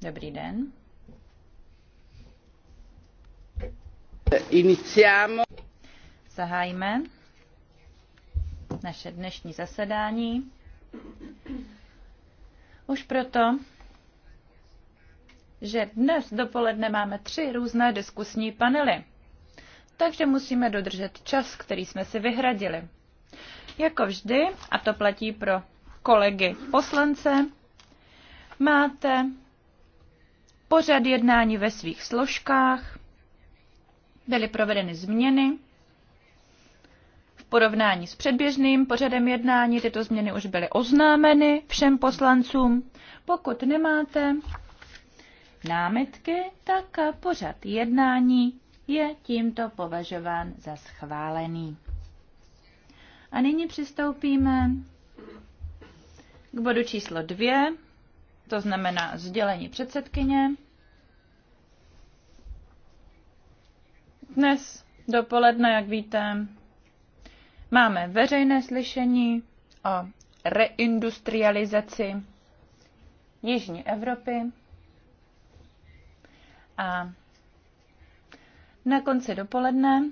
Dobrý den. Iniciamo. Zahájíme naše dnešní zasedání. Už proto, že dnes dopoledne máme tři různé diskusní panely, takže musíme dodržet čas, který jsme si vyhradili. Jako vždy, a to platí pro kolegy poslance, Máte pořad jednání ve svých složkách, byly provedeny změny. V porovnání s předběžným pořadem jednání tyto změny už byly oznámeny všem poslancům. Pokud nemáte námitky, tak pořad jednání je tímto považován za schválený. A nyní přistoupíme k bodu číslo dvě to znamená sdělení předsedkyně. Dnes dopoledne, jak víte, máme veřejné slyšení o reindustrializaci Jižní Evropy a na konci dopoledne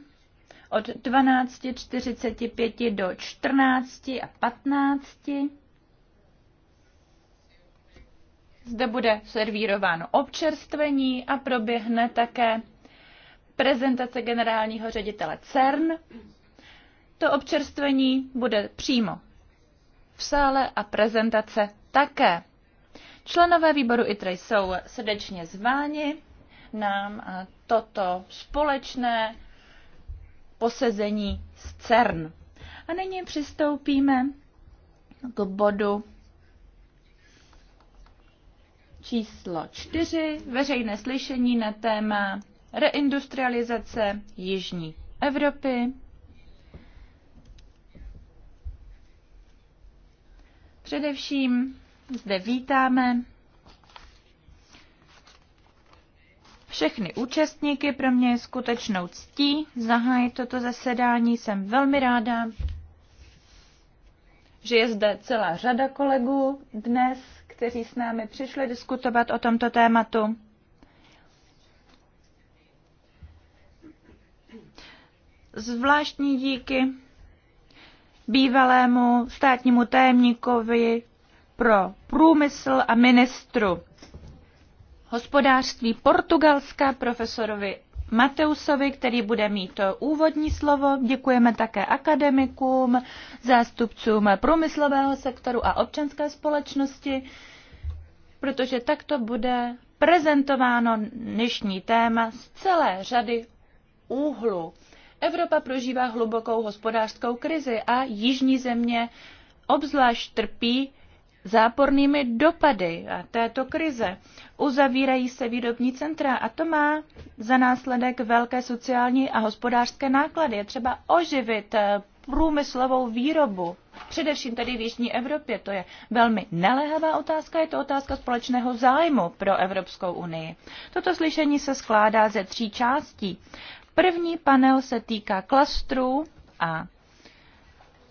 od 12.45 do 14:15. Zde bude servírováno občerstvení a proběhne také prezentace generálního ředitele CERN. To občerstvení bude přímo v sále a prezentace také. Členové výboru ITRE jsou srdečně zváni nám eh, toto společné posezení z CERN. A nyní přistoupíme k bodu číslo 4, veřejné slyšení na téma reindustrializace Jižní Evropy. Především zde vítáme všechny účastníky. Pro mě je skutečnou ctí zahájit toto zasedání. Jsem velmi ráda, že je zde celá řada kolegů dnes kteří s námi přišli diskutovat o tomto tématu. Zvláštní díky bývalému státnímu tajemníkovi pro průmysl a ministru hospodářství Portugalska profesorovi Mateusovi, který bude mít úvodní slovo. Děkujeme také akademikům, zástupcům průmyslového sektoru a občanské společnosti, protože takto bude prezentováno dnešní téma z celé řady úhlu. Evropa prožívá hlubokou hospodářskou krizi a jižní země obzvlášť trpí zápornými dopady této krize. Uzavírají se výrobní centra a to má za následek velké sociální a hospodářské náklady. Je třeba oživit eh, průmyslovou výrobu, především tedy v Jižní Evropě. To je velmi nelehavá otázka, je to otázka společného zájmu pro Evropskou unii. Toto slyšení se skládá ze tří částí. První panel se týká klastrů a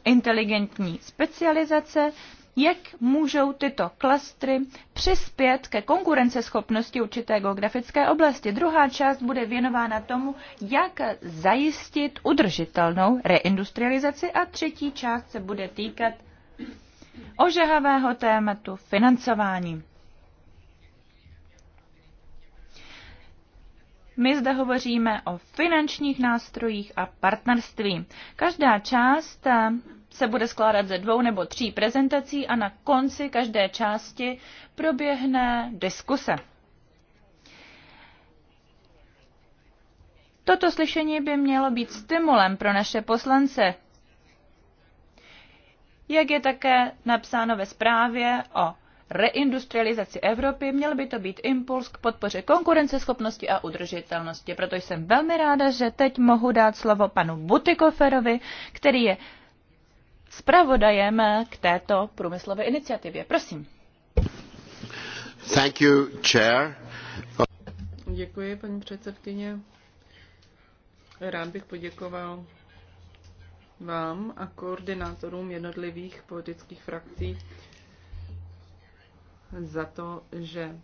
inteligentní specializace jak můžou tyto klastry přispět ke konkurenceschopnosti určité geografické oblasti. Druhá část bude věnována tomu, jak zajistit udržitelnou reindustrializaci a třetí část se bude týkat ožehavého tématu financování. My zde hovoříme o finančních nástrojích a partnerství. Každá část se bude skládat ze dvou nebo tří prezentací a na konci každé části proběhne diskuse. Toto slyšení by mělo být stimulem pro naše poslance, jak je také napsáno ve zprávě o reindustrializaci Evropy, měl by to být impuls k podpoře konkurenceschopnosti a udržitelnosti. Proto jsem velmi ráda, že teď mohu dát slovo panu Butikoferovi, který je zpravodajem k této průmyslové iniciativě. Prosím. Thank you, chair. Děkuji, paní předsedkyně. Rád bych poděkoval vám a koordinátorům jednotlivých politických frakcí za to, že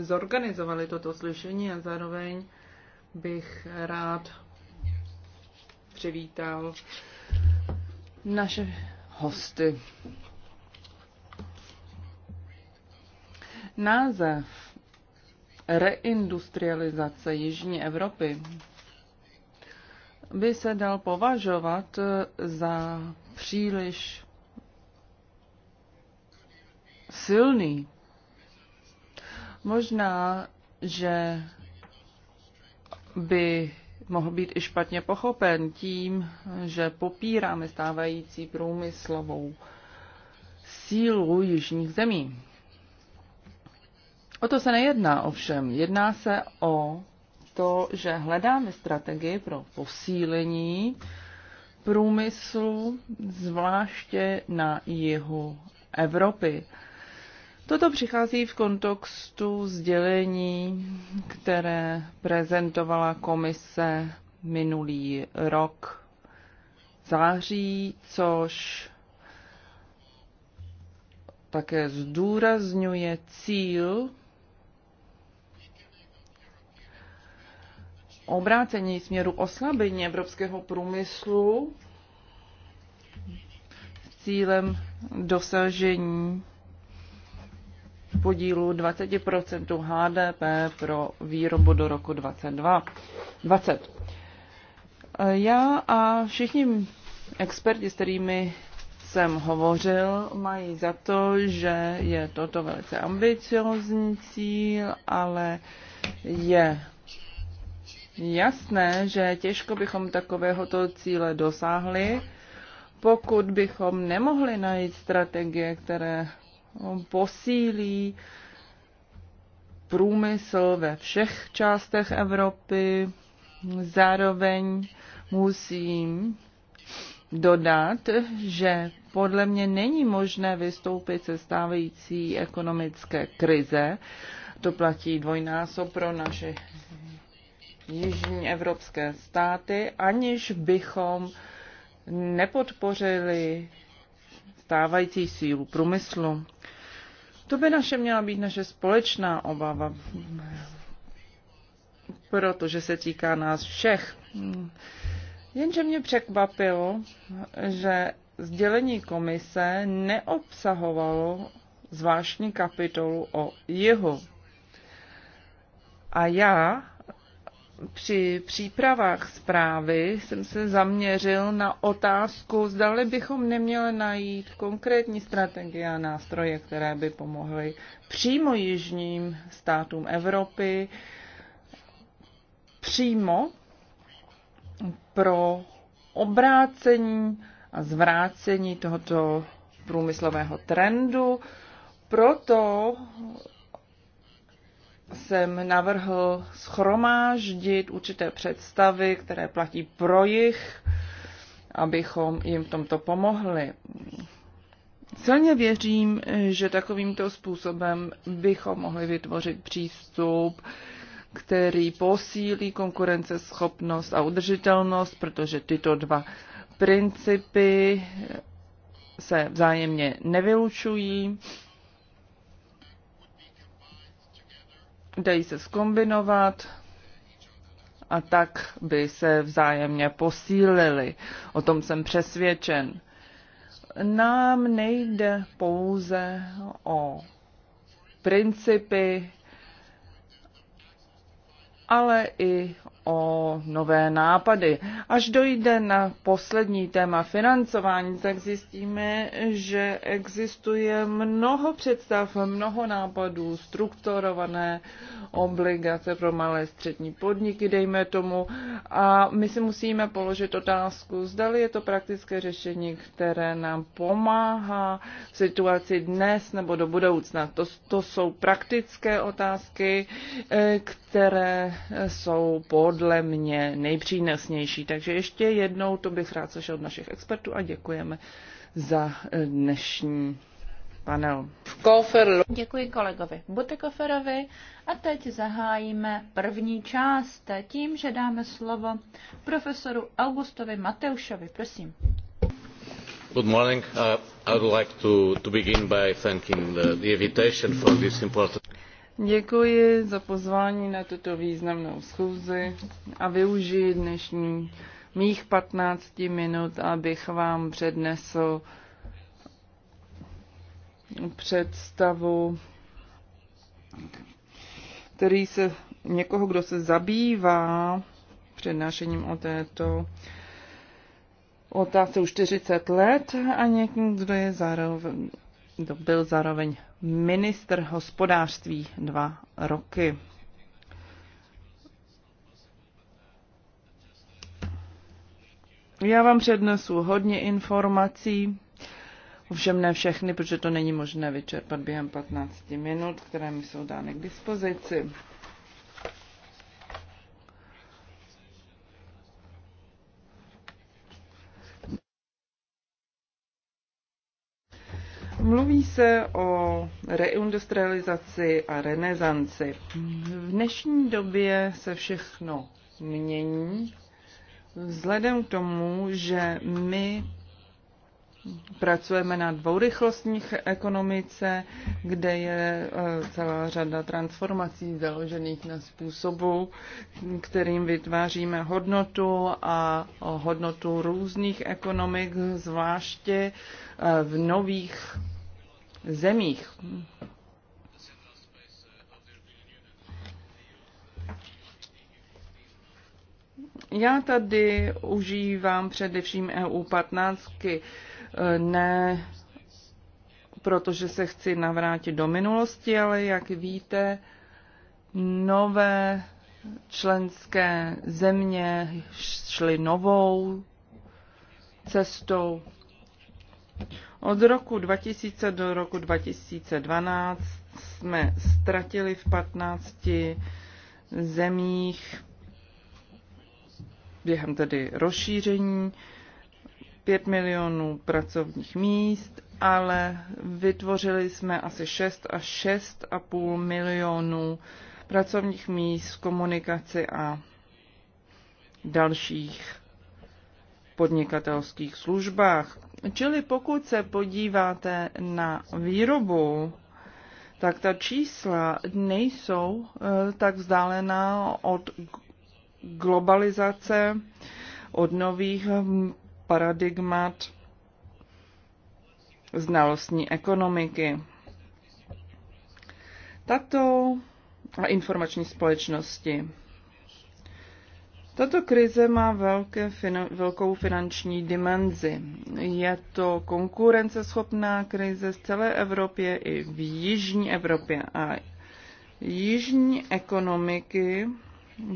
zorganizovali toto slyšení a zároveň bych rád přivítal naše hosty. Název reindustrializace Jižní Evropy by se dal považovat za příliš silný. Možná, že by mohl být i špatně pochopen tím, že popíráme stávající průmyslovou sílu jižních zemí. O to se nejedná ovšem. Jedná se o to, že hledáme strategii pro posílení průmyslu, zvláště na jihu Evropy. Toto přichází v kontextu sdělení, které prezentovala komise minulý rok září, což také zdůrazňuje cíl obrácení směru oslabení evropského průmyslu s cílem dosažení podílu 20 HDP pro výrobu do roku 2022. Já a všichni experti, s kterými jsem hovořil, mají za to, že je toto velice ambiciozní cíl, ale je jasné, že těžko bychom takovéhoto cíle dosáhli, pokud bychom nemohli najít strategie, které posílí průmysl ve všech částech Evropy. Zároveň musím dodat, že podle mě není možné vystoupit se stávající ekonomické krize. To platí dvojnásob pro naše jižní evropské státy, aniž bychom nepodpořili stávající sílu průmyslu. To by naše měla být naše společná obava, protože se týká nás všech. Jenže mě překvapilo, že sdělení komise neobsahovalo zvláštní kapitolu o jihu. A já při přípravách zprávy jsem se zaměřil na otázku, zdali bychom neměli najít konkrétní strategie a nástroje, které by pomohly přímo jižním státům Evropy přímo pro obrácení a zvrácení tohoto průmyslového trendu. Proto jsem navrhl schromáždit určité představy, které platí pro jich, abychom jim v tomto pomohli. Silně věřím, že takovýmto způsobem bychom mohli vytvořit přístup, který posílí konkurenceschopnost a udržitelnost, protože tyto dva principy se vzájemně nevylučují dají se skombinovat a tak by se vzájemně posílili. O tom jsem přesvědčen. Nám nejde pouze o principy, ale i o nové nápady. Až dojde na poslední téma financování, tak zjistíme, že existuje mnoho představ, mnoho nápadů, strukturované obligace pro malé střední podniky, dejme tomu. A my si musíme položit otázku, zda je to praktické řešení, které nám pomáhá v situaci dnes nebo do budoucna. To, to jsou praktické otázky, eh, které jsou pod podle mě nejpřínosnější. Takže ještě jednou to bych rád slyšel od našich expertů a děkujeme za eh, dnešní panel. Děkuji kolegovi Butekoferovi a teď zahájíme první část tím, že dáme slovo profesoru Augustovi Mateušovi. Prosím. Good morning. Uh, I would like to, to begin by thanking the, the invitation for this important Děkuji za pozvání na tuto významnou schůzi a využiji dnešní mých 15 minut, abych vám přednesl představu, který se někoho, kdo se zabývá přednášením o této otázce už 40 let a někdo, kdo je zároveň, byl zároveň ministr hospodářství dva roky. Já vám přednesu hodně informací, ovšem ne všechny, protože to není možné vyčerpat během 15 minut, které mi jsou dány k dispozici. Mluví se o reindustrializaci a renesanci. V dnešní době se všechno mění vzhledem k tomu, že my pracujeme na dvourychlostních ekonomice, kde je e, celá řada transformací založených na způsobu, kterým vytváříme hodnotu a hodnotu různých ekonomik, zvláště e, v nových zemích. Já tady užívám především EU 15 ne protože se chci navrátit do minulosti, ale jak víte, nové členské země šly novou cestou. Od roku 2000 do roku 2012 jsme ztratili v 15 zemích během tedy rozšíření 5 milionů pracovních míst, ale vytvořili jsme asi 6 až 6,5 milionů pracovních míst v komunikaci a dalších podnikatelských službách. Čili pokud se podíváte na výrobu, tak ta čísla nejsou eh, tak vzdálená od globalizace, od nových paradigmat znalostní ekonomiky. Tato a informační společnosti. Tato krize má velké, velkou finanční dimenzi. Je to konkurenceschopná krize v celé Evropě i v jižní Evropě. A jižní ekonomiky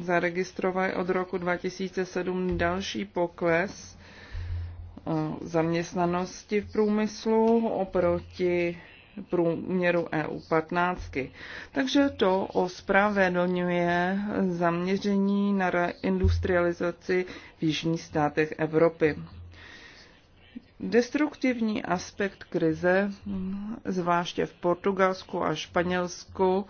zaregistrovaly od roku 2007 další pokles zaměstnanosti v průmyslu oproti průměru EU 15. Takže to ospravedlňuje zaměření na reindustrializaci v jižních státech Evropy. Destruktivní aspekt krize, zvláště v Portugalsku a Španělsku,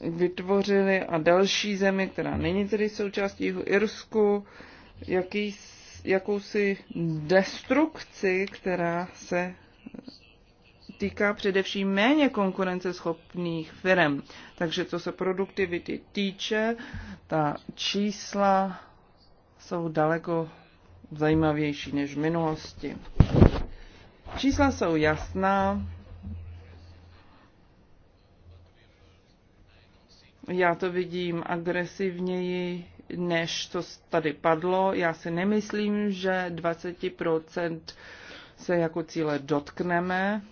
vytvořili a další zemi, která není tedy součástí Irsku, jaký, jakousi destrukci, která se týká především méně konkurenceschopných firm. Takže co se produktivity týče, ta čísla jsou daleko zajímavější než v minulosti. Čísla jsou jasná. Já to vidím agresivněji než to tady padlo. Já si nemyslím, že 20% se jako cíle dotkneme.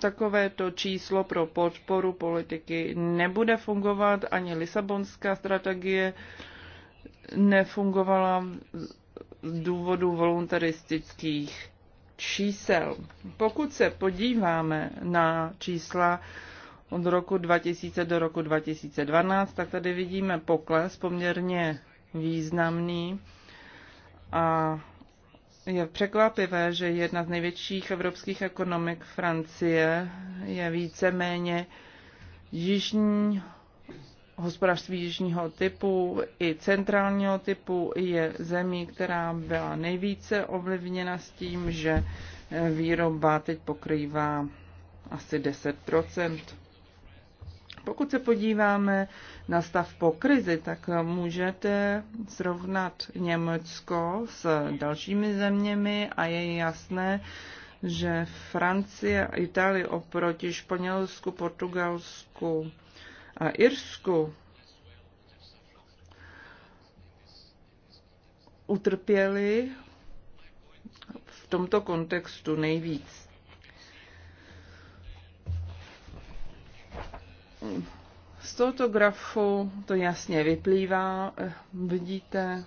Takovéto číslo pro podporu politiky nebude fungovat, ani Lisabonská strategie nefungovala z důvodu voluntaristických čísel. Pokud se podíváme na čísla od roku 2000 do roku 2012, tak tady vidíme pokles poměrně významný a je překvapivé, že jedna z největších evropských ekonomik Francie je víceméně jižní hospodářství jižního typu i centrálního typu je zemí, která byla nejvíce ovlivněna s tím, že výroba teď pokrývá asi 10 pokud se podíváme na stav po krizi, tak můžete srovnat Německo s dalšími zeměmi a je jasné, že Francie a Itálie oproti Španělsku, Portugalsku a Irsku utrpěli v tomto kontextu nejvíc. z tohoto grafu to jasně vyplývá. Vidíte,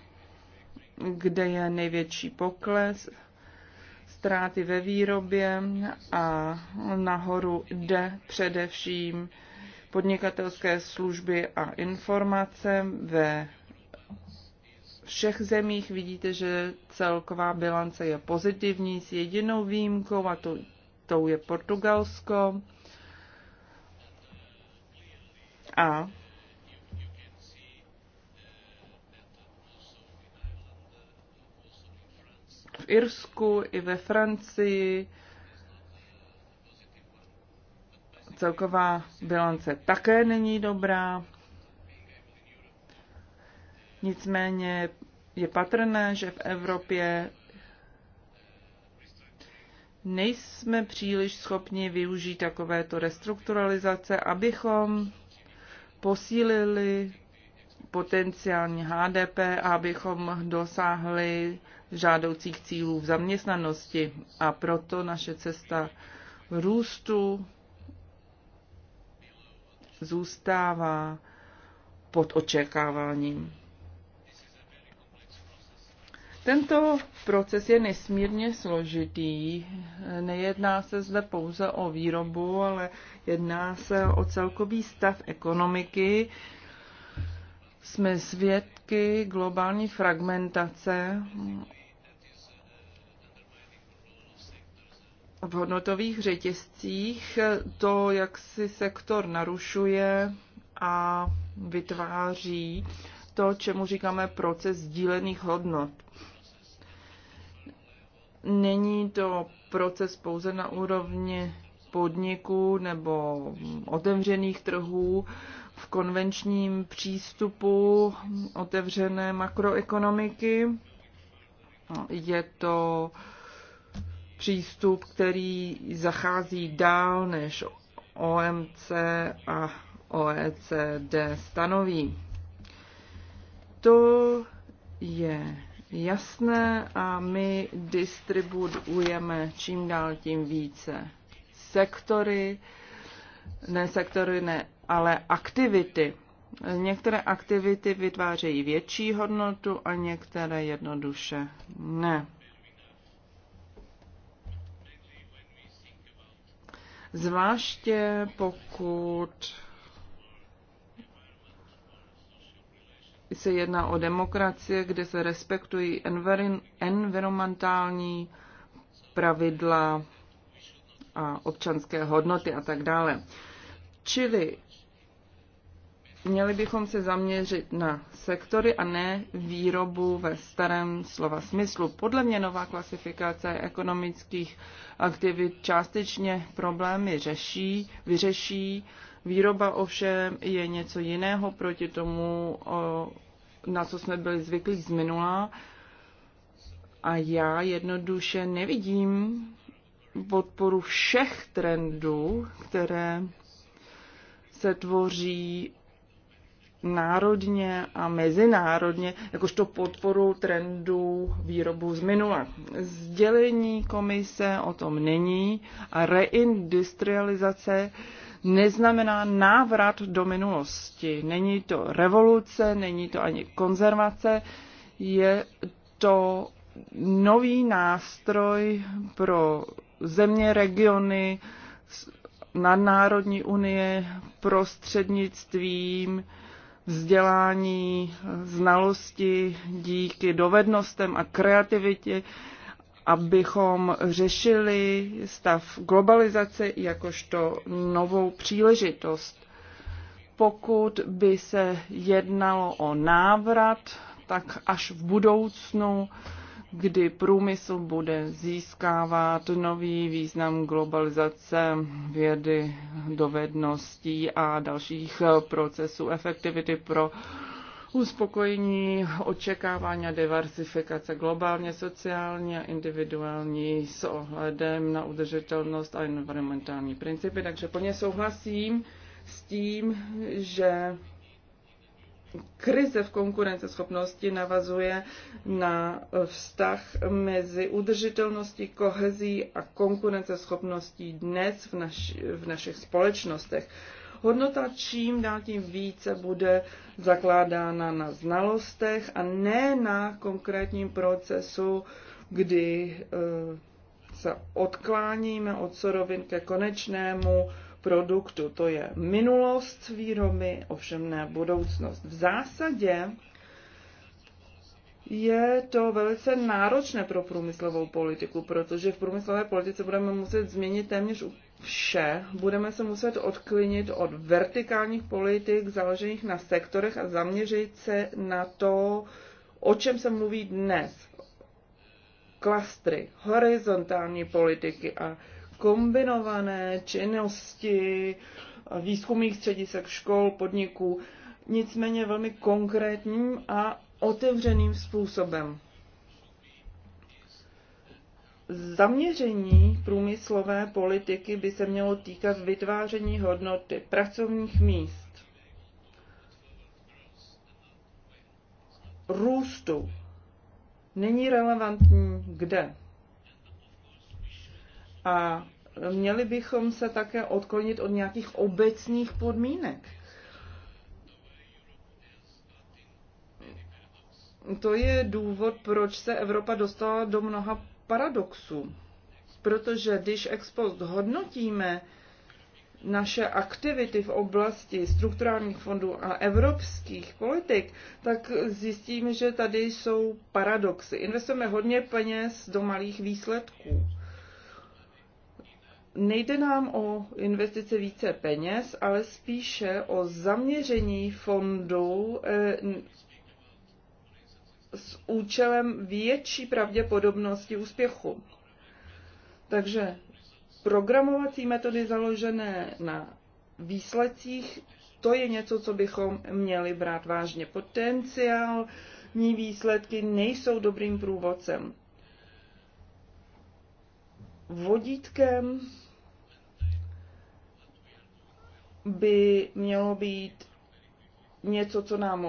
kde je největší pokles, ztráty ve výrobě a nahoru jde především podnikatelské služby a informace ve všech zemích vidíte, že celková bilance je pozitivní s jedinou výjimkou a to, tou je Portugalsko. A v Irsku i ve Francii celková bilance také není dobrá. Nicméně je patrné, že v Evropě nejsme příliš schopni využít takovéto restrukturalizace, abychom posílili potenciální HDP, abychom dosáhli žádoucích cílů v zaměstnanosti. A proto naše cesta růstu zůstává pod očekáváním. Tento proces je nesmírně složitý. Nejedná se zde pouze o výrobu, ale jedná se o celkový stav ekonomiky. Jsme svědky globální fragmentace v hodnotových řetězcích. To, jak si sektor narušuje a vytváří to, čemu říkáme proces sdílených hodnot Není to proces pouze na úrovni podniků nebo otevřených trhů. V konvenčním přístupu otevřené makroekonomiky je to přístup, který zachází dál než OMC a OECD stanoví. To je jasné a my distribuujeme čím dál tím více sektory, ne sektory, ne, ale aktivity. Některé aktivity vytvářejí větší hodnotu a některé jednoduše ne. Zvláště pokud se jedná o demokracie, kde se respektují environmentální pravidla a občanské hodnoty a tak dále. Čili Měli bychom se zaměřit na sektory a ne výrobu ve starém slova smyslu. Podle mě nová klasifikace ekonomických aktivit částečně problémy řeší, vyřeší. Výroba ovšem je něco jiného proti tomu, na co jsme byli zvyklí z minula. A já jednoduše nevidím podporu všech trendů, které se tvoří národně a mezinárodně, jakožto podporu trendů výrobu z minula. Sdělení komise o tom není a reindustrializace neznamená návrat do minulosti. Není to revoluce, není to ani konzervace, je to nový nástroj pro země, regiony, nadnárodní unie prostřednictvím vzdělání, znalosti, díky dovednostem a kreativitě, abychom řešili stav globalizace jakožto novou příležitost. Pokud by se jednalo o návrat, tak až v budoucnu kdy průmysl bude získávat nový význam globalizace vědy, dovedností a dalších procesů efektivity pro uspokojení, očekávání a diversifikace globálně, sociálně a individuální s ohledem na udržitelnost a environmentální principy. Takže plně souhlasím s tím, že krize v konkurenceschopnosti navazuje na e, vztah mezi udržitelností, kohezí a konkurenceschopností dnes v, naši, v našich společnostech. Hodnota čím dál tím více bude zakládána na znalostech a ne na konkrétním procesu, kdy e, se odkláníme od surovin ke konečnému produktu. To je minulost výroby, ovšem ne budoucnost. V zásadě je to velice náročné pro průmyslovou politiku, protože v průmyslové politice budeme muset změnit téměř vše. Budeme se muset odklinit od vertikálních politik založených na sektorech a zaměřit se na to, o čem se mluví dnes. Klastry, horizontální politiky a kombinované činnosti výzkumných středisek škol, podniků, nicméně velmi konkrétním a otevřeným způsobem. Zaměření průmyslové politiky by se mělo týkat vytváření hodnoty pracovních míst, růstu. Není relevantní kde. A měli bychom se také odklonit od nějakých obecných podmínek. To je důvod, proč se Evropa dostala do mnoha paradoxů. Protože když ex post hodnotíme naše aktivity v oblasti strukturálních fondů a evropských politik, tak zjistíme, že tady jsou paradoxy. Investujeme hodně peněz do malých výsledků nejde nám o investice více peněz, ale spíše o zaměření fondů eh, s účelem větší pravděpodobnosti úspěchu. Takže programovací metody založené na výsledcích, to je něco, co bychom měli brát vážně. Potenciál, ní výsledky nejsou dobrým průvodcem. Vodítkem by mělo být něco, co nám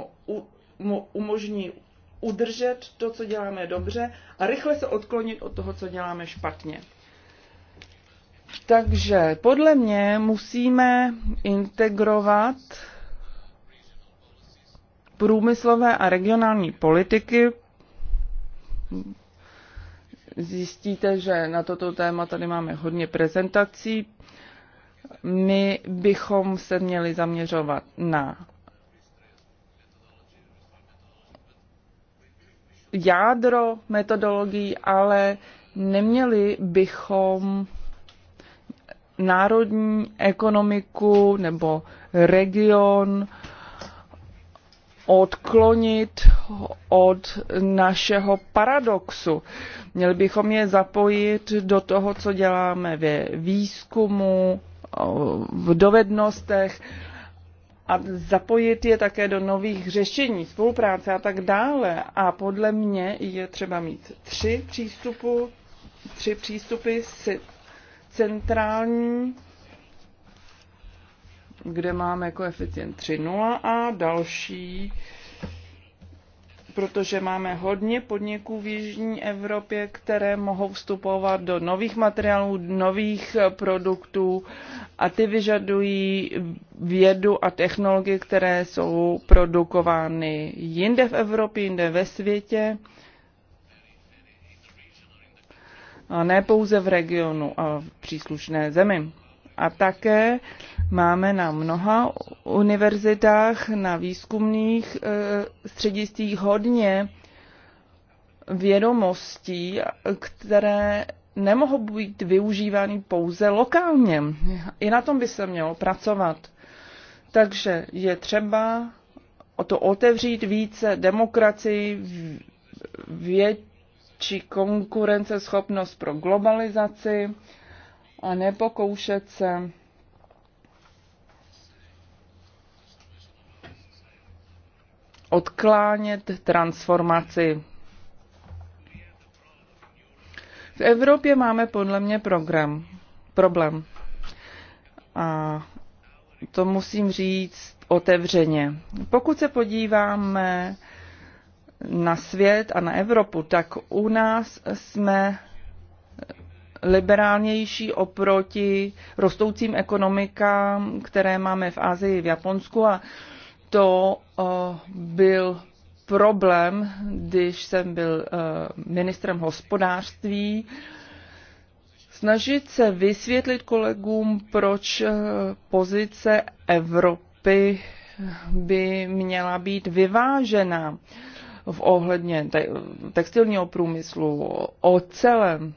umožní udržet to, co děláme dobře a rychle se odklonit od toho, co děláme špatně. Takže podle mě musíme integrovat průmyslové a regionální politiky. Zjistíte, že na toto téma tady máme hodně prezentací. My bychom se měli zaměřovat na jádro metodologií, ale neměli bychom národní ekonomiku nebo region odklonit od našeho paradoxu. Měli bychom je zapojit do toho, co děláme ve výzkumu, v dovednostech a zapojit je také do nových řešení, spolupráce a tak dále. A podle mě je třeba mít tři přístupy tři přístupy centrální, kde máme koeficient 3.0 a další protože máme hodně podniků v Jižní Evropě, které mohou vstupovat do nových materiálů, nových produktů a ty vyžadují vědu a technologie, které jsou produkovány jinde v Evropě, jinde ve světě. A ne pouze v regionu a v příslušné zemi. A také máme na mnoha univerzitách, na výzkumných e, střediscích hodně vědomostí, které nemohou být využívány pouze lokálně. I na tom by se mělo pracovat. Takže je třeba o to otevřít více demokracii, větší konkurenceschopnost pro globalizaci a nepokoušet se odklánět transformaci. V Evropě máme podle mě program, problém. A to musím říct otevřeně. Pokud se podíváme na svět a na Evropu, tak u nás jsme liberálnější oproti rostoucím ekonomikám, které máme v Asii, v Japonsku a to eh, byl problém, když jsem byl eh, ministrem hospodářství, snažit se vysvětlit kolegům, proč eh, pozice Evropy by měla být vyvážená v ohledně textilního průmyslu, ocelem,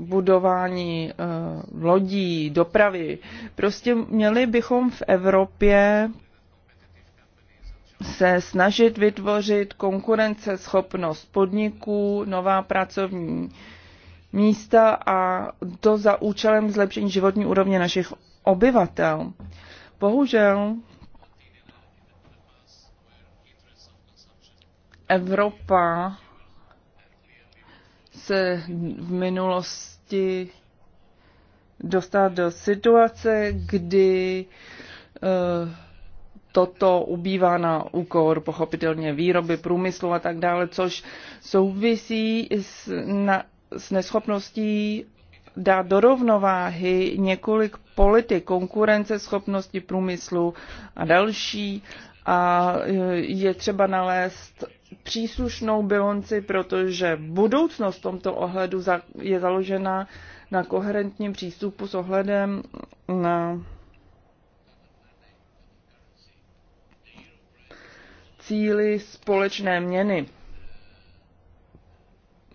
budování eh, lodí, dopravy. Prostě měli bychom v Evropě se snažit vytvořit konkurenceschopnost podniků, nová pracovní místa a to za účelem zlepšení životní úrovně našich obyvatel. Bohužel Evropa se v minulosti dostat do situace, kdy eh, toto ubývá na úkor pochopitelně výroby, průmyslu a tak dále, což souvisí s, na, s neschopností dát do rovnováhy několik politik konkurenceschopnosti průmyslu a další a eh, je třeba nalézt příslušnou bilonci, protože budoucnost v tomto ohledu je založena na koherentním přístupu s ohledem na cíly společné měny.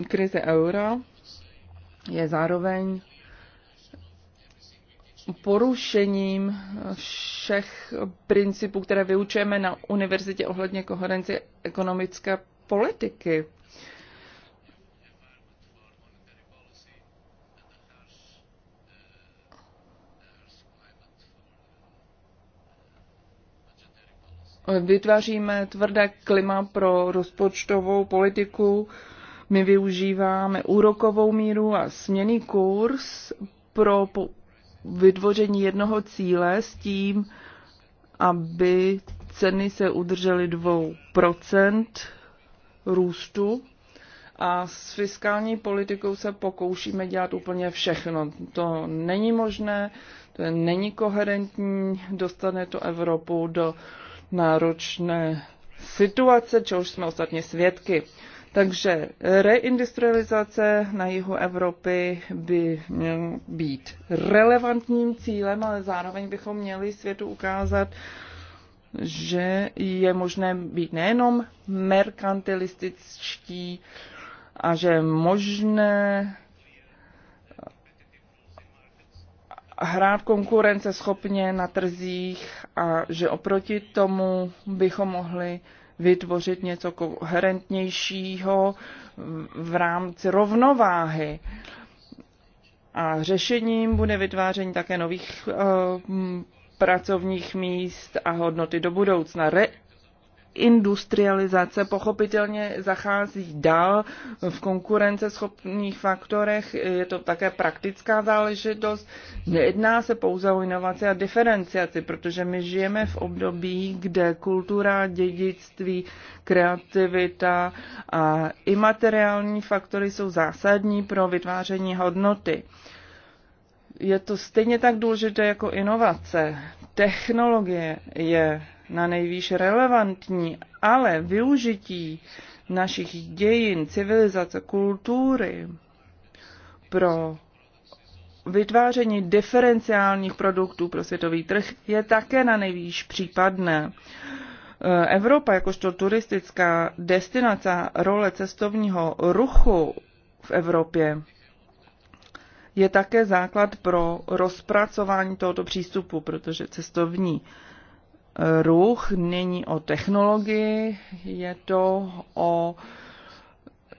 Krize eura je zároveň porušením všech principů, které vyučujeme na univerzitě ohledně koherenci ekonomické politiky. Vytváříme tvrdé klima pro rozpočtovou politiku. My využíváme úrokovou míru a směný kurz pro vytvoření jednoho cíle s tím, aby ceny se udržely 2% růstu a s fiskální politikou se pokoušíme dělat úplně všechno. To není možné, to není koherentní, dostane to Evropu do náročné situace, čehož jsme ostatně svědky. Takže reindustrializace na jihu Evropy by měl být relevantním cílem, ale zároveň bychom měli světu ukázat, že je možné být nejenom merkantilističtí a že je možné hrát konkurenceschopně na trzích a že oproti tomu bychom mohli vytvořit něco koherentnějšího v rámci rovnováhy. A řešením bude vytváření také nových eh, pracovních míst a hodnoty do budoucna. Re- industrializace pochopitelně zachází dál v konkurenceschopných faktorech. Je to také praktická záležitost. Nejedná se pouze o inovaci a diferenciaci, protože my žijeme v období, kde kultura, dědictví, kreativita a imateriální faktory jsou zásadní pro vytváření hodnoty. Je to stejně tak důležité jako inovace. Technologie je na nejvýš relevantní, ale využití našich dějin, civilizace, kultury pro vytváření diferenciálních produktů pro světový trh je také na nejvýš případné. Eh, Evropa jakožto turistická destinace role cestovního ruchu v Evropě je také základ pro rozpracování tohoto přístupu, protože cestovní ruch, není o technologii, je to o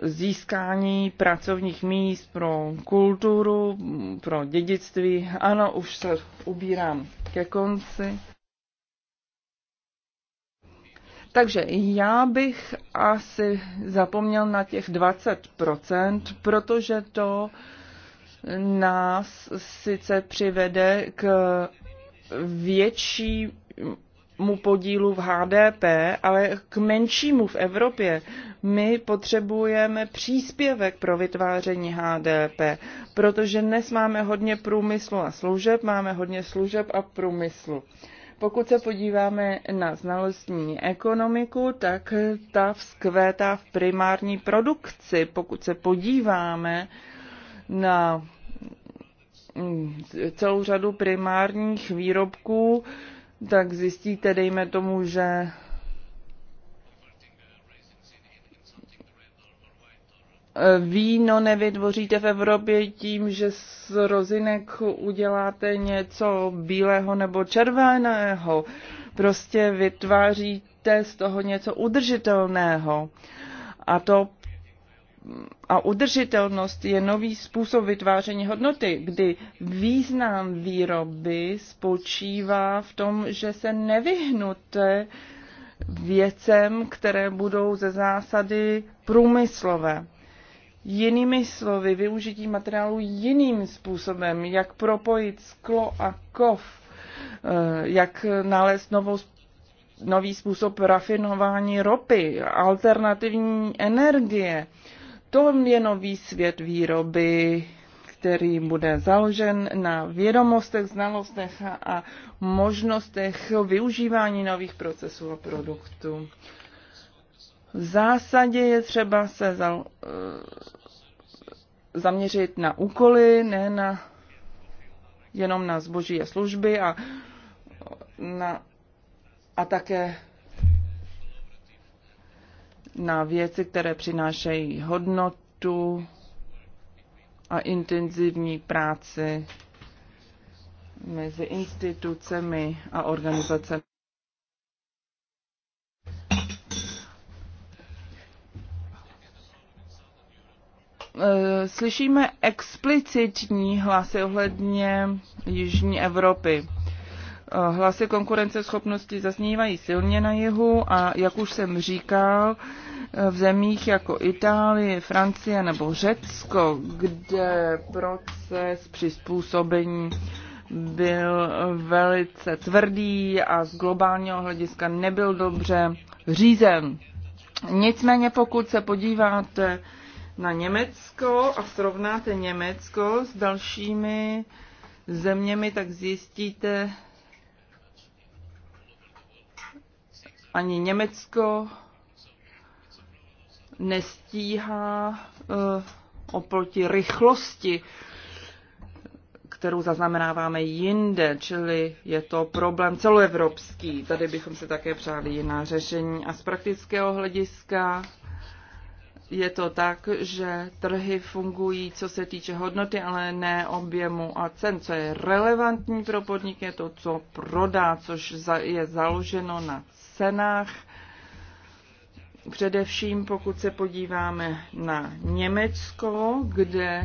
získání pracovních míst pro kulturu, pro dědictví. Ano, už se ubírám ke konci. Takže já bych asi zapomněl na těch 20%, protože to nás sice přivede k větší mu podílu v HDP, ale k menšímu v Evropě. My potřebujeme příspěvek pro vytváření HDP, protože dnes máme hodně průmyslu a služeb, máme hodně služeb a průmyslu. Pokud se podíváme na znalostní ekonomiku, tak ta vzkvétá v primární produkci. Pokud se podíváme na mm, celou řadu primárních výrobků, tak zjistíte, dejme tomu, že víno nevytvoříte v Evropě tím, že z rozinek uděláte něco bílého nebo červeného. Prostě vytváříte z toho něco udržitelného. A to a udržitelnost je nový způsob vytváření hodnoty, kdy význam výroby spočívá v tom, že se nevyhnuté věcem, které budou ze zásady průmyslové. Jinými slovy, využití materiálu jiným způsobem, jak propojit sklo a kov, eh, jak nalézt novou nový způsob rafinování ropy, alternativní energie. To je nový svět výroby, který bude založen na vědomostech, znalostech a možnostech využívání nových procesů a produktů. V zásadě je třeba se za, eh, zaměřit na úkoly, ne na, jenom na zboží a služby a, na, a také na věci, které přinášejí hodnotu a intenzivní práci mezi institucemi a organizacemi. Eh, slyšíme explicitní hlasy ohledně Jižní Evropy. Hlasy konkurenceschopnosti zasnívají silně na jihu a jak už jsem říkal, v zemích jako Itálie, Francie nebo Řecko, kde proces přizpůsobení byl velice tvrdý a z globálního hlediska nebyl dobře řízen. Nicméně pokud se podíváte na Německo a srovnáte Německo s dalšími zeměmi, tak zjistíte, ani Německo nestíhá eh, oproti rychlosti, kterou zaznamenáváme jinde, čili je to problém celoevropský. Tady bychom si také přáli jiná řešení. A z praktického hlediska je to tak, že trhy fungují, co se týče hodnoty, ale ne objemu a cen. Co je relevantní pro podnik, je to, co prodá, což je založeno na cenách. Především pokud se podíváme na Německo, kde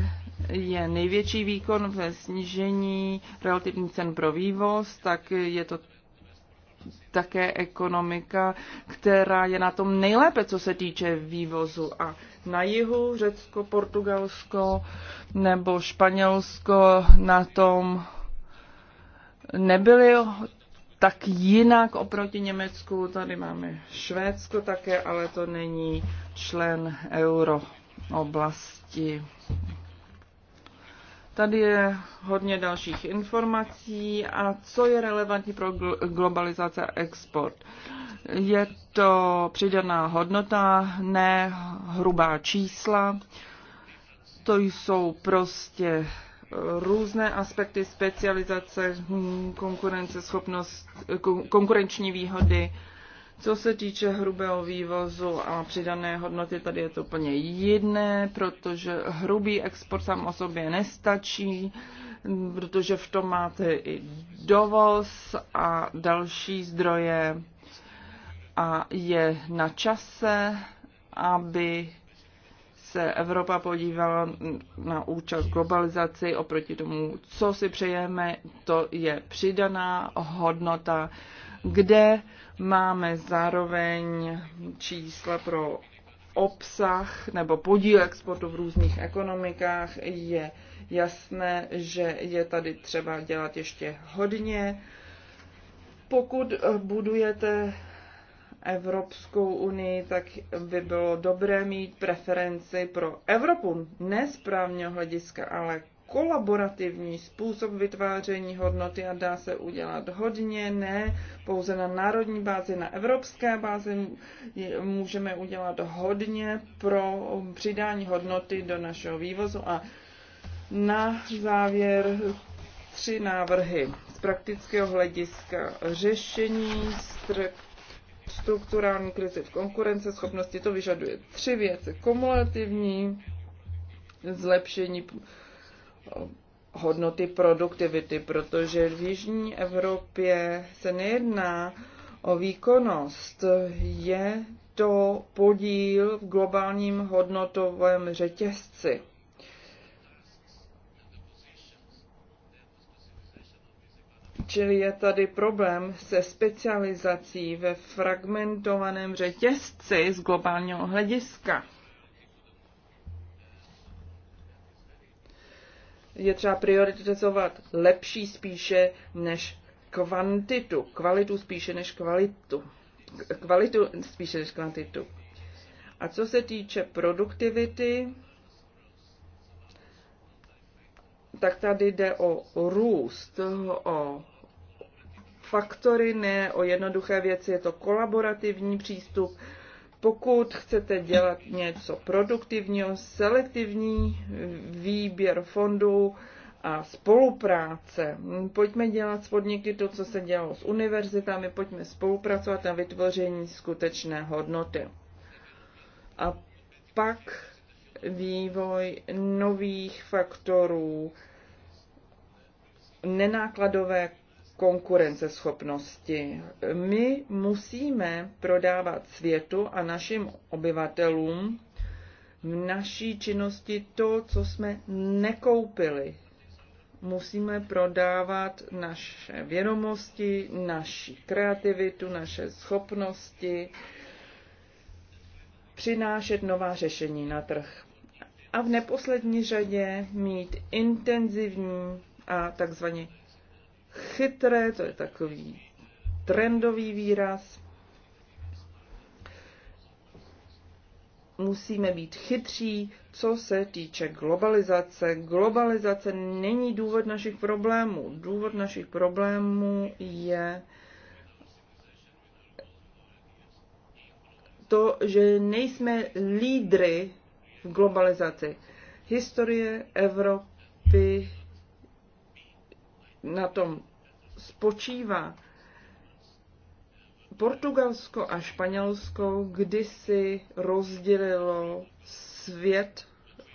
je největší výkon ve snížení relativní cen pro vývoz, tak je to také ekonomika, která je na tom nejlépe, co se týče vývozu. A na jihu Řecko, Portugalsko nebo Španělsko na tom nebyly tak jinak oproti Německu. Tady máme Švédsko také, ale to není člen euro oblasti. Tady je hodně dalších informací a co je relevantní pro globalizace a export. Je to přidaná hodnota, ne hrubá čísla. To jsou prostě různé aspekty specializace, hm, konkurenceschopnost, konkurenční výhody. Co se týče hrubého vývozu a přidané hodnoty, tady je to úplně jiné, protože hrubý export sám o sobě nestačí, protože v tom máte i dovoz a další zdroje. A je na čase, aby se Evropa podívala na účast globalizaci oproti tomu, co si přejeme, to je přidaná hodnota, kde máme zároveň čísla pro obsah nebo podíl exportu v různých ekonomikách, je jasné, že je tady třeba dělat ještě hodně. Pokud budujete Evropskou unii, tak by bylo dobré mít preferenci pro Evropu, ne z právního hlediska, ale kolaborativní způsob vytváření hodnoty a dá se udělat hodně, ne pouze na národní bázi, na evropské bázi můžeme udělat hodně pro přidání hodnoty do našeho vývozu a na závěr tři návrhy z praktického hlediska řešení, strukturální krizi v konkurenceschopnosti. To vyžaduje tři věci. Kumulativní zlepšení eh, hodnoty produktivity, protože v Jižní Evropě se nejedná o výkonnost, je to podíl v globálním hodnotovém řetězci. Čili je tady problém se specializací ve fragmentovaném řetězci z globálního hlediska. Je třeba prioritizovat lepší spíše než kvantitu, kvalitu spíše než kvalitu. Kvalitu spíše než kvantitu. A co se týče produktivity, tak tady jde o růst, o faktory, ne o jednoduché věci, je to kolaborativní přístup. Pokud chcete dělat něco produktivního, selektivní výběr fondů a spolupráce, pojďme dělat s podniky to, co se dělalo s univerzitami, pojďme spolupracovat na vytvoření skutečné hodnoty. A pak vývoj nových faktorů, nenákladové konkurenceschopnosti. My musíme prodávat světu a našim obyvatelům v naší činnosti to, co jsme nekoupili. Musíme prodávat naše vědomosti, naši kreativitu, naše schopnosti, přinášet nová řešení na trh. A v neposlední řadě mít intenzivní a takzvaně chytré, to je takový trendový výraz. Musíme být chytří, co se týče globalizace. Globalizace není důvod našich problémů. Důvod našich problémů je to, že nejsme lídry v globalizaci. Historie Evropy na tom spočívá. Portugalsko a Španělsko kdysi rozdělilo svět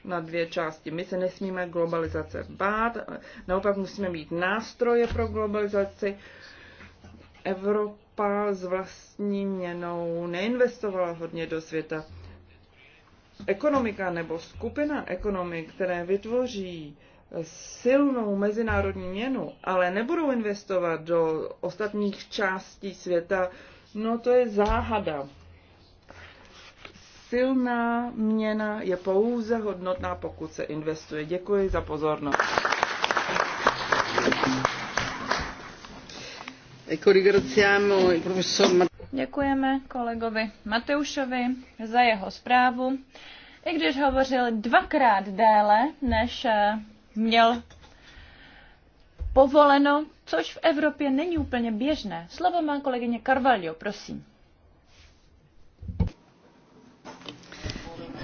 na dvě části. My se nesmíme globalizace bát, naopak musíme mít nástroje pro globalizaci. Evropa s vlastní měnou neinvestovala hodně do světa. Ekonomika nebo skupina ekonomik, které vytvoří silnou mezinárodní měnu, ale nebudou investovat do ostatních částí světa, no to je záhada. Silná měna je pouze hodnotná, pokud se investuje. Děkuji za pozornost. Děkujeme kolegovi Mateušovi za jeho zprávu, i když hovořil dvakrát déle než eh, měl povoleno, což v Evropě není úplně běžné. Slovo má kolegyně Carvalho, prosím.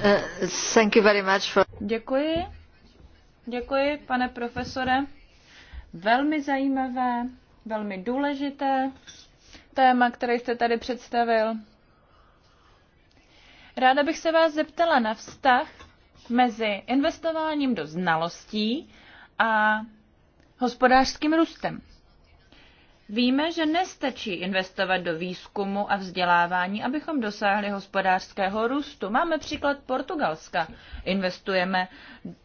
Uh, thank you very much for... Děkuji. Děkuji, pane profesore. Velmi zajímavé, velmi důležité téma, které jste tady představil. Ráda bych se vás zeptala na vztah mezi investováním do znalostí a hospodářským růstem. Víme, že nestačí investovat do výzkumu a vzdělávání, abychom dosáhli hospodářského růstu. Máme příklad Portugalska. Investujeme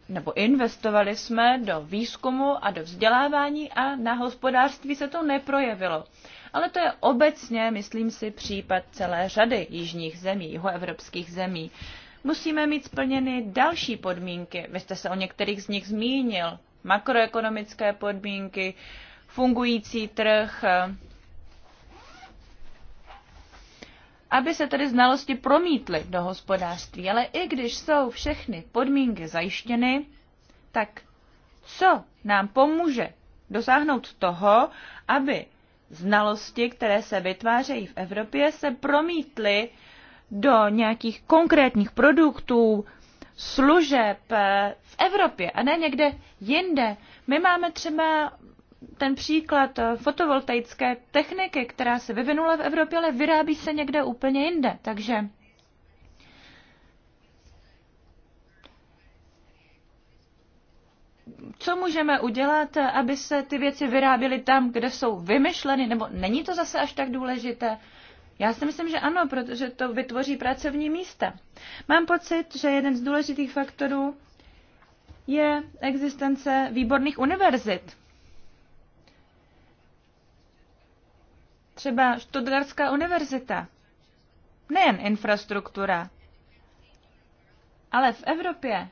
nebo investovali jsme do výzkumu a do vzdělávání a na hospodářství se to neprojevilo. Ale to je obecně, myslím si, případ celé řady jižních zemí, jihoevropských zemí musíme mít splněny další podmínky. Vy jste se o některých z nich zmínil. Makroekonomické podmínky, fungující trh. Eh, aby se tedy znalosti promítly do hospodářství, ale i když jsou všechny podmínky zajištěny, tak co nám pomůže dosáhnout toho, aby znalosti, které se vytvářejí v Evropě, se promítly do nějakých konkrétních produktů, služeb eh, v Evropě a ne někde jinde. My máme třeba ten příklad eh, fotovoltaické techniky, která se vyvinula v Evropě, ale vyrábí se někde úplně jinde. Takže co můžeme udělat, eh, aby se ty věci vyráběly tam, kde jsou vymyšleny, nebo není to zase až tak důležité? Já si myslím, že ano, protože to vytvoří pracovní místa. Mám pocit, že jeden z důležitých faktorů je existence výborných univerzit. Třeba Stuttgartská univerzita. Nejen infrastruktura, ale v Evropě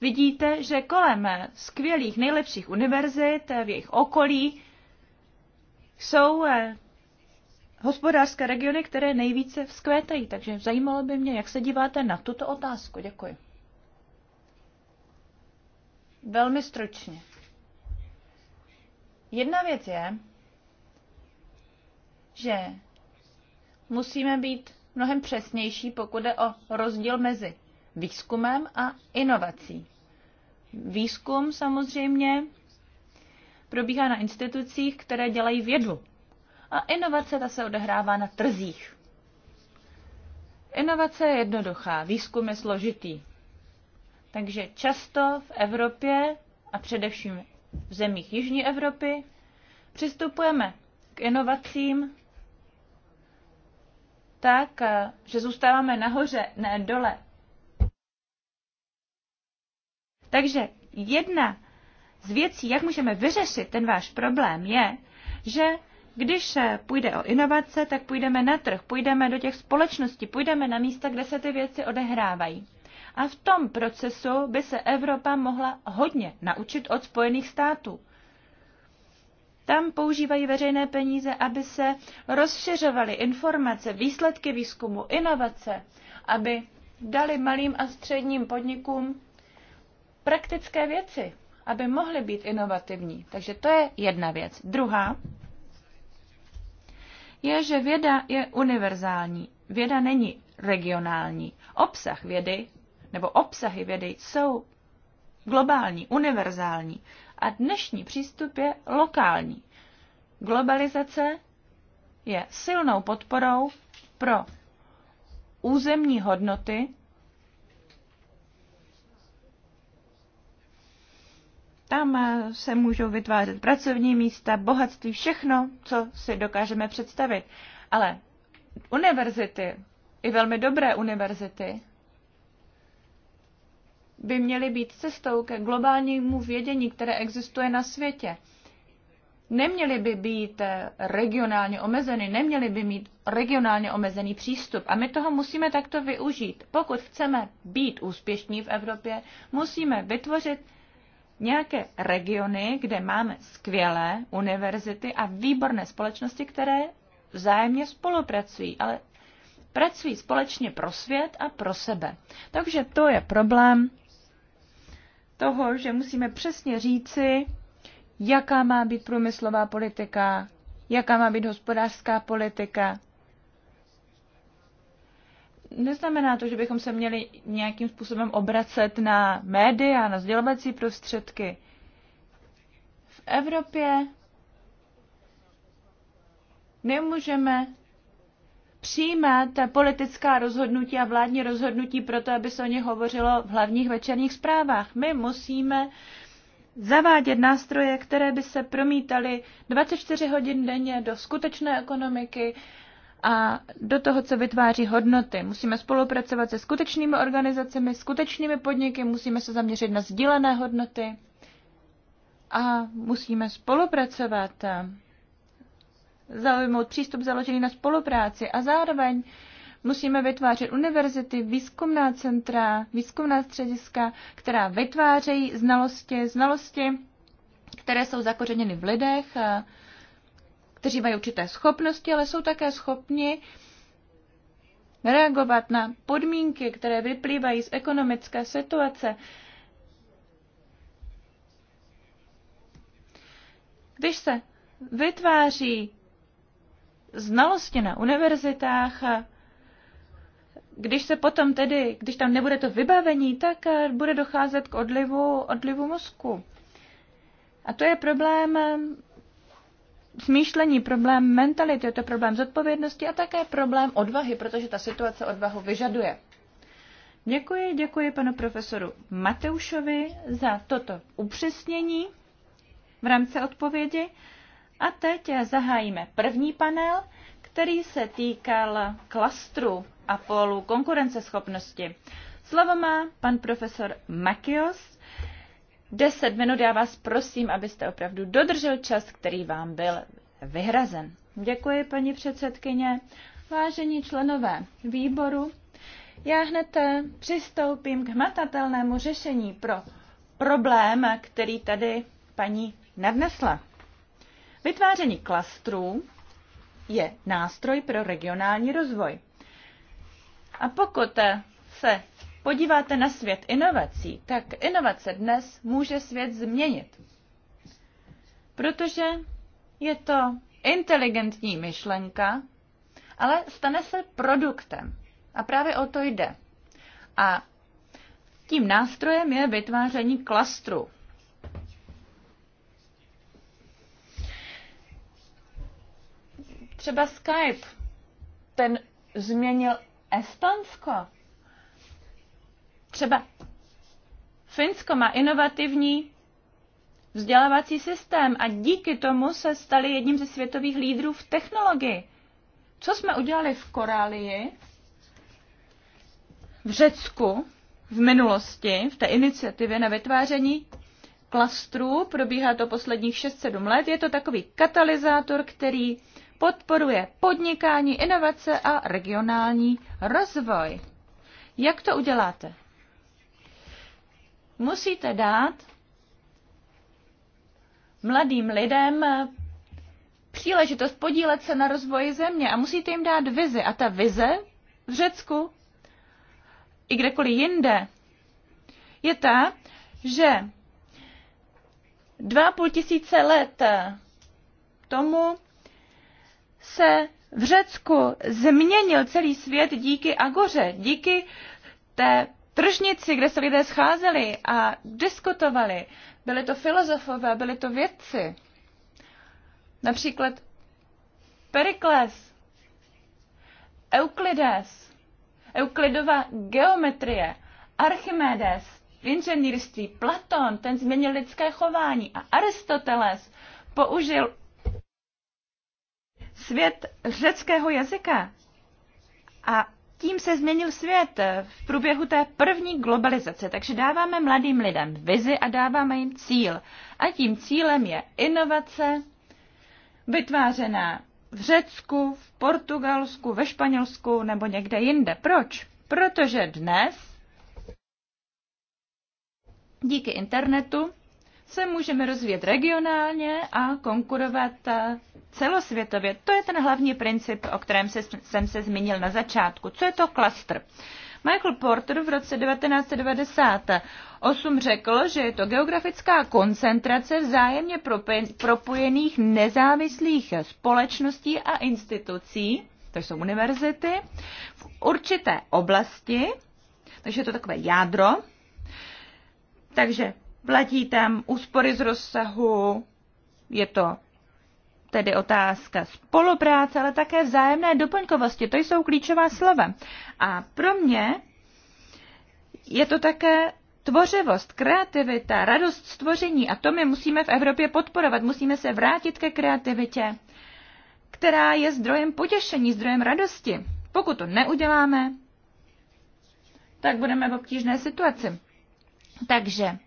vidíte, že kolem skvělých nejlepších univerzit v jejich okolí jsou eh, hospodářské regiony, které nejvíce vzkvétají. Takže zajímalo by mě, jak se díváte na tuto otázku. Děkuji. Velmi stručně. Jedna věc je, že musíme být mnohem přesnější, pokud je o rozdíl mezi výzkumem a inovací. Výzkum samozřejmě probíhá na institucích, které dělají vědu. A inovace ta se odehrává na trzích. Inovace je jednoduchá, výzkum je složitý. Takže často v Evropě a především v zemích Jižní Evropy přistupujeme k inovacím tak, že zůstáváme nahoře, ne dole. Takže jedna z věcí, jak můžeme vyřešit ten váš problém, je, že když se půjde o inovace, tak půjdeme na trh, půjdeme do těch společností, půjdeme na místa, kde se ty věci odehrávají. A v tom procesu by se Evropa mohla hodně naučit od Spojených států. Tam používají veřejné peníze, aby se rozšiřovaly informace, výsledky výzkumu, inovace, aby dali malým a středním podnikům praktické věci, aby mohly být inovativní. Takže to je jedna věc. Druhá, je, že věda je univerzální. Věda není regionální. Obsah vědy nebo obsahy vědy jsou globální, univerzální a dnešní přístup je lokální. Globalizace je silnou podporou pro územní hodnoty Tam eh, se můžou vytvářet pracovní místa, bohatství, všechno, co si dokážeme představit. Ale univerzity, i velmi dobré univerzity, by měly být cestou ke globálnímu vědění, které existuje na světě. Neměly by být eh, regionálně omezeny, neměly by mít regionálně omezený přístup. A my toho musíme takto využít. Pokud chceme být úspěšní v Evropě, musíme vytvořit nějaké regiony, kde máme skvělé univerzity a výborné společnosti, které vzájemně spolupracují, ale pracují společně pro svět a pro sebe. Takže to je problém toho, že musíme přesně říci, jaká má být průmyslová politika, jaká má být hospodářská politika, neznamená to, že bychom se měli nějakým způsobem obracet na média, na sdělovací prostředky. V Evropě nemůžeme přijímat politická rozhodnutí a vládní rozhodnutí proto, aby se o ně hovořilo v hlavních večerních zprávách. My musíme zavádět nástroje, které by se promítaly 24 hodin denně do skutečné ekonomiky, a do toho, co vytváří hodnoty. Musíme spolupracovat se skutečnými organizacemi, skutečnými podniky, musíme se zaměřit na sdílené hodnoty a musíme spolupracovat, zaujmout přístup založený na spolupráci a zároveň musíme vytvářet univerzity, výzkumná centra, výzkumná střediska, která vytvářejí znalosti, znalosti, které jsou zakořeněny v lidech, kteří mají určité schopnosti, ale jsou také schopni reagovat na podmínky, které vyplývají z ekonomické situace. Když se vytváří znalosti na univerzitách, když se potom tedy, když tam nebude to vybavení, tak bude docházet k odlivu, odlivu mozku. A to je problém smýšlení, problém mentality, je to problém zodpovědnosti a také problém odvahy, protože ta situace odvahu vyžaduje. Děkuji, děkuji panu profesoru Mateušovi za toto upřesnění v rámci odpovědi. A teď zahájíme první panel, který se týkal klastru a polu konkurenceschopnosti. Slovo má pan profesor Makios Deset minut. Já vás prosím, abyste opravdu dodržel čas, který vám byl vyhrazen. Děkuji, paní předsedkyně. Vážení členové výboru, já hned přistoupím k hmatatelnému řešení pro problém, který tady paní nadnesla. Vytváření klastrů je nástroj pro regionální rozvoj. A pokud se podíváte na svět inovací, tak inovace dnes může svět změnit. Protože je to inteligentní myšlenka, ale stane se produktem. A právě o to jde. A tím nástrojem je vytváření klastru. Třeba Skype, ten změnil Estonsko. Třeba Finsko má inovativní vzdělávací systém a díky tomu se stali jedním ze světových lídrů v technologii. Co jsme udělali v Korálii, v Řecku, v minulosti, v té iniciativě na vytváření klastrů, probíhá to posledních 6-7 let, je to takový katalyzátor, který podporuje podnikání, inovace a regionální rozvoj. Jak to uděláte? musíte dát mladým lidem příležitost podílet se na rozvoji země a musíte jim dát vizi. A ta vize v Řecku i kdekoliv jinde je ta, že dva půl tisíce let tomu se v Řecku změnil celý svět díky Agoře, díky té tržnici, kde se lidé scházeli a diskutovali. Byli to filozofové, byli to vědci. Například Perikles, Euklides, Euklidova geometrie, Archimedes, inženýrství, Platon, ten změnil lidské chování a Aristoteles použil svět řeckého jazyka a tím se změnil svět eh, v průběhu té první globalizace. Takže dáváme mladým lidem vizi a dáváme jim cíl. A tím cílem je inovace vytvářená v Řecku, v Portugalsku, ve Španělsku nebo někde jinde. Proč? Protože dnes díky internetu se můžeme rozvíjet regionálně a konkurovat eh, celosvětově. To je ten hlavní princip, o kterém se, jsem se zmínil na začátku. Co je to klastr? Michael Porter v roce 1998 řekl, že je to geografická koncentrace vzájemně propojených nezávislých společností a institucí, to jsou univerzity, v určité oblasti, takže je to takové jádro. Takže Platí tam úspory z rozsahu, je to tedy otázka spolupráce, ale také vzájemné doplňkovosti. To jsou klíčová slova. A pro mě je to také tvořivost, kreativita, radost stvoření. A to my musíme v Evropě podporovat. Musíme se vrátit ke kreativitě, která je zdrojem potěšení, zdrojem radosti. Pokud to neuděláme, tak budeme v obtížné situaci. Takže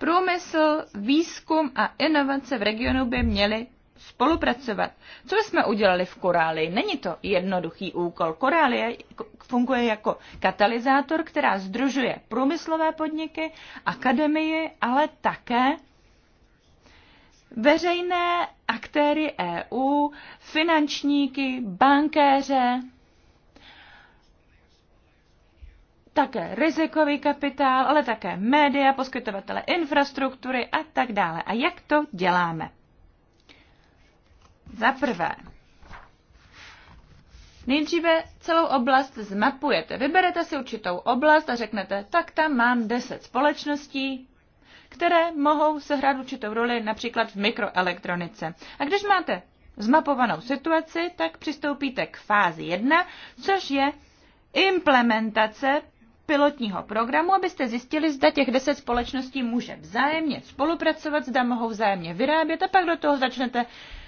Průmysl, výzkum a inovace v regionu by měly spolupracovat. Co jsme udělali v Korálii? Není to jednoduchý úkol. Korálie funguje jako katalyzátor, která združuje průmyslové podniky, akademii, ale také veřejné aktéry EU, finančníky, bankéře, také rizikový kapitál, ale také média, poskytovatele infrastruktury a tak dále. A jak to děláme? Za prvé, nejdříve celou oblast zmapujete. Vyberete si určitou oblast a řeknete, tak tam mám 10 společností, které mohou sehrát určitou roli například v mikroelektronice. A když máte zmapovanou situaci, tak přistoupíte k fázi 1, což je implementace pilotního programu, abyste zjistili, zda těch deset společností může vzájemně spolupracovat, zda mohou vzájemně vyrábět a pak do toho začnete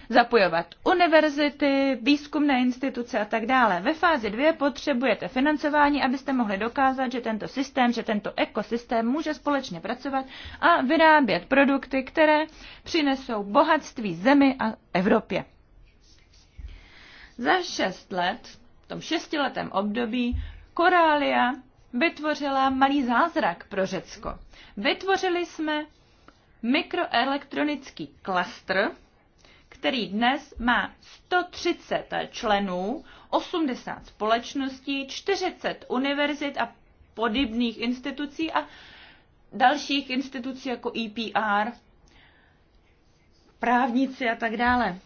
zapojovat univerzity, výzkumné instituce a tak dále. Ve fázi 2 potřebujete financování, abyste mohli dokázat, že tento systém, že tento ekosystém může společně pracovat a vyrábět produkty, které přinesou bohatství zemi a Evropě. Za šest let, v tom šestiletém období, Korália vytvořila malý zázrak pro Řecko. Vytvořili jsme mikroelektronický klastr, který dnes má 130 členů, 80 společností, 40 univerzit a podobných institucí a dalších institucí jako EPR, právníci a tak dále.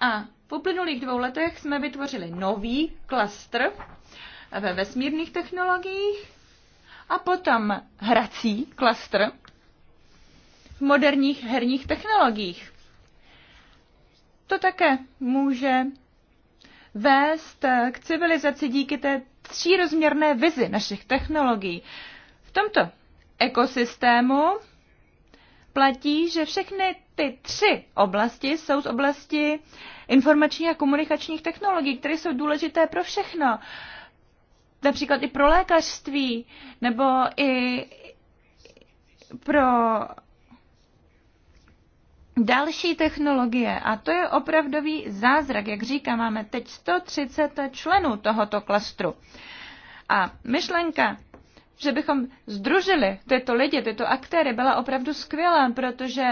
A v uplynulých dvou letech jsme vytvořili nový klastr ve vesmírných technologiích a potom hrací klastr v moderních herních technologiích. To také může vést k civilizaci díky té třírozměrné vizi našich technologií. V tomto ekosystému platí, že všechny ty tři oblasti jsou z oblasti informačních a komunikačních technologií, které jsou důležité pro všechno například i pro lékařství nebo i pro další technologie. A to je opravdový zázrak. Jak říkám, máme teď 130 členů tohoto klastru. A myšlenka, že bychom združili tyto lidi, tyto aktéry, byla opravdu skvělá, protože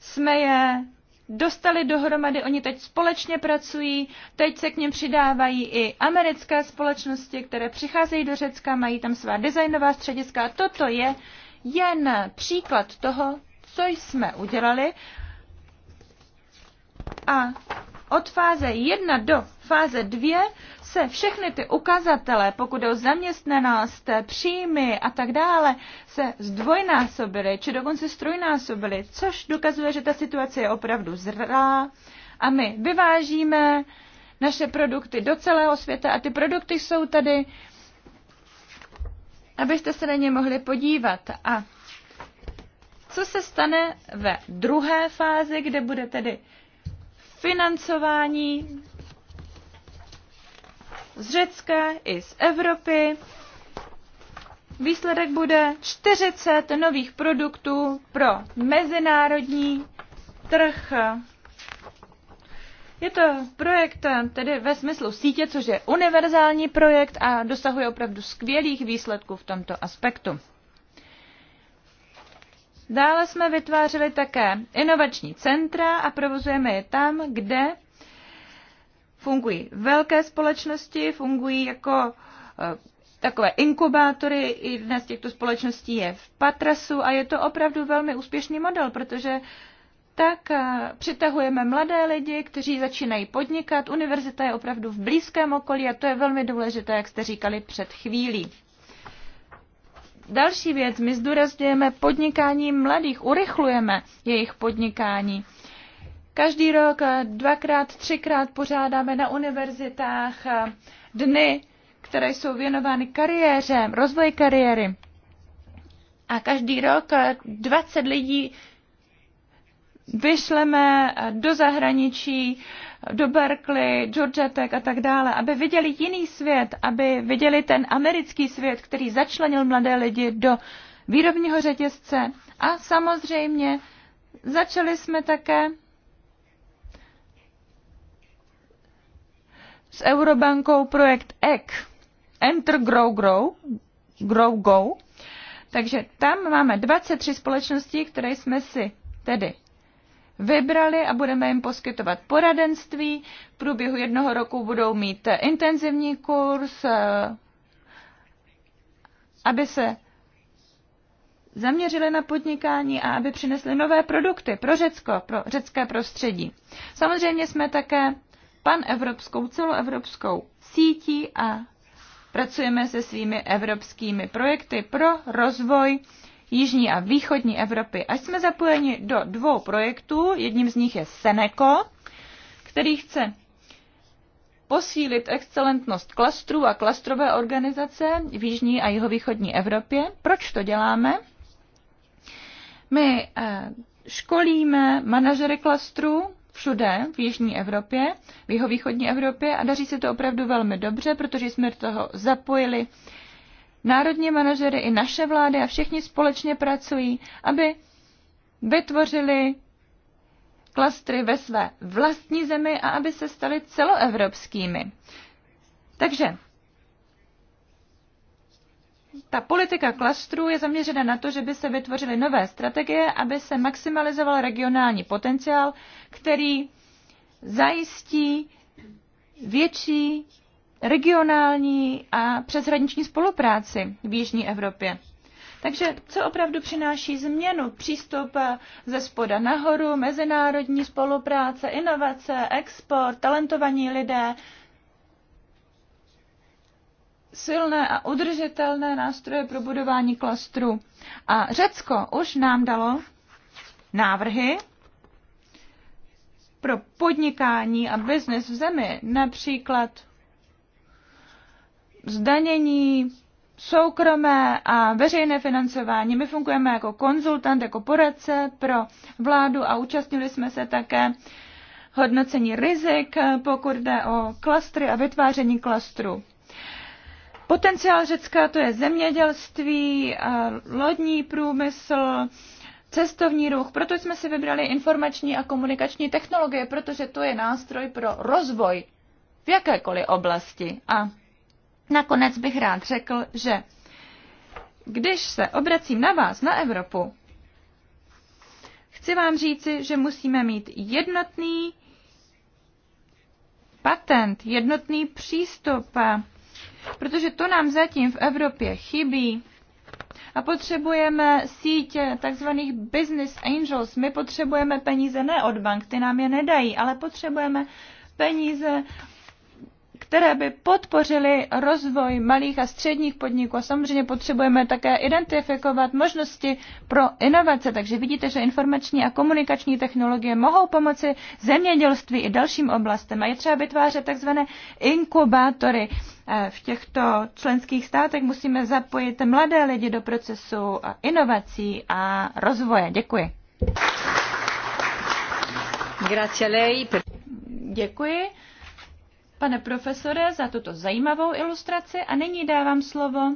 jsme je dostali dohromady, oni teď společně pracují, teď se k něm přidávají i americké společnosti, které přicházejí do Řecka, mají tam svá designová střediska a toto je jen příklad toho, co jsme udělali a od fáze 1 do fáze 2 se všechny ty ukazatele, pokud o zaměstnanost, příjmy a tak dále, se zdvojnásobily, či dokonce strojnásobily, což dokazuje, že ta situace je opravdu zrá a my vyvážíme naše produkty do celého světa a ty produkty jsou tady, abyste se na ně mohli podívat. A co se stane ve druhé fázi, kde bude tedy financování z Řecka i z Evropy. Výsledek bude 40 nových produktů pro mezinárodní trh. Je to projekt tedy ve smyslu sítě, což je univerzální projekt a dosahuje opravdu skvělých výsledků v tomto aspektu. Dále jsme vytvářeli také inovační centra a provozujeme je tam, kde fungují velké společnosti, fungují jako eh, takové inkubátory. Jedna z těchto společností je v Patrasu a je to opravdu velmi úspěšný model, protože tak eh, přitahujeme mladé lidi, kteří začínají podnikat. Univerzita je opravdu v blízkém okolí a to je velmi důležité, jak jste říkali před chvílí. Další věc, my zdůrazňujeme podnikání mladých, urychlujeme jejich podnikání. Každý rok eh, dvakrát, třikrát pořádáme na univerzitách eh, dny, které jsou věnovány kariéře, rozvoji kariéry. A každý rok 20 eh, lidí vyšleme do zahraničí, do Berkeley, Georgia Tech a tak dále, aby viděli jiný svět, aby viděli ten americký svět, který začlenil mladé lidi do výrobního řetězce. A samozřejmě začali jsme také s Eurobankou projekt EG, Enter Grow Grow, Grow Go. Takže tam máme 23 společností, které jsme si tedy vybrali a budeme jim poskytovat poradenství. V průběhu jednoho roku budou mít intenzivní kurz, eh, aby se zaměřili na podnikání a aby přinesli nové produkty pro Řecko, pro řecké prostředí. Samozřejmě jsme také panevropskou, celoevropskou sítí a pracujeme se svými evropskými projekty pro rozvoj jižní a východní Evropy. Až jsme zapojeni do dvou projektů, jedním z nich je Seneco, který chce posílit excelentnost klastrů a klastrové organizace v jižní a jihovýchodní Evropě. Proč to děláme? My eh, školíme manažery klastrů všude v jižní Evropě, v jeho východní Evropě a daří se to opravdu velmi dobře, protože jsme do toho zapojili národní manažery i naše vlády a všichni společně pracují, aby vytvořili klastry ve své vlastní zemi a aby se staly celoevropskými. Takže ta politika klastrů je zaměřena na to, že by se vytvořily nové strategie, aby se maximalizoval regionální potenciál, který zajistí větší regionální a přeshraniční spolupráci v Jižní Evropě. Takže co opravdu přináší změnu? Přístup eh, ze spoda nahoru, mezinárodní spolupráce, inovace, export, talentovaní lidé, silné a udržitelné nástroje pro budování klastru. A Řecko už nám dalo návrhy pro podnikání a biznis v zemi, například zdanění, soukromé a veřejné financování. My fungujeme jako konzultant, jako poradce pro vládu a účastnili jsme se také hodnocení rizik, pokud jde o klastry a vytváření klastru. Potenciál Řecka to je zemědělství, eh, lodní průmysl, cestovní ruch. Proto jsme si vybrali informační a komunikační technologie, protože to je nástroj pro rozvoj v jakékoliv oblasti. A nakonec bych rád řekl, že když se obracím na vás, na Evropu, chci vám říci, že musíme mít jednotný patent, jednotný přístup. A protože to nám zatím v Evropě chybí. A potřebujeme sítě takzvaných business angels. My potřebujeme peníze ne od bank, ty nám je nedají, ale potřebujeme peníze které by podpořily rozvoj malých a středních podniků. A samozřejmě potřebujeme také identifikovat možnosti pro inovace. Takže vidíte, že informační a komunikační technologie mohou pomoci zemědělství i dalším oblastem. A je třeba vytvářet takzvané inkubátory. Eh, v těchto členských státech musíme zapojit mladé lidi do procesu inovací a rozvoje. Děkuji. Děkuji pane profesore, za tuto zajímavou ilustraci a nyní dávám slovo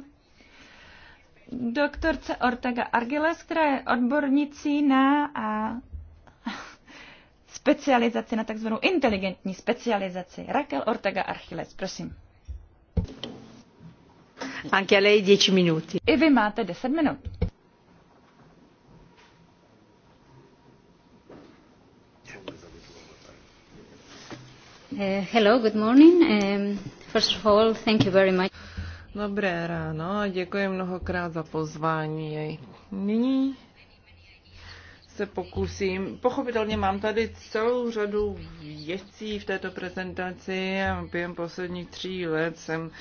doktorce Ortega Argiles, která je odbornicí na a, specializaci, na takzvanou inteligentní specializaci. Raquel Ortega Archiles, prosím. Anche lei 10 minuti. I vy máte 10 minut. Dobré ráno a děkuji mnohokrát za pozvání. Nyní se pokusím. Pochopitelně mám tady celou řadu věcí v této prezentaci. Během posledních tří let jsem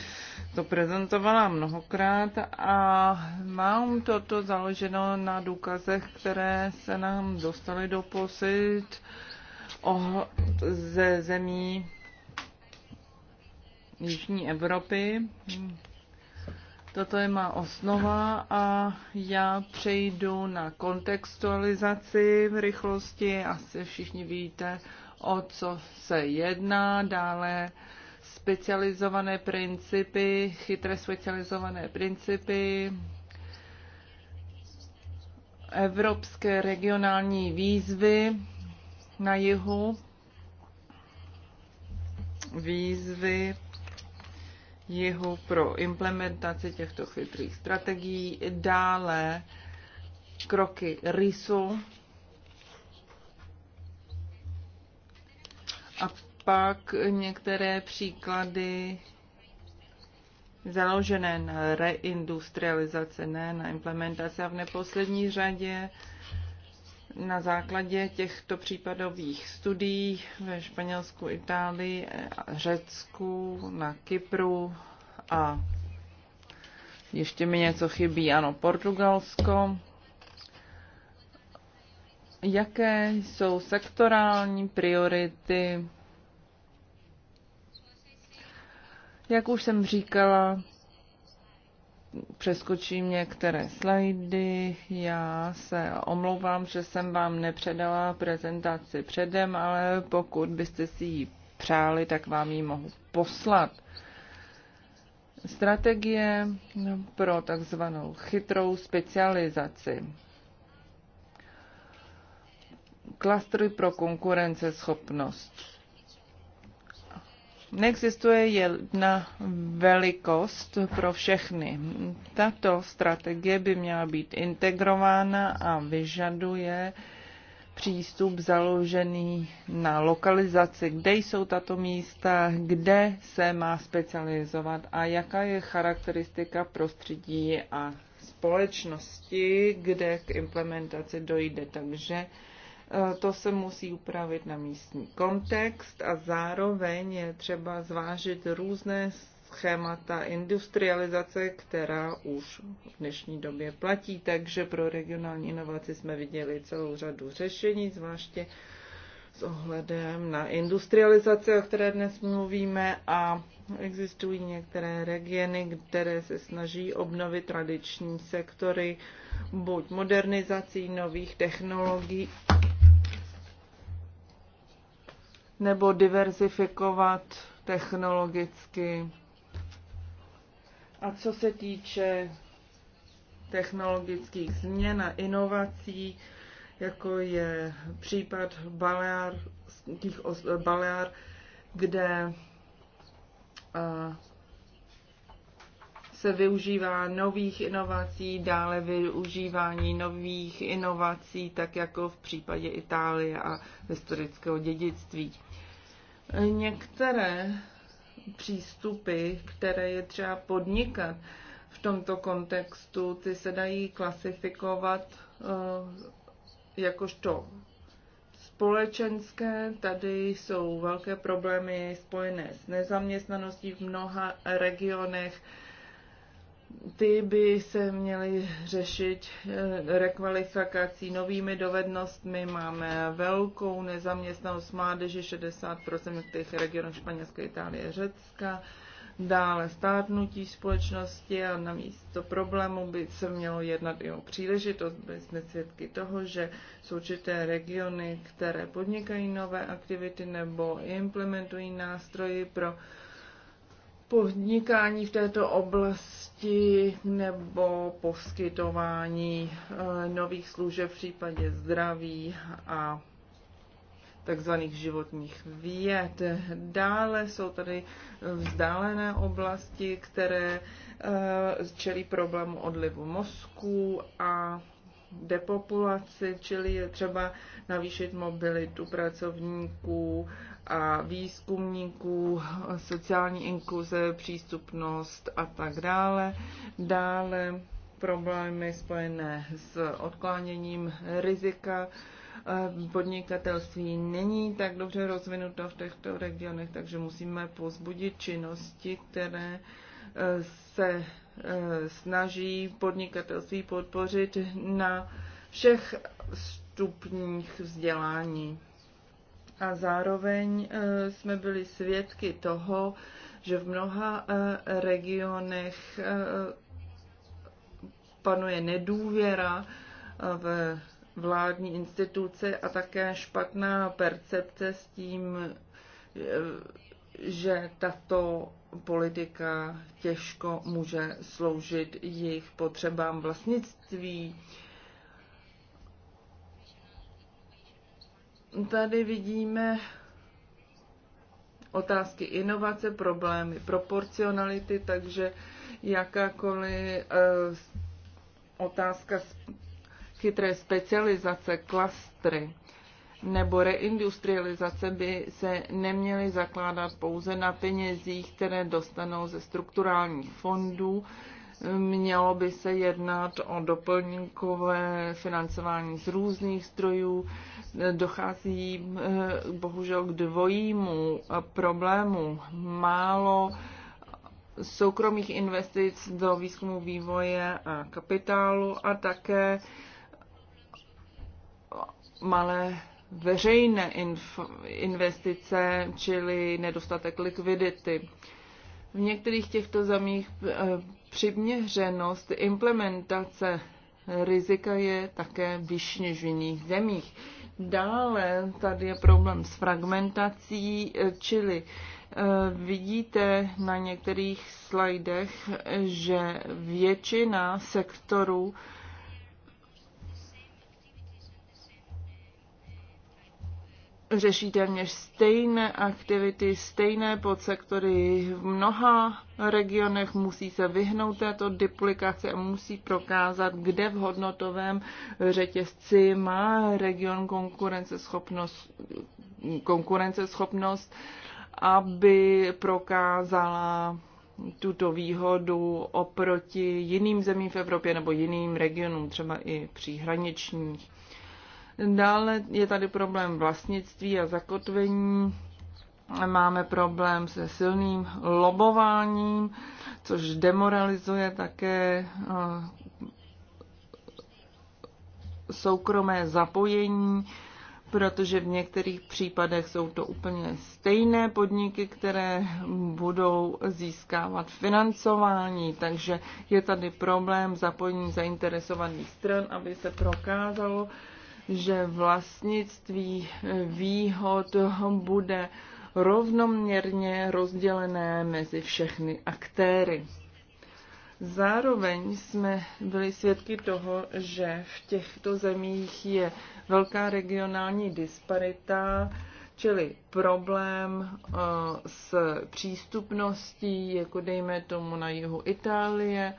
to prezentovala mnohokrát a mám toto založeno na důkazech, které se nám dostaly do posit ze zemí Jižní Evropy. Toto je má osnova a já přejdu na kontextualizaci v rychlosti. Asi všichni víte, o co se jedná. Dále specializované principy, chytré specializované principy, evropské regionální výzvy na jihu, výzvy jihu pro implementaci těchto chytrých strategií, dále kroky RISu a pak některé příklady založené na reindustrializace, ne na implementaci a v neposlední řadě na základě těchto případových studií ve Španělsku, Itálii, Řecku, na Kypru a ještě mi něco chybí, ano, Portugalsko. Jaké jsou sektorální priority? Jak už jsem říkala, přeskočím některé slajdy. Já se omlouvám, že jsem vám nepředala prezentaci předem, ale pokud byste si ji přáli, tak vám ji mohu poslat. Strategie pro takzvanou chytrou specializaci. Klastry pro konkurenceschopnost Neexistuje jedna velikost pro všechny. Tato strategie by měla být integrována a vyžaduje přístup založený na lokalizaci, kde jsou tato místa, kde se má specializovat a jaká je charakteristika prostředí a společnosti, kde k implementaci dojde. Takže Eh, to se musí upravit na místní kontext a zároveň je třeba zvážit různé schémata industrializace, která už v dnešní době platí. Takže pro regionální inovaci jsme viděli celou řadu řešení, zvláště s ohledem na industrializaci, o které dnes mluvíme, a existují některé regiony, které se snaží obnovit tradiční sektory buď modernizací nových technologií nebo diverzifikovat technologicky. A co se týče technologických změn a inovací, jako je případ Balear, Balear kde se využívá nových inovací, dále využívání nových inovací, tak jako v případě Itálie a historického dědictví. Některé přístupy, které je třeba podnikat v tomto kontextu, ty se dají klasifikovat eh, jakožto společenské. Tady jsou velké problémy spojené s nezaměstnaností v mnoha regionech ty by se měly řešit eh, rekvalifikací novými dovednostmi. Máme velkou nezaměstnanost mládeže, 60% v těch regionech Španělské, Itálie, Řecka. Dále státnutí společnosti a na místo problému by se mělo jednat i o příležitost. Byli jsme svědky toho, že jsou určité regiony, které podnikají nové aktivity nebo implementují nástroji pro uh, podnikání v této oblasti nebo poskytování eh, nových služeb v případě zdraví a takzvaných životních věd. Dále jsou tady vzdálené oblasti, které eh, čelí problému odlivu mozku a depopulaci, čili je třeba navýšit mobilitu pracovníků, a výzkumníků, sociální inkluze, přístupnost a tak dále. Dále problémy spojené s odkláněním rizika. Podnikatelství není tak dobře rozvinuto v těchto regionech, takže musíme pozbudit činnosti, které eh, se eh, snaží podnikatelství podpořit na všech stupních vzdělání a zároveň eh, jsme byli svědky toho, že v mnoha eh, regionech eh, panuje nedůvěra v vládní instituce a také špatná percepce s tím, že tato politika těžko může sloužit jejich potřebám vlastnictví. Tady vidíme otázky inovace, problémy proporcionality, takže jakákoliv eh, otázka chytré specializace, klastry nebo reindustrializace by se neměly zakládat pouze na penězích, které dostanou ze strukturálních fondů, Mělo by se jednat o doplňkové financování z různých zdrojů. Dochází eh, bohužel k dvojímu eh, problému. Málo soukromých investic do výzkumu vývoje a kapitálu a také malé veřejné investice, čili nedostatek likvidity v některých těchto zemích eh, přiměřenost implementace rizika je také vyšší než v jiných zemích. Dále tady je problém s fragmentací, eh, čili eh, vidíte na některých slajdech, že většina sektorů řeší téměř stejné aktivity, stejné podsektory v mnoha regionech, musí se vyhnout této duplikaci a musí prokázat, kde v hodnotovém řetězci má region konkurenceschopnost, konkurenceschopnost aby prokázala tuto výhodu oproti jiným zemím v Evropě nebo jiným regionům, třeba i příhraničních. Dále je tady problém vlastnictví a zakotvení. Máme problém se silným lobováním, což demoralizuje také eh, soukromé zapojení, protože v některých případech jsou to úplně stejné podniky, které budou získávat financování, takže je tady problém zapojení zainteresovaných stran, aby se prokázalo, že vlastnictví eh, výhod bude rovnoměrně rozdělené mezi všechny aktéry. Zároveň jsme byli svědky toho, že v těchto zemích je velká regionální disparita, čili problém eh, s přístupností, jako dejme tomu na jihu Itálie,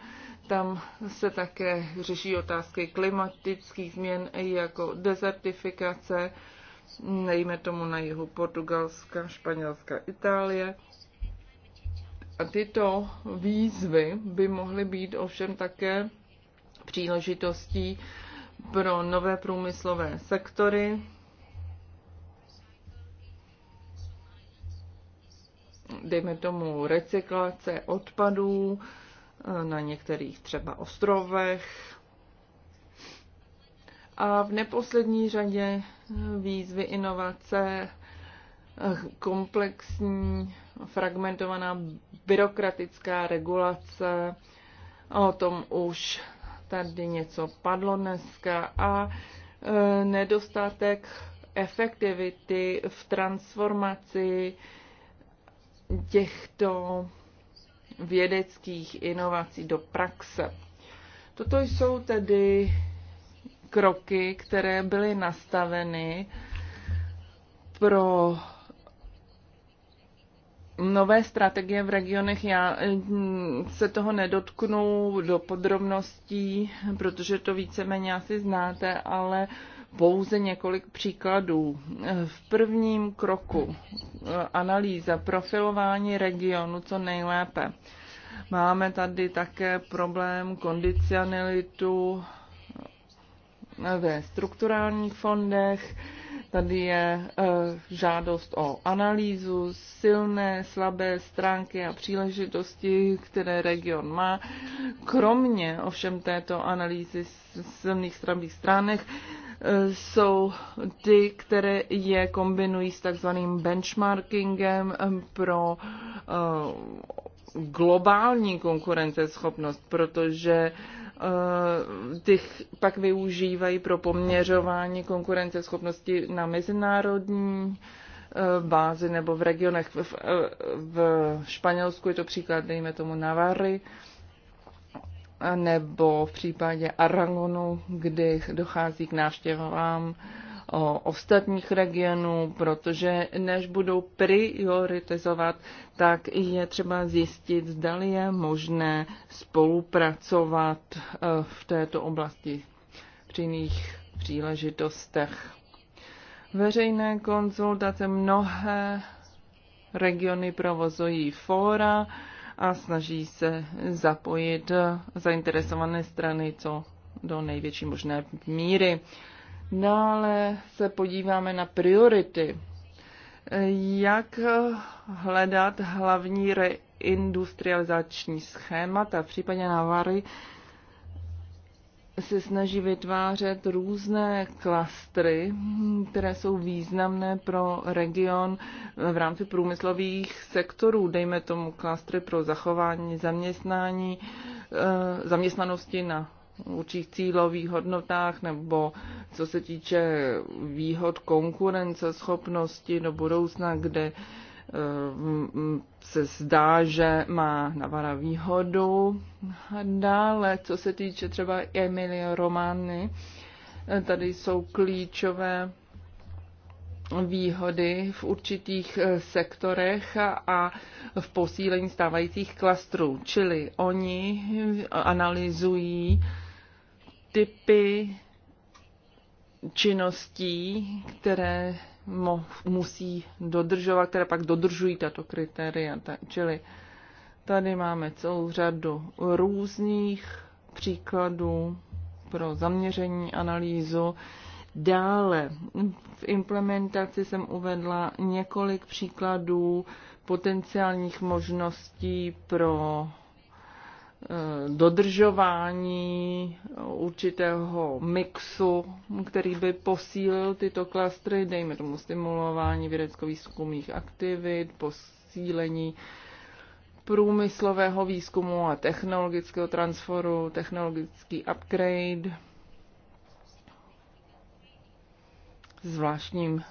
tam se také řeší otázky klimatických změn jako dezertifikace, nejme tomu na jihu Portugalska, Španělska, Itálie. A tyto výzvy by mohly být ovšem také příležitostí pro nové průmyslové sektory, dejme tomu recyklace odpadů, na některých třeba ostrovech. A v neposlední řadě výzvy inovace, komplexní, fragmentovaná byrokratická regulace, o tom už tady něco padlo dneska, a e, nedostatek efektivity v transformaci těchto vědeckých inovací do praxe. Toto jsou tedy kroky, které byly nastaveny pro nové strategie v regionech. Já mm, se toho nedotknu do podrobností, protože to víceméně asi znáte, ale uh, pouze několik příkladů. V prvním kroku e, analýza profilování regionu co nejlépe. Máme tady také problém kondicionalitu e, ve strukturálních fondech. Tady je e, žádost o analýzu silné, slabé stránky a příležitosti, které region má. Kromě ovšem této analýzy silných, slabých stránek jsou ty, které je kombinují s takzvaným benchmarkingem pro eh, globální konkurenceschopnost, protože eh, těch pak využívají pro poměřování konkurenceschopnosti na mezinárodní eh, bázi nebo v regionech. V, v Španělsku je to příklad, dejme tomu Navary, nebo v případě Aragonu, kdy dochází k návštěvám ostatních regionů, protože než budou prioritizovat, tak je třeba zjistit, zda je možné spolupracovat e, v této oblasti při jiných příležitostech. Veřejné konzultace mnohé regiony provozují fóra, a snaží se zapojit zainteresované strany co do největší možné míry. Dále se podíváme na priority. Jak hledat hlavní reindustrializační schémata v případě Vary se snaží vytvářet různé klastry, které jsou významné pro region v rámci průmyslových sektorů, dejme tomu klastry pro zachování zaměstnání, eh, zaměstnanosti na určitých cílových hodnotách nebo co se týče výhod konkurenceschopnosti do budoucna, kde Ehm, se zdá, že má Navara výhodu. A dále, co se týče třeba Emilio romány, eh, tady jsou klíčové výhody v určitých eh, sektorech a v posílení stávajících klastrů. Čili oni analyzují typy činností, které mo, musí dodržovat, které pak dodržují tato kritéria. Ta, čili tady máme celou řadu různých příkladů pro zaměření analýzu. Dále v implementaci jsem uvedla několik příkladů potenciálních možností pro Eh, dodržování určitého mixu, který by posílil tyto klastry, dejme tomu stimulování vědecko-výzkumných aktivit, posílení průmyslového výzkumu a technologického transferu, technologický upgrade, zvláštním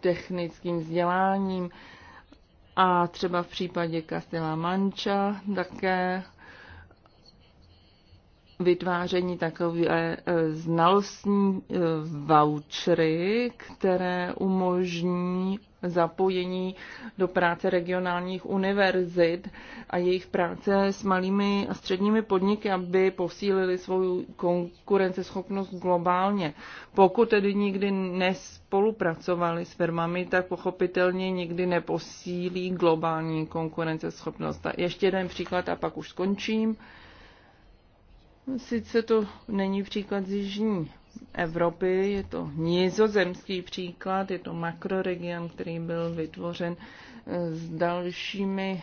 technickým vzděláním a třeba v případě Castilla Mancha také vytváření takové eh, znalostní eh, vouchery, které umožní zapojení do práce regionálních univerzit a jejich práce s malými a středními podniky, aby posílili svou konkurenceschopnost globálně. Pokud tedy nikdy nespolupracovali s firmami, tak pochopitelně nikdy neposílí globální konkurenceschopnost. A ještě jeden příklad a pak už skončím. Sice to není příklad z Jižní Evropy, je to nizozemský příklad, je to makroregion, který byl vytvořen eh, s dalšími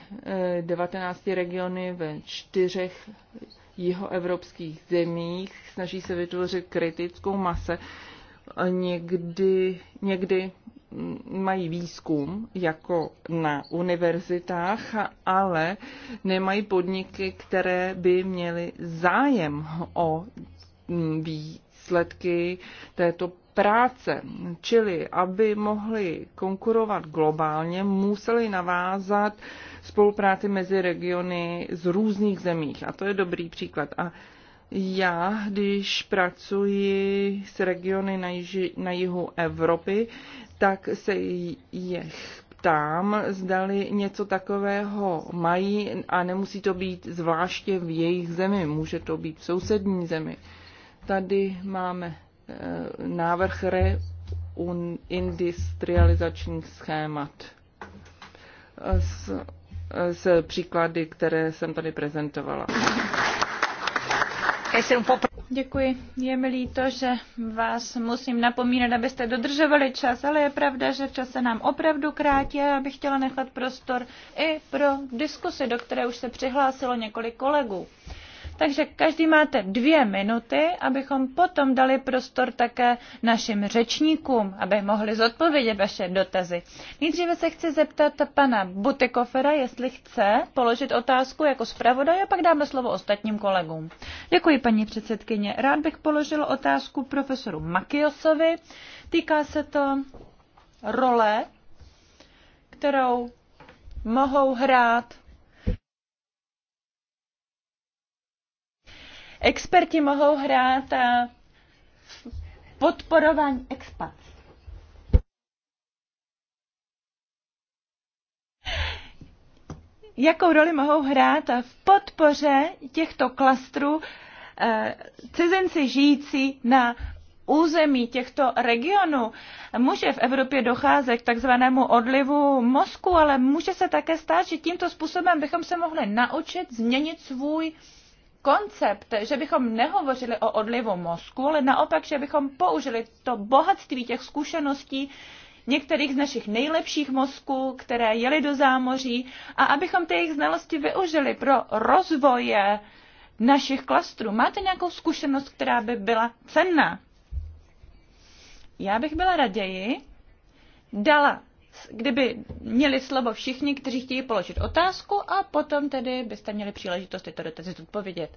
19 eh, regiony ve čtyřech jihoevropských zemích. Snaží se vytvořit kritickou mase. Někdy, někdy mají výzkum jako na univerzitách, ale nemají podniky, které by měly zájem o výsledky této práce, čili aby mohli konkurovat globálně, museli navázat spolupráci mezi regiony z různých zemích. A to je dobrý příklad. A já, když pracuji s regiony na, jiži, na jihu Evropy, tak se jich ptám, zdali něco takového mají a nemusí to být zvláště v jejich zemi, může to být v sousední zemi. Tady máme e, návrh reindustrializačních schémat eh, s, eh, s příklady, které jsem tady prezentovala. Děkuji. Je mi líto, že vás musím napomínat, abyste dodržovali čas, ale je pravda, že čas se nám opravdu krátí a já bych chtěla nechat prostor i pro diskusy, do které už se přihlásilo několik kolegů. Takže každý máte dvě minuty, abychom potom dali prostor také našim řečníkům, aby mohli zodpovědět vaše dotazy. Nejdříve se chci zeptat pana Butekofera, jestli chce položit otázku jako zpravodaj a pak dáme slovo ostatním kolegům. Děkuji, paní předsedkyně. Rád bych položil otázku profesoru Makiosovi. Týká se to role, kterou mohou hrát Experti mohou hrát eh, podporování expat. Jakou roli mohou hrát v podpoře těchto klastrů eh, cizinci žijící na území těchto regionů může v Evropě docházet k takzvanému odlivu mozku, ale může se také stát, že tímto způsobem bychom se mohli naučit změnit svůj koncept, že bychom nehovořili o odlivu mozku, ale naopak, že bychom použili to bohatství těch zkušeností některých z našich nejlepších mozků, které jeli do zámoří, a abychom ty jejich znalosti využili pro rozvoj našich klastrů. Máte nějakou zkušenost, která by byla cenná? Já bych byla raději dala kdyby měli slovo všichni, kteří chtějí položit otázku a potom tedy byste měli příležitost tyto dotazy zodpovědět.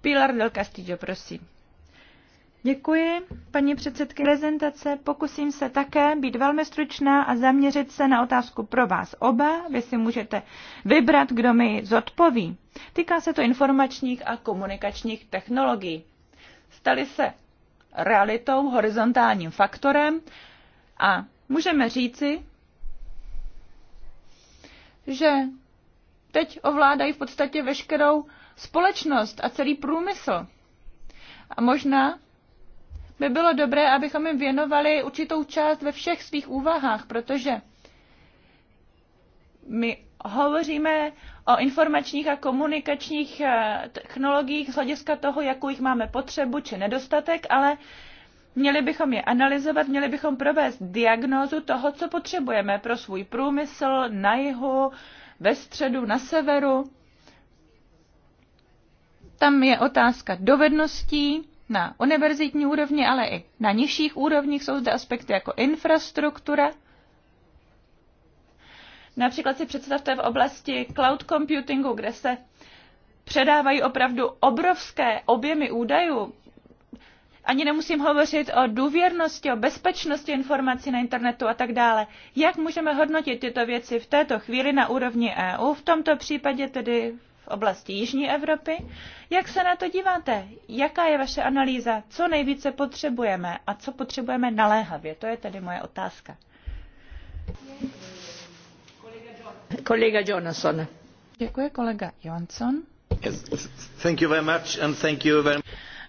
Pilar del Castillo, prosím. Děkuji, paní předsedky prezentace. Pokusím se také být velmi stručná a zaměřit se na otázku pro vás oba. Vy si můžete vybrat, kdo mi zodpoví. Týká se to informačních a komunikačních technologií. Staly se realitou, horizontálním faktorem a můžeme říci, že teď ovládají v podstatě veškerou společnost a celý průmysl. A možná by bylo dobré, abychom jim věnovali určitou část ve všech svých úvahách, protože my hovoříme o informačních a komunikačních eh, technologiích z hlediska toho, jakou jich máme potřebu či nedostatek, ale Měli bychom je analyzovat, měli bychom provést diagnózu toho, co potřebujeme pro svůj průmysl na jihu, ve středu, na severu. Tam je otázka dovedností na univerzitní úrovni, ale i na nižších úrovních jsou zde aspekty jako infrastruktura. Například si představte v oblasti cloud computingu, kde se předávají opravdu obrovské objemy údajů ani nemusím hovořit o důvěrnosti, o bezpečnosti informací na internetu a tak dále. Jak můžeme hodnotit tyto věci v této chvíli na úrovni EU, v tomto případě tedy v oblasti Jižní Evropy? Jak se na to díváte? Jaká je vaše analýza? Co nejvíce potřebujeme a co potřebujeme naléhavě? To je tedy moje otázka. Kolega Johnson. Děkuji, kolega Johnson. Yes, thank you very much and thank you very...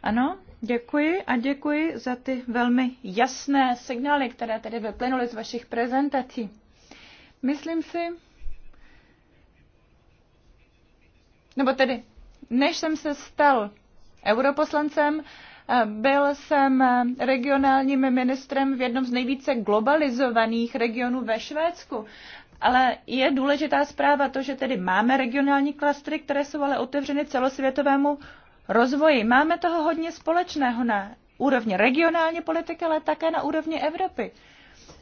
Ano, Děkuji a děkuji za ty velmi jasné signály, které tedy vyplynuly z vašich prezentací. Myslím si, nebo tedy, než jsem se stal europoslancem, eh, byl jsem regionálním ministrem v jednom z nejvíce globalizovaných regionů ve Švédsku. Ale je důležitá zpráva to, že tedy máme regionální klastry, které jsou ale otevřeny celosvětovému rozvoji. Máme toho hodně společného na úrovni regionální politiky, ale také na úrovni Evropy.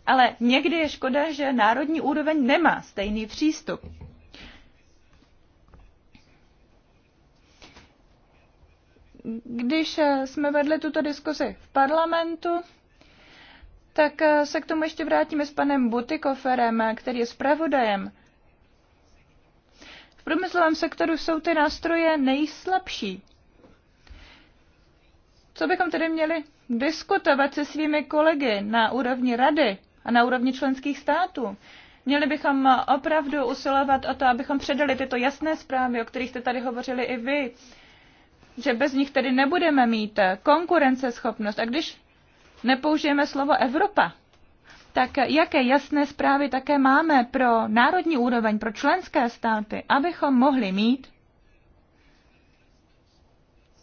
Ale někdy je škoda, že národní úroveň nemá stejný přístup. Když eh, jsme vedli tuto diskusi v parlamentu, tak eh, se k tomu ještě vrátíme s panem Butikoferem, který je zpravodajem. V průmyslovém sektoru jsou ty nástroje nejslabší. Co bychom tedy měli diskutovat se svými kolegy na úrovni rady a na úrovni členských států? Měli bychom opravdu usilovat o to, abychom předali tyto jasné zprávy, o kterých jste tady hovořili i vy, že bez nich tedy nebudeme mít konkurenceschopnost. A když nepoužijeme slovo Evropa, tak jaké jasné zprávy také máme pro národní úroveň, pro členské státy, abychom mohli mít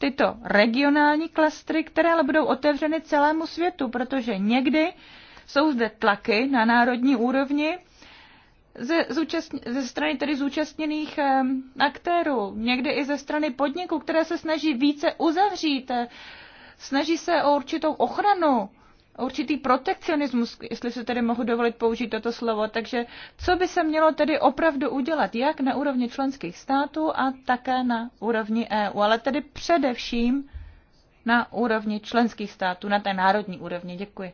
tyto regionální klastry, které ale budou otevřeny celému světu, protože někdy jsou zde tlaky na národní úrovni ze, ze strany tedy zúčastněných um, aktérů, někdy i ze strany podniků, které se snaží více uzavřít, eh, snaží se o určitou ochranu určitý protekcionismus, jestli se tedy mohu dovolit použít toto slovo. Takže co by se mělo tedy opravdu udělat, jak na úrovni členských států a také na úrovni EU, ale tedy především na úrovni členských států, na té národní úrovni. Děkuji.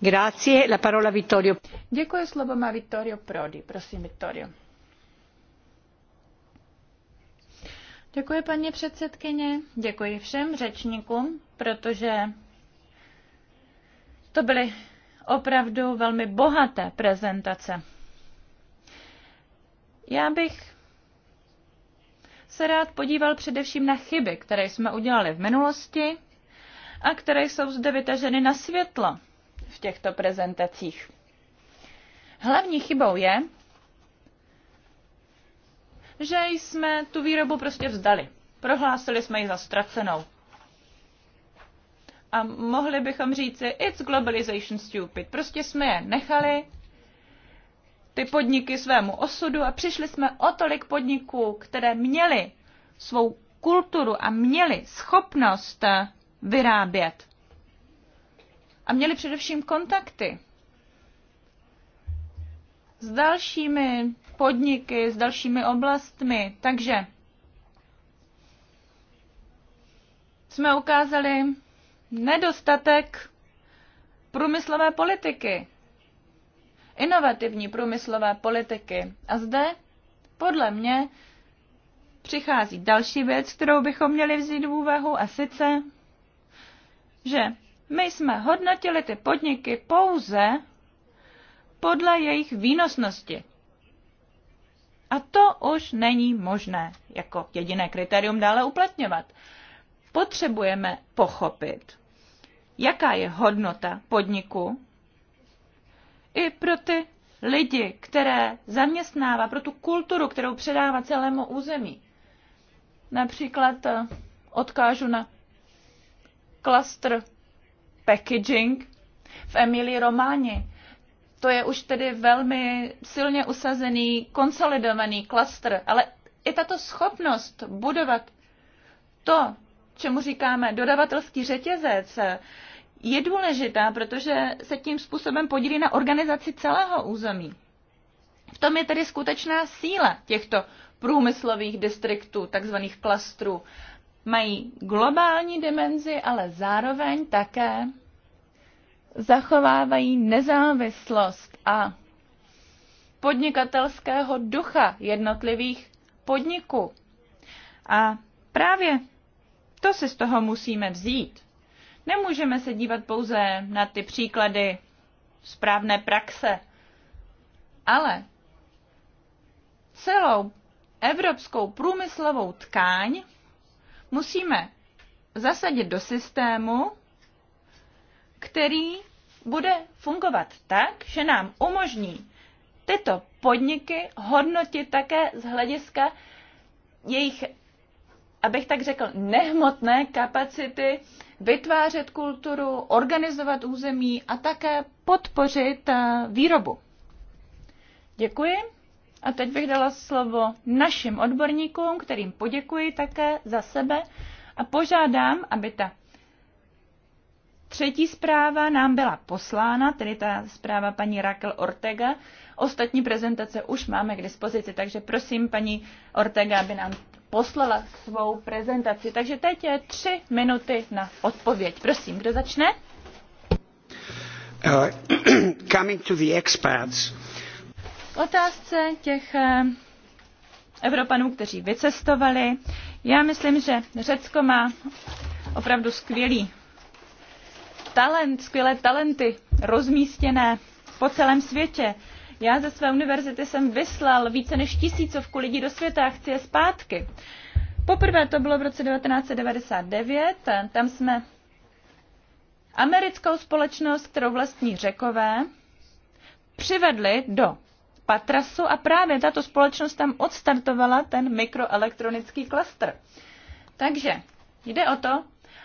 Grazie, la parola Vittorio. Děkuji, slovo má Vittorio Prodi. Prosím, Vittorio. Děkuji, paní předsedkyně, děkuji všem řečníkům, protože to byly opravdu velmi bohaté prezentace. Já bych se rád podíval především na chyby, které jsme udělali v minulosti a které jsou zde vytaženy na světlo v těchto prezentacích. Hlavní chybou je, že jsme tu výrobu prostě vzdali. Prohlásili jsme ji za ztracenou a mohli bychom říci, it's globalization stupid. Prostě jsme je nechali, ty podniky svému osudu a přišli jsme o tolik podniků, které měly svou kulturu a měli schopnost eh, vyrábět. A měli především kontakty s dalšími podniky, s dalšími oblastmi. Takže jsme ukázali, nedostatek průmyslové politiky, inovativní průmyslové politiky. A zde, podle mě, přichází další věc, kterou bychom měli vzít v úvahu, a sice, že my jsme hodnotili ty podniky pouze podle jejich výnosnosti. A to už není možné jako jediné kritérium dále uplatňovat potřebujeme pochopit, jaká je hodnota podniku i pro ty lidi, které zaměstnává, pro tu kulturu, kterou předává celému území. Například eh, odkážu na klastr packaging v Emily Románi. To je už tedy velmi silně usazený, konsolidovaný klastr, ale i tato schopnost budovat to, čemu říkáme dodavatelský řetězec, je důležitá, protože se tím způsobem podílí na organizaci celého území. V tom je tedy skutečná síla těchto průmyslových distriktů, takzvaných klastrů. Mají globální dimenzi, ale zároveň také zachovávají nezávislost a podnikatelského ducha jednotlivých podniků. A právě to si z toho musíme vzít. Nemůžeme se dívat pouze na ty příklady správné praxe, ale celou evropskou průmyslovou tkáň musíme zasadit do systému, který bude fungovat tak, že nám umožní tyto podniky hodnotit také z hlediska jejich abych tak řekl, nehmotné kapacity vytvářet kulturu, organizovat území a také podpořit eh, výrobu. Děkuji. A teď bych dala slovo našim odborníkům, kterým poděkuji také za sebe a požádám, aby ta třetí zpráva nám byla poslána, tedy ta zpráva paní Raquel Ortega. Ostatní prezentace už máme k dispozici, takže prosím paní Ortega, aby nám poslala svou prezentaci. Takže teď je tři minuty na odpověď. Prosím, kdo začne? Uh, coming to the expats. otázce těch eh, Evropanů, kteří vycestovali. Já myslím, že Řecko má opravdu skvělý talent, skvělé talenty rozmístěné po celém světě. Já ze své univerzity jsem vyslal více než tisícovku lidí do světa a chci je zpátky. Poprvé to bylo v roce 1999, tam jsme americkou společnost, kterou vlastní řekové, přivedli do Patrasu a právě tato společnost tam odstartovala ten mikroelektronický klastr. Takže jde o to,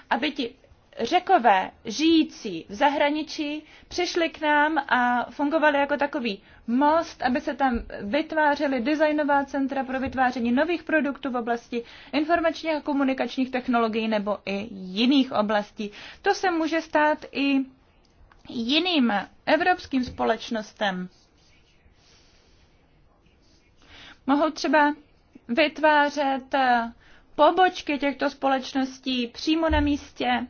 aby ti řekové žijící v zahraničí přišli k nám a fungovali jako takový most, aby se tam vytvářely designová centra pro vytváření nových produktů v oblasti informačních a komunikačních technologií nebo i jiných oblastí. To se může stát i jiným evropským společnostem. Mohou třeba vytvářet eh, pobočky těchto společností přímo na místě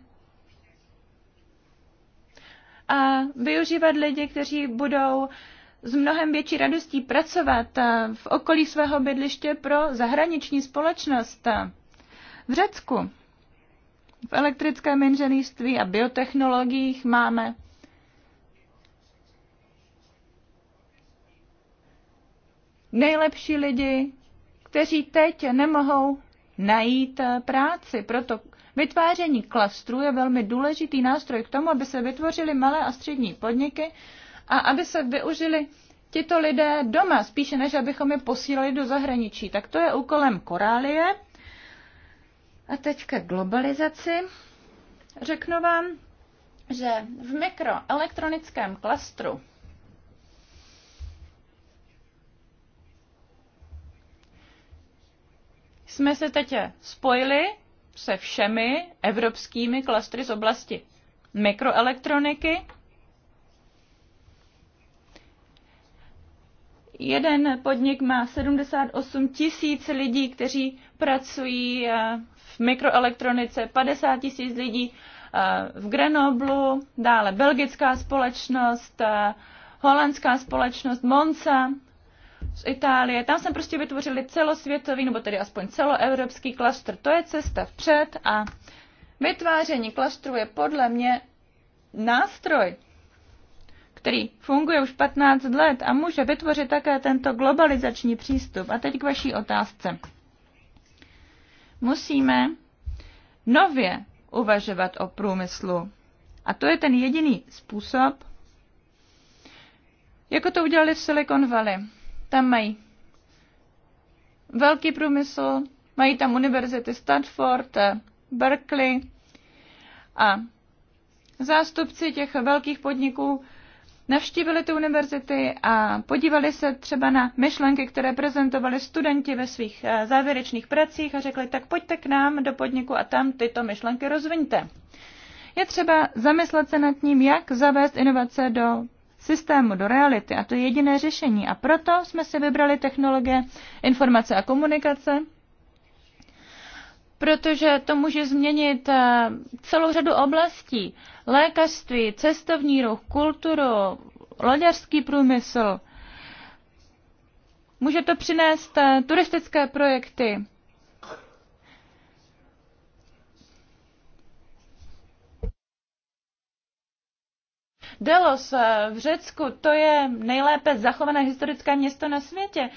a využívat lidi, kteří budou s mnohem větší radostí pracovat eh, v okolí svého bydliště pro zahraniční společnost. V Řecku v elektrickém inženýrství a biotechnologiích máme nejlepší lidi, kteří teď nemohou najít eh, práci. Proto vytváření klastru je velmi důležitý nástroj k tomu, aby se vytvořily malé a střední podniky, a aby se využili tito lidé doma, spíše než abychom je posílali do zahraničí. Tak to je úkolem Korálie. A teď ke globalizaci. Řeknu vám, že v mikroelektronickém klastru jsme se teď spojili se všemi evropskými klastry z oblasti mikroelektroniky jeden podnik má 78 tisíc lidí, kteří pracují eh, v mikroelektronice, 50 tisíc lidí eh, v Grenoblu, dále belgická společnost, eh, holandská společnost Monza z Itálie. Tam jsme prostě vytvořili celosvětový, nebo tedy aspoň celoevropský klastr. To je cesta vpřed a vytváření klastru je podle mě nástroj, který funguje už 15 let a může vytvořit také tento globalizační přístup. A teď k vaší otázce. Musíme nově uvažovat o průmyslu. A to je ten jediný způsob, jako to udělali v Silicon Valley. Tam mají velký průmysl, mají tam univerzity Stanford, Berkeley a zástupci těch velkých podniků navštívili ty univerzity a podívali se třeba na myšlenky, které prezentovali studenti ve svých eh, závěrečných pracích a řekli, tak pojďte k nám do podniku a tam tyto myšlenky rozviňte. Je třeba zamyslet se nad tím, jak zavést inovace do systému, do reality a to je jediné řešení. A proto jsme si vybrali technologie informace a komunikace, protože to může změnit eh, celou řadu oblastí. Lékařství, cestovní ruch, kulturu, loďařský průmysl. Může to přinést eh, turistické projekty. Delos eh, v Řecku, to je nejlépe zachované historické město na světě.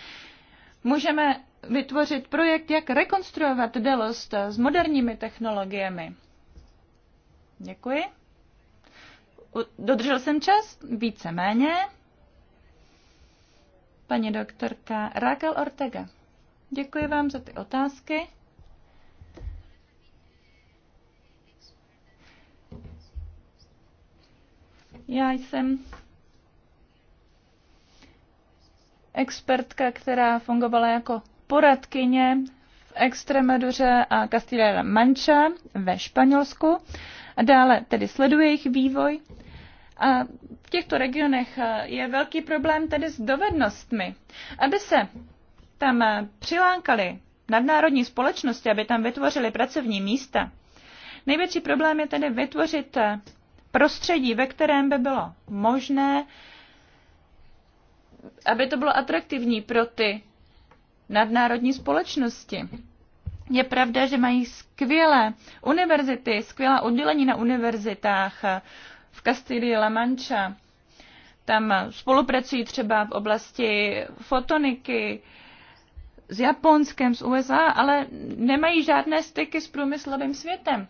Můžeme vytvořit projekt, jak rekonstruovat Delost s moderními technologiemi. Děkuji. Dodržel jsem čas? Víceméně. Paní doktorka Raquel Ortega, děkuji vám za ty otázky. Já jsem expertka, která fungovala jako poradkyně v Extremaduře a Castilla Mancha ve Španělsku. A dále tedy sleduje jejich vývoj. A v těchto regionech je velký problém tedy s dovednostmi. Aby se tam přilánkali nadnárodní společnosti, aby tam vytvořili pracovní místa, největší problém je tedy vytvořit prostředí, ve kterém by bylo možné uh, aby to bylo atraktivní pro ty nadnárodní společnosti. Je pravda, že mají skvělé univerzity, skvělá oddělení na univerzitách eh, v Kastilii La Mancha. Tam spolupracují třeba v oblasti fotoniky s Japonskem, s USA, ale nemají žádné styky s průmyslovým světem.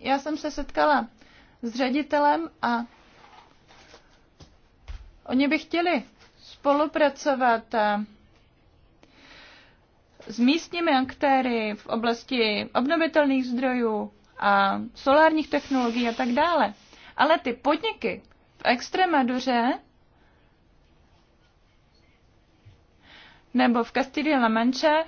Já jsem se setkala s ředitelem a oni by chtěli spolupracovat eh, s místními aktéry v oblasti obnovitelných zdrojů a solárních technologií a tak dále. Ale ty podniky v Extremaduře nebo v Castilla La Manche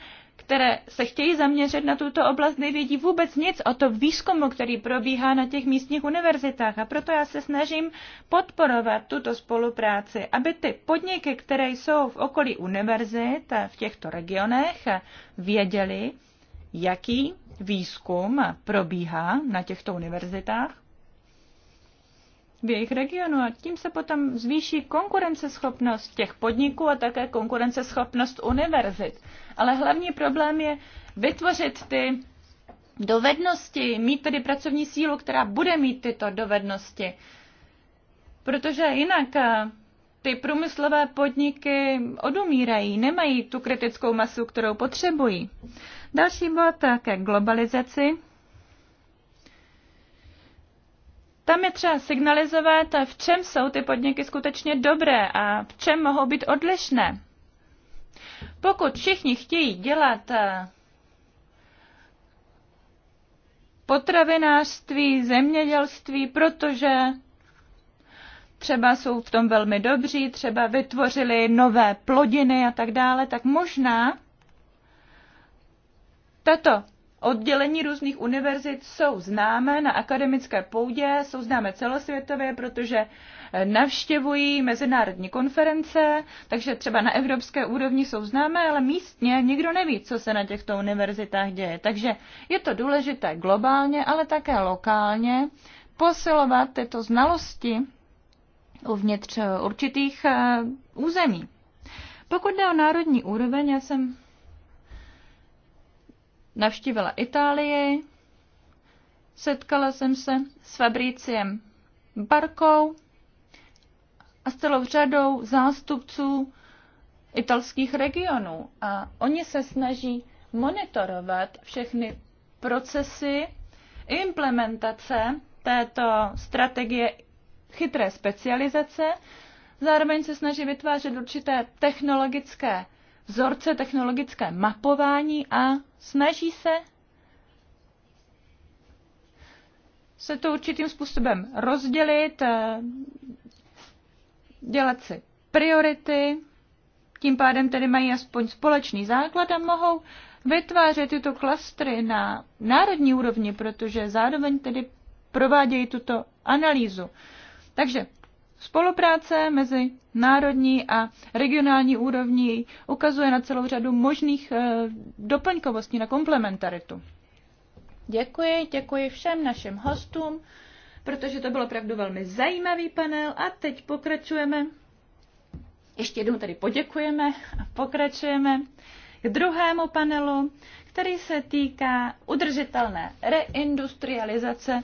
které se chtějí zaměřit na tuto oblast, nevědí vůbec nic o to výzkumu, který probíhá na těch místních univerzitách. A proto já se snažím podporovat tuto spolupráci, aby ty podniky, které jsou v okolí univerzit v těchto regionech, věděli, jaký výzkum probíhá na těchto univerzitách v jejich regionu a tím se potom zvýší konkurenceschopnost těch podniků a také konkurenceschopnost univerzit. Ale hlavní problém je vytvořit ty dovednosti, mít tedy pracovní sílu, která bude mít tyto dovednosti. Protože jinak eh, ty průmyslové podniky odumírají, nemají tu kritickou masu, kterou potřebují. Další bod eh, ke globalizaci. Tam je třeba signalizovat, v čem jsou ty podniky skutečně dobré a v čem mohou být odlišné. Pokud všichni chtějí dělat eh, potravinářství, zemědělství, protože třeba jsou v tom velmi dobří, třeba vytvořili nové plodiny a tak dále, tak možná tato oddělení různých univerzit jsou známé na akademické půdě, jsou známé celosvětově, protože eh, navštěvují mezinárodní konference, takže třeba na evropské úrovni jsou známé, ale místně nikdo neví, co se na těchto univerzitách děje. Takže je to důležité globálně, ale také lokálně posilovat tyto znalosti uvnitř eh, určitých eh, území. Pokud jde o národní úroveň, já jsem navštívila Itálii, setkala jsem se s Fabriciem Barkou a s celou řadou zástupců italských regionů. A oni se snaží monitorovat všechny procesy implementace této strategie chytré specializace. Zároveň se snaží vytvářet určité technologické vzorce, technologické mapování a snaží se se to určitým způsobem rozdělit, eh, dělat si priority, tím pádem tedy mají aspoň společný základ a mohou vytvářet tyto klastry na národní úrovni, protože zároveň tedy provádějí tuto analýzu. Takže Spolupráce mezi národní a regionální úrovní ukazuje na celou řadu možných eh, doplňkovostí na komplementaritu. Děkuji, děkuji všem našim hostům, protože to byl opravdu velmi zajímavý panel a teď pokračujeme. Ještě jednou tady poděkujeme a pokračujeme k druhému panelu, který se týká udržitelné reindustrializace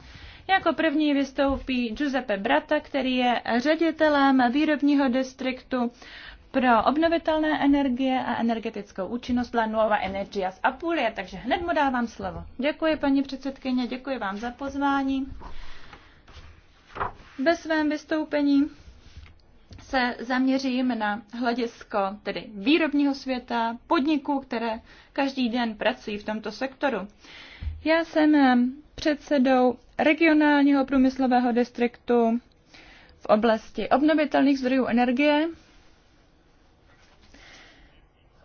jako první vystoupí Giuseppe Brata, který je ředitelem výrobního distriktu pro obnovitelné energie a energetickou účinnost La Nuova Energia z Apulie, takže hned mu dávám slovo. Děkuji, paní předsedkyně, děkuji vám za pozvání. Ve svém vystoupení se zaměřím na hledisko tedy výrobního světa, podniků, které každý den pracují v tomto sektoru. Já jsem předsedou regionálního průmyslového distriktu v oblasti obnovitelných zdrojů energie.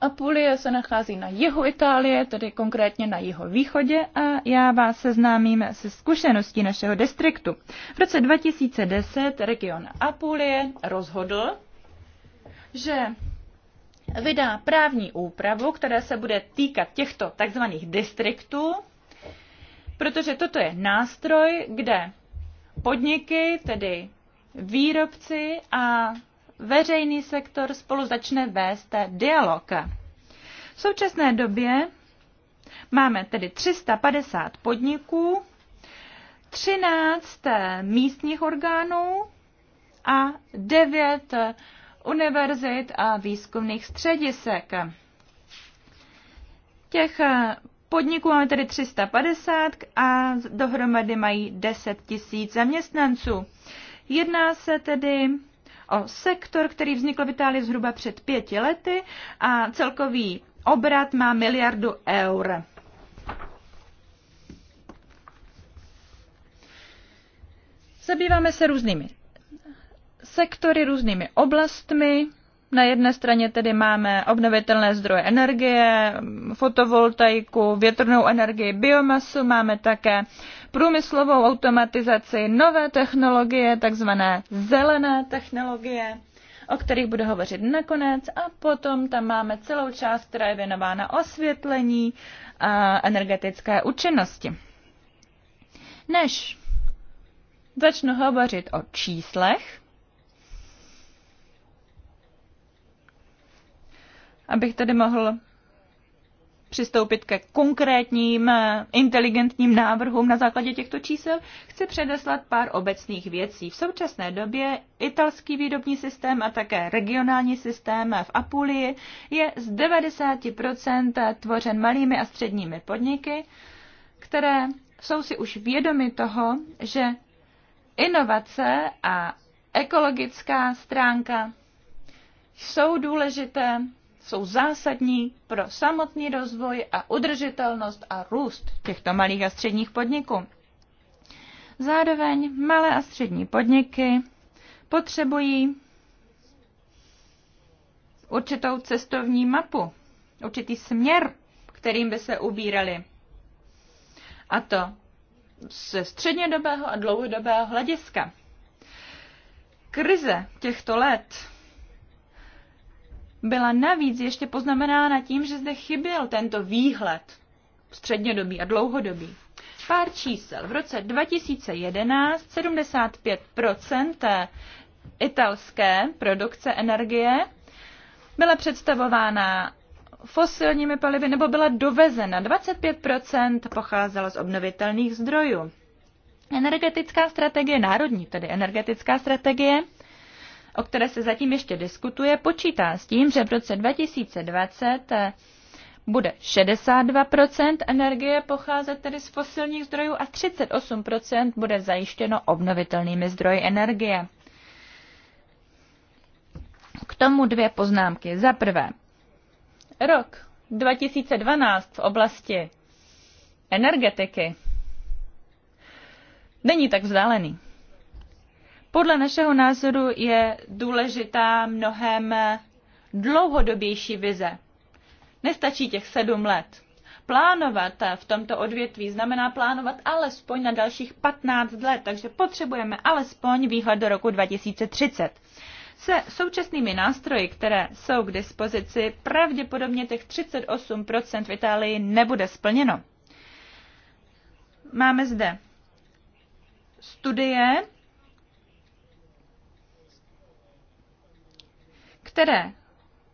Apulie se nachází na jihu Itálie, tedy konkrétně na jeho východě a já vás seznámím se zkušeností našeho distriktu. V roce 2010 region Apulie rozhodl, že vydá právní úpravu, která se bude týkat těchto takzvaných distriktů, protože toto je nástroj, kde podniky, tedy výrobci a veřejný sektor spolu začne vést dialog. V současné době máme tedy 350 podniků, 13 místních orgánů a 9 univerzit a výzkumných středisek. Těch podniků máme tedy 350 a dohromady mají 10 tisíc zaměstnanců. Jedná se tedy o sektor, který vznikl v Itálii zhruba před pěti lety a celkový obrat má miliardu eur. Zabýváme se různými sektory, různými oblastmi na jedné straně tedy máme obnovitelné zdroje energie, fotovoltaiku, větrnou energii, biomasu, máme také průmyslovou automatizaci, nové technologie, takzvané zelené technologie, o kterých budu hovořit nakonec. A potom tam máme celou část, která je věnována osvětlení a energetické účinnosti. Než začnu hovořit o číslech, abych tedy mohl přistoupit ke konkrétním eh, inteligentním návrhům na základě těchto čísel, chci předeslat pár obecných věcí. V současné době italský výrobní systém a také regionální systém v Apulii je z 90% tvořen malými a středními podniky, které jsou si už vědomi toho, že inovace a ekologická stránka jsou důležité jsou zásadní pro samotný rozvoj a udržitelnost a růst těchto malých a středních podniků. Zároveň malé a střední podniky potřebují určitou cestovní mapu, určitý směr, kterým by se ubírali. A to ze střednědobého a dlouhodobého hlediska. Krize těchto let byla navíc ještě poznamenána tím, že zde chyběl tento výhled střednědobý a dlouhodobý. Pár čísel. V roce 2011 75 italské produkce energie byla představována fosilními palivy nebo byla dovezena. 25 pocházelo z obnovitelných zdrojů. Energetická strategie, národní tedy energetická strategie, o které se zatím ještě diskutuje, počítá s tím, že v roce 2020 eh, bude 62% energie pocházet tedy z fosilních zdrojů a 38% bude zajištěno obnovitelnými zdroji energie. K tomu dvě poznámky. Za prvé, rok 2012 v oblasti energetiky není tak vzdálený podle našeho názoru je důležitá mnohem dlouhodobější vize. Nestačí těch sedm let. Plánovat v tomto odvětví znamená plánovat alespoň na dalších 15 let, takže potřebujeme alespoň výhled do roku 2030. Se současnými nástroji, které jsou k dispozici, pravděpodobně těch 38% v Itálii nebude splněno. Máme zde studie, které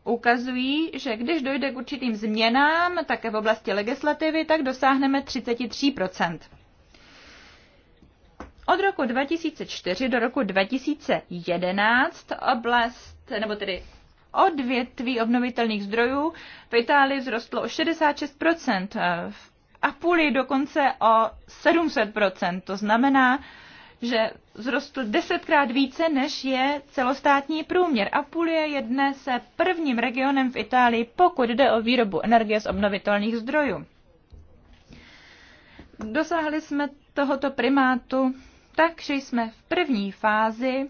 ukazují, že když dojde k určitým změnám, také v oblasti legislativy, tak dosáhneme 33 Od roku 2004 do roku 2011 oblast, nebo tedy odvětví obnovitelných zdrojů v Itálii vzrostlo o 66 v Apulii dokonce o 700 To znamená, že vzrostl desetkrát více, než je celostátní průměr. Apulie je dnes prvním regionem v Itálii, pokud jde o výrobu energie z obnovitelných zdrojů. Dosáhli jsme tohoto primátu tak, že jsme v první fázi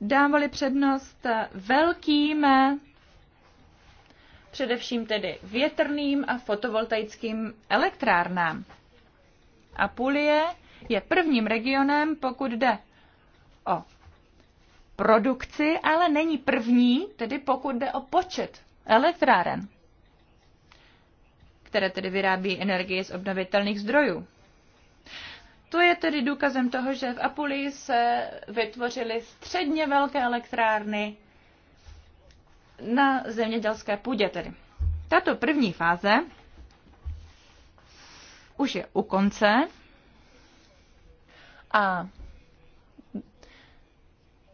dávali přednost velkým především tedy větrným a fotovoltaickým elektrárnám. Apulie je prvním regionem, pokud jde o produkci, ale není první, tedy pokud jde o počet elektráren, které tedy vyrábí energii z obnovitelných zdrojů. To je tedy důkazem toho, že v Apulii se vytvořily středně velké elektrárny na zemědělské půdě tedy. Tato první fáze už je u konce a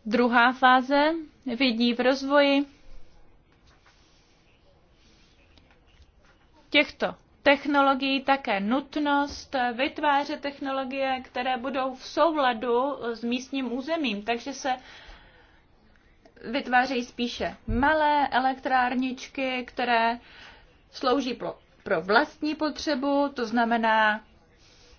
druhá fáze vidí v rozvoji těchto technologií také nutnost vytvářet technologie, které budou v souladu s místním územím, takže se vytvářejí spíše malé elektrárničky, které slouží pro, pro vlastní potřebu, to znamená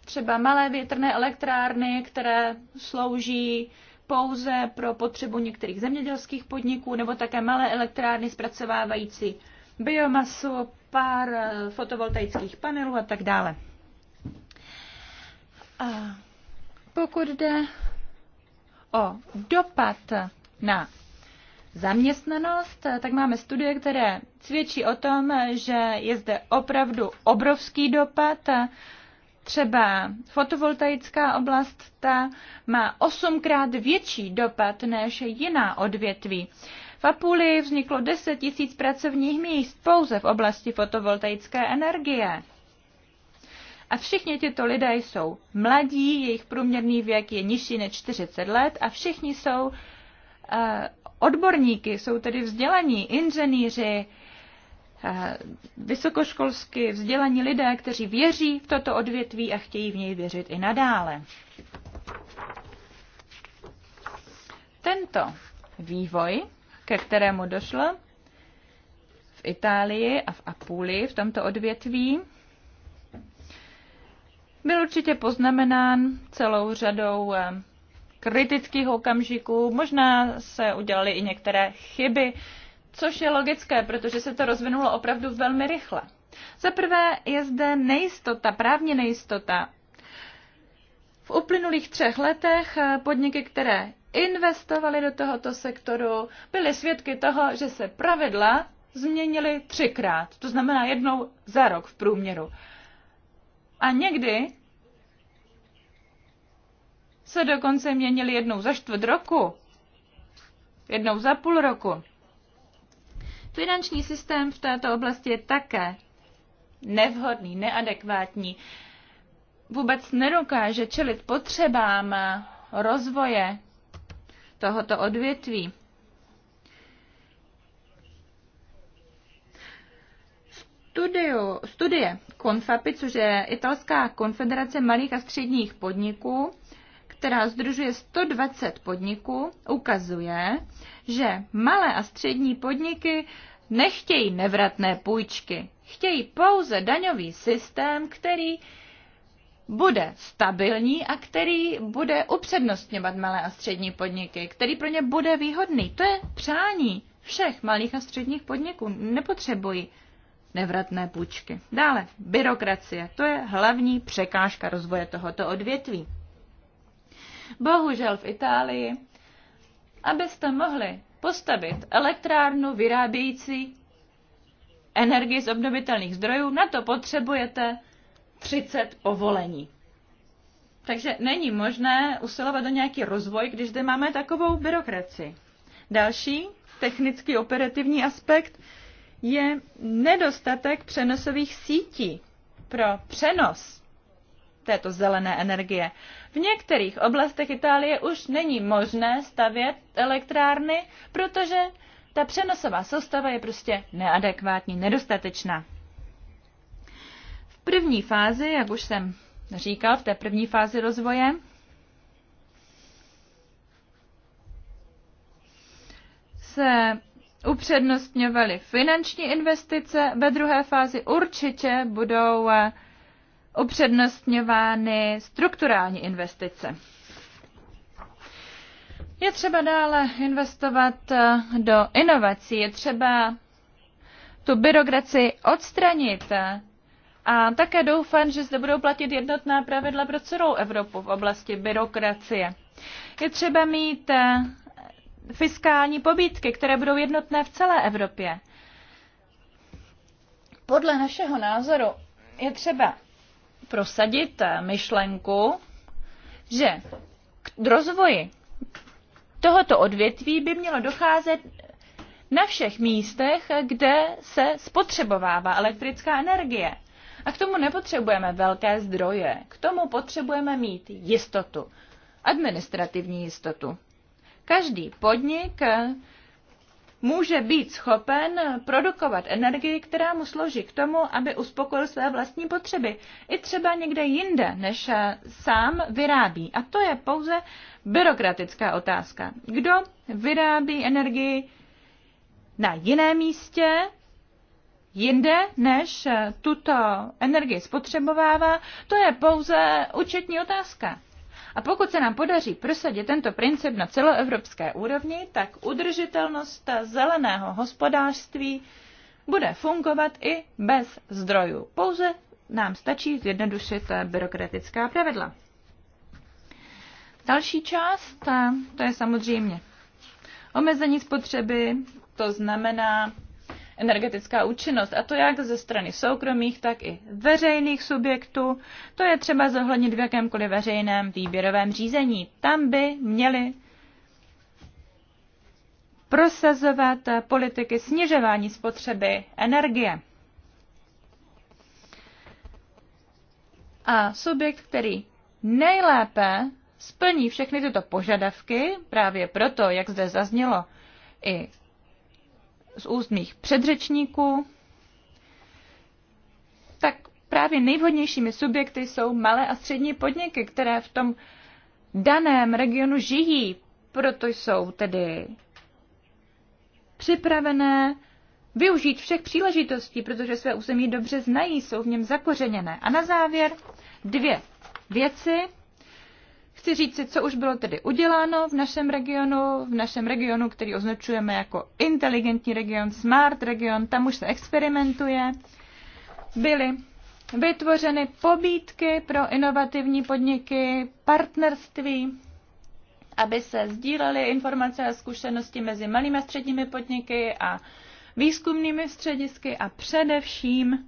třeba malé větrné elektrárny, které slouží pouze pro potřebu některých zemědělských podniků, nebo také malé elektrárny zpracovávající biomasu, pár eh, fotovoltaických panelů a tak dále. A pokud jde o dopad na zaměstnanost, tak máme studie, které cvědčí o tom, že je zde opravdu obrovský dopad. Třeba fotovoltaická oblast ta má osmkrát větší dopad než jiná odvětví. V Apulii vzniklo 10 tisíc pracovních míst pouze v oblasti fotovoltaické energie. A všichni tyto lidé jsou mladí, jejich průměrný věk je nižší než 40 let a všichni jsou eh, odborníky, jsou tedy vzdělaní inženýři, eh, vysokoškolsky vzdělaní lidé, kteří věří v toto odvětví a chtějí v něj věřit i nadále. Tento vývoj, ke kterému došlo v Itálii a v Apulii v tomto odvětví, byl určitě poznamenán celou řadou eh, kritických okamžiků, možná se udělaly i některé chyby, což je logické, protože se to rozvinulo opravdu velmi rychle. Za prvé je zde nejistota, právně nejistota. V uplynulých třech letech podniky, které investovaly do tohoto sektoru, byly svědky toho, že se pravidla změnily třikrát, to znamená jednou za rok v průměru. A někdy se dokonce měnili jednou za čtvrt roku, jednou za půl roku. Finanční systém v této oblasti je také nevhodný, neadekvátní. Vůbec nedokáže čelit potřebám rozvoje tohoto odvětví. Studio, studie Confapi, což je Italská konfederace malých a středních podniků, která združuje 120 podniků, ukazuje, že malé a střední podniky nechtějí nevratné půjčky. Chtějí pouze daňový systém, který bude stabilní a který bude upřednostňovat malé a střední podniky, který pro ně bude výhodný. To je přání všech malých a středních podniků. Nepotřebují nevratné půjčky. Dále, byrokracie. To je hlavní překážka rozvoje tohoto odvětví. Bohužel v Itálii, abyste mohli postavit elektrárnu vyrábějící energii z obnovitelných zdrojů, na to potřebujete 30 povolení. Takže není možné usilovat o nějaký rozvoj, když zde máme takovou byrokraci. Další technický operativní aspekt je nedostatek přenosových sítí pro přenos této zelené energie. V některých oblastech Itálie už není možné stavět elektrárny, protože ta přenosová soustava je prostě neadekvátní, nedostatečná. V první fázi, jak už jsem říkal, v té první fázi rozvoje, se upřednostňovaly finanční investice, ve druhé fázi určitě budou eh, upřednostňovány strukturální investice. Je třeba dále investovat eh, do inovací, je třeba tu byrokraci odstranit eh, a také doufám, že zde budou platit jednotná pravidla pro celou Evropu v oblasti byrokracie. Je třeba mít eh, fiskální pobídky, které budou jednotné v celé Evropě. Podle našeho názoru je třeba prosadit myšlenku, že k rozvoji tohoto odvětví by mělo docházet na všech místech, kde se spotřebovává elektrická energie. A k tomu nepotřebujeme velké zdroje, k tomu potřebujeme mít jistotu, administrativní jistotu. Každý podnik může být schopen produkovat energii, která mu slouží k tomu, aby uspokojil své vlastní potřeby. I třeba někde jinde, než sám vyrábí. A to je pouze byrokratická otázka. Kdo vyrábí energii na jiném místě, jinde, než tuto energii spotřebovává, to je pouze účetní otázka. A pokud se nám podaří prosadit tento princip na celoevropské úrovni, tak udržitelnost zeleného hospodářství bude fungovat i bez zdrojů. Pouze nám stačí zjednodušit byrokratická pravidla. Další část, to je samozřejmě omezení spotřeby, to znamená energetická účinnost, a to jak ze strany soukromých, tak i veřejných subjektů. To je třeba zohlednit v jakémkoliv veřejném výběrovém řízení. Tam by měly prosazovat politiky snižování spotřeby energie. A subjekt, který nejlépe splní všechny tyto požadavky, právě proto, jak zde zaznělo, i z úst mých předřečníků, tak právě nejvhodnějšími subjekty jsou malé a střední podniky, které v tom daném regionu žijí, proto jsou tedy připravené využít všech příležitostí, protože své území dobře znají, jsou v něm zakořeněné. A na závěr dvě věci, chci říci, co už bylo tedy uděláno v našem regionu, v našem regionu, který označujeme jako inteligentní region, smart region, tam už se experimentuje. Byly vytvořeny pobídky pro inovativní podniky, partnerství, aby se sdílely informace a zkušenosti mezi malými a středními podniky a výzkumnými středisky a především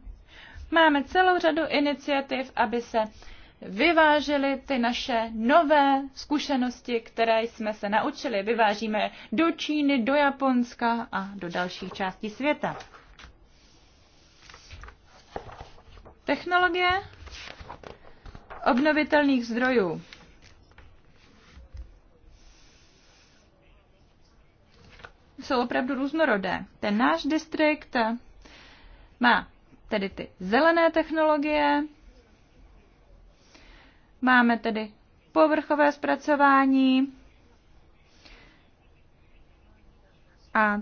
máme celou řadu iniciativ, aby se vyváželi ty naše nové zkušenosti, které jsme se naučili. Vyvážíme do Číny, do Japonska a do dalších částí světa. Technologie obnovitelných zdrojů. Jsou opravdu různorodé. Ten náš distrikt má tedy ty zelené technologie, Máme tedy povrchové zpracování a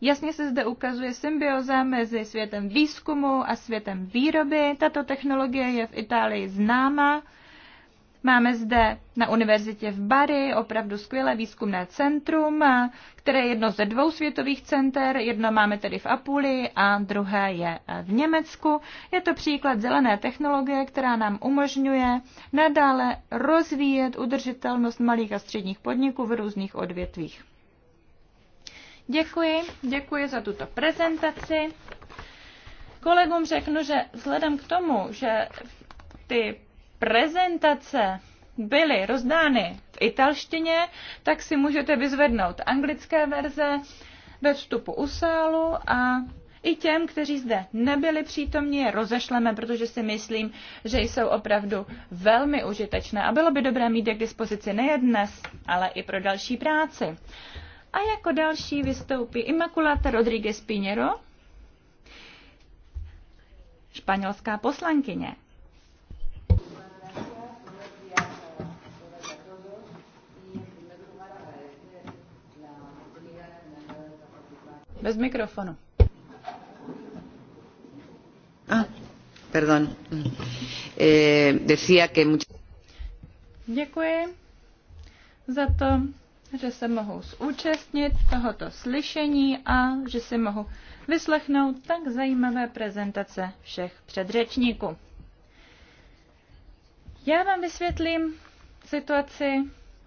Jasně se zde ukazuje symbioza mezi světem výzkumu a světem výroby. Tato technologie je v Itálii známa Máme zde na univerzitě v Bari opravdu skvělé výzkumné centrum, které je jedno ze dvou světových center. Jedno máme tedy v Apulii a druhé je eh, v Německu. Je to příklad zelené technologie, která nám umožňuje nadále rozvíjet udržitelnost malých a středních podniků v různých odvětvích. Děkuji, děkuji za tuto prezentaci. Kolegům řeknu, že vzhledem k tomu, že ty prezentace byly rozdány v italštině, tak si můžete vyzvednout anglické verze ve vstupu u sálu a i těm, kteří zde nebyli přítomni, je rozešleme, protože si myslím, že jsou opravdu velmi užitečné a bylo by dobré mít je k dispozici nejen dnes, ale i pro další práci. A jako další vystoupí Immaculata Rodriguez Pinheiro, španělská poslankyně. Bez mikrofonu. Ah, perdón. Eh, decía que much... Děkuji za to, že se mohu zúčastnit tohoto slyšení a že si mohu vyslechnout tak zajímavé prezentace všech předřečníků. Já vám vysvětlím situaci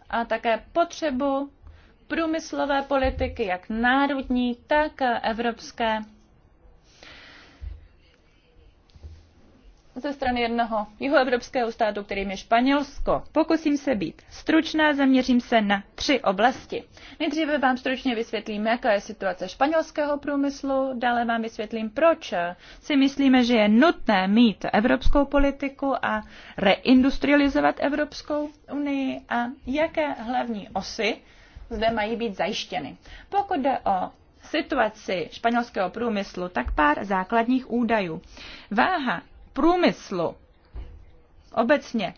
a také potřebu průmyslové politiky, jak národní, tak evropské. ze strany jednoho jihoevropského státu, kterým je Španělsko. Pokusím se být stručná, zaměřím se na tři oblasti. Nejdříve vám stručně vysvětlím, jaká je situace španělského průmyslu, dále vám vysvětlím, proč si myslíme, že je nutné mít evropskou politiku a reindustrializovat Evropskou unii a jaké hlavní osy zde mají být zajištěny. Pokud jde o situaci španělského průmyslu, tak pár základních údajů. Váha průmyslu obecně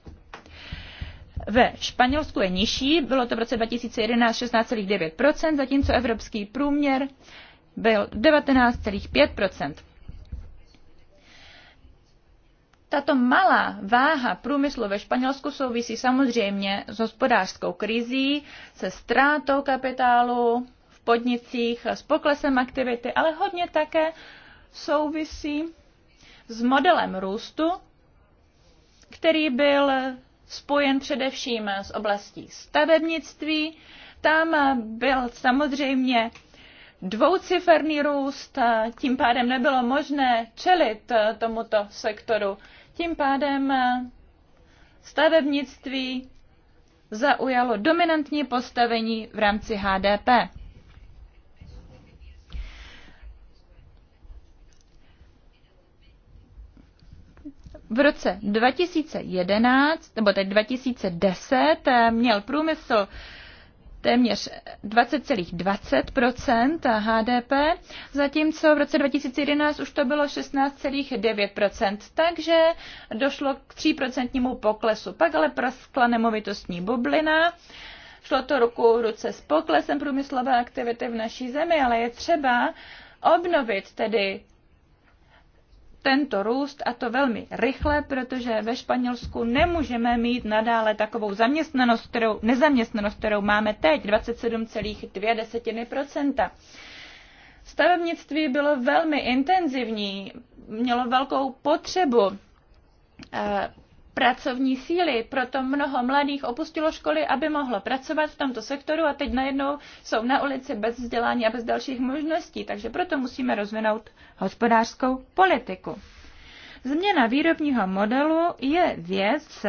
ve Španělsku je nižší, bylo to v roce 2011 16,9%, zatímco evropský průměr byl 19,5%. Tato malá váha průmyslu ve Španělsku souvisí samozřejmě s hospodářskou krizí, se ztrátou kapitálu v podnicích, s poklesem aktivity, ale hodně také souvisí s modelem růstu, který byl spojen především s oblastí stavebnictví. Tam byl samozřejmě dvouciferný růst, tím pádem nebylo možné čelit tomuto sektoru tím pádem eh, stavebnictví zaujalo dominantní postavení v rámci HDP. V roce 2011, nebo teď 2010, eh, měl průmysl téměř 20,20 HDP, zatímco v roce 2011 už to bylo 16,9 takže došlo k 3% poklesu. Pak ale praskla nemovitostní bublina, šlo to ruku v ruce s poklesem průmyslové aktivity v naší zemi, ale je třeba obnovit tedy tento růst a to velmi rychle, protože ve Španělsku nemůžeme mít nadále takovou zaměstnanost, kterou, nezaměstnanost, kterou máme teď, 27,2%. Stavebnictví bylo velmi intenzivní, mělo velkou potřebu eh, pracovní síly, proto mnoho mladých opustilo školy, aby mohlo pracovat v tomto sektoru a teď najednou jsou na ulici bez vzdělání a bez dalších možností, takže proto musíme rozvinout hospodářskou politiku. Změna výrobního modelu je věc,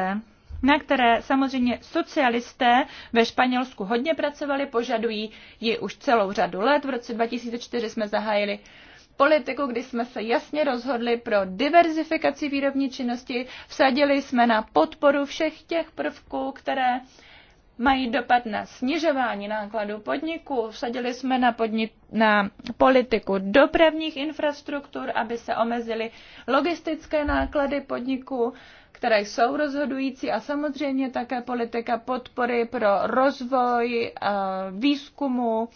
na které samozřejmě socialisté ve Španělsku hodně pracovali, požadují ji už celou řadu let. V roce 2004 jsme zahájili politiku, kdy jsme se jasně rozhodli pro diverzifikaci výrobní činnosti, vsadili jsme na podporu všech těch prvků, které mají dopad na snižování nákladů podniků. Vsadili jsme na, podnik, na politiku dopravních infrastruktur, aby se omezily logistické náklady podniků, které jsou rozhodující a samozřejmě také politika podpory pro rozvoj výzkumu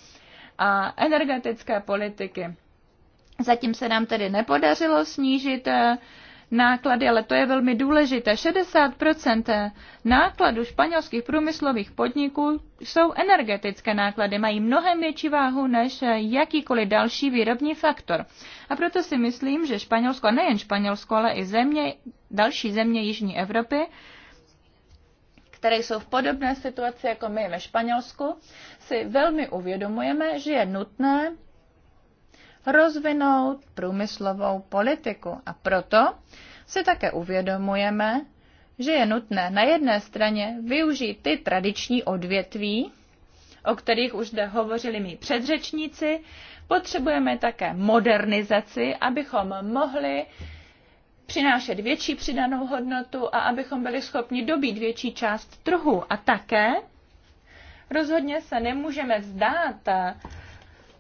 a energetické politiky. Zatím se nám tedy nepodařilo snížit eh, náklady, ale to je velmi důležité. 60 eh, nákladů španělských průmyslových podniků jsou energetické náklady, mají mnohem větší váhu než eh, jakýkoliv další výrobní faktor. A proto si myslím, že Španělsko, a nejen Španělsko, ale i země, další země Jižní Evropy, které jsou v podobné situaci jako my ve Španělsku, si velmi uvědomujeme, že je nutné rozvinout průmyslovou politiku. A proto si také uvědomujeme, že je nutné na jedné straně využít ty tradiční odvětví, o kterých už zde hovořili mý předřečníci, potřebujeme také modernizaci, abychom mohli přinášet větší přidanou hodnotu a abychom byli schopni dobít větší část trhu. A také rozhodně se nemůžeme vzdát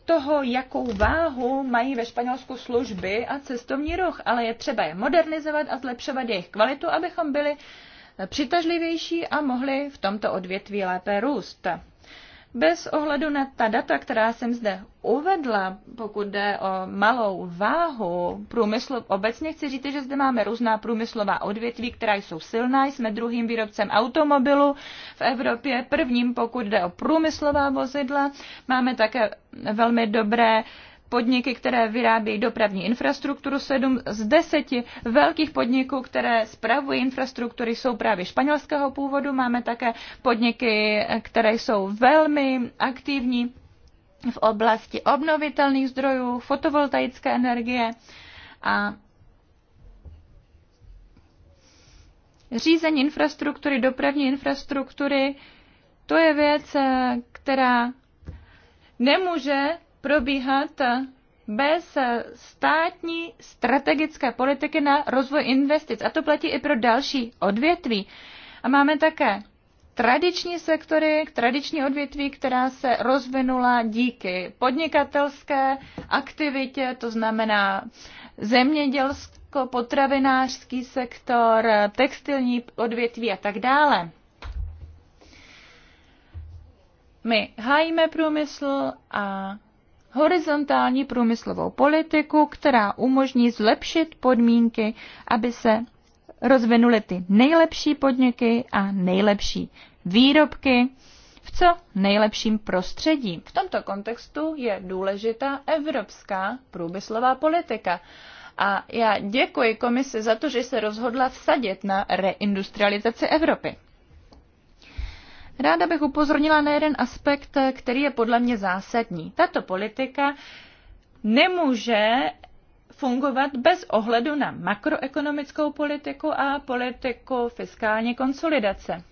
toho, jakou váhu mají ve Španělsku služby a cestovní ruch, ale je třeba je modernizovat a zlepšovat jejich kvalitu, abychom byli přitažlivější a mohli v tomto odvětví lépe růst. Bez ohledu na ta data, která jsem zde uvedla, pokud jde o malou váhu průmyslu obecně, chci říct, že zde máme různá průmyslová odvětví, která jsou silná. Jsme druhým výrobcem automobilu v Evropě, prvním, pokud jde o průmyslová vozidla. Máme také velmi dobré uh, podniky, které vyrábějí dopravní infrastrukturu. Sedm z deseti velkých podniků, které spravují infrastruktury, jsou právě španělského původu. Máme také podniky, které jsou velmi aktivní v oblasti obnovitelných zdrojů, fotovoltaické energie a řízení infrastruktury, dopravní infrastruktury, to je věc, eh, která nemůže probíhat bez státní strategické politiky na rozvoj investic. A to platí i pro další odvětví. A máme také tradiční sektory, tradiční odvětví, která se rozvinula díky podnikatelské aktivitě, to znamená zemědělsko-potravinářský sektor, textilní odvětví a tak dále. My hájíme průmysl a horizontální průmyslovou politiku, která umožní zlepšit podmínky, aby se rozvinuly ty nejlepší podniky a nejlepší výrobky v co nejlepším prostředí. V tomto kontextu je důležitá evropská průmyslová politika. A já děkuji komisi za to, že se rozhodla vsadit na reindustrializaci Evropy. Ráda bych upozornila na jeden aspekt, který je podle mě zásadní. Tato politika nemůže fungovat bez ohledu na makroekonomickou politiku a politiku fiskální konsolidace.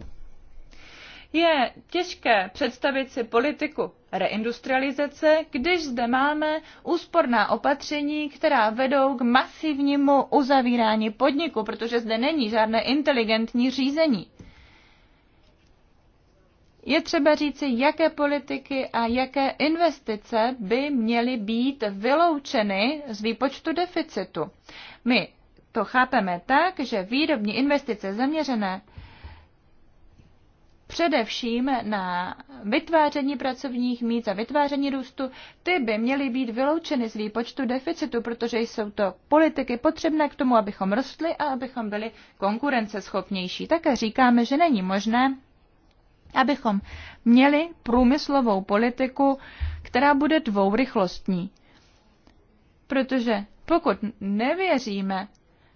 Je těžké představit si politiku reindustrializace, když zde máme úsporná opatření, která vedou k masivnímu uzavírání podniku, protože zde není žádné inteligentní řízení. Je třeba říci, jaké politiky a jaké investice by měly být vyloučeny z výpočtu deficitu. My to chápeme tak, že výrobní investice zaměřené především na vytváření pracovních míst a vytváření růstu, ty by měly být vyloučeny z výpočtu deficitu, protože jsou to politiky potřebné k tomu, abychom rostli a abychom byli konkurenceschopnější. Také říkáme, že není možné abychom měli průmyslovou politiku, která bude dvourychlostní. Protože pokud nevěříme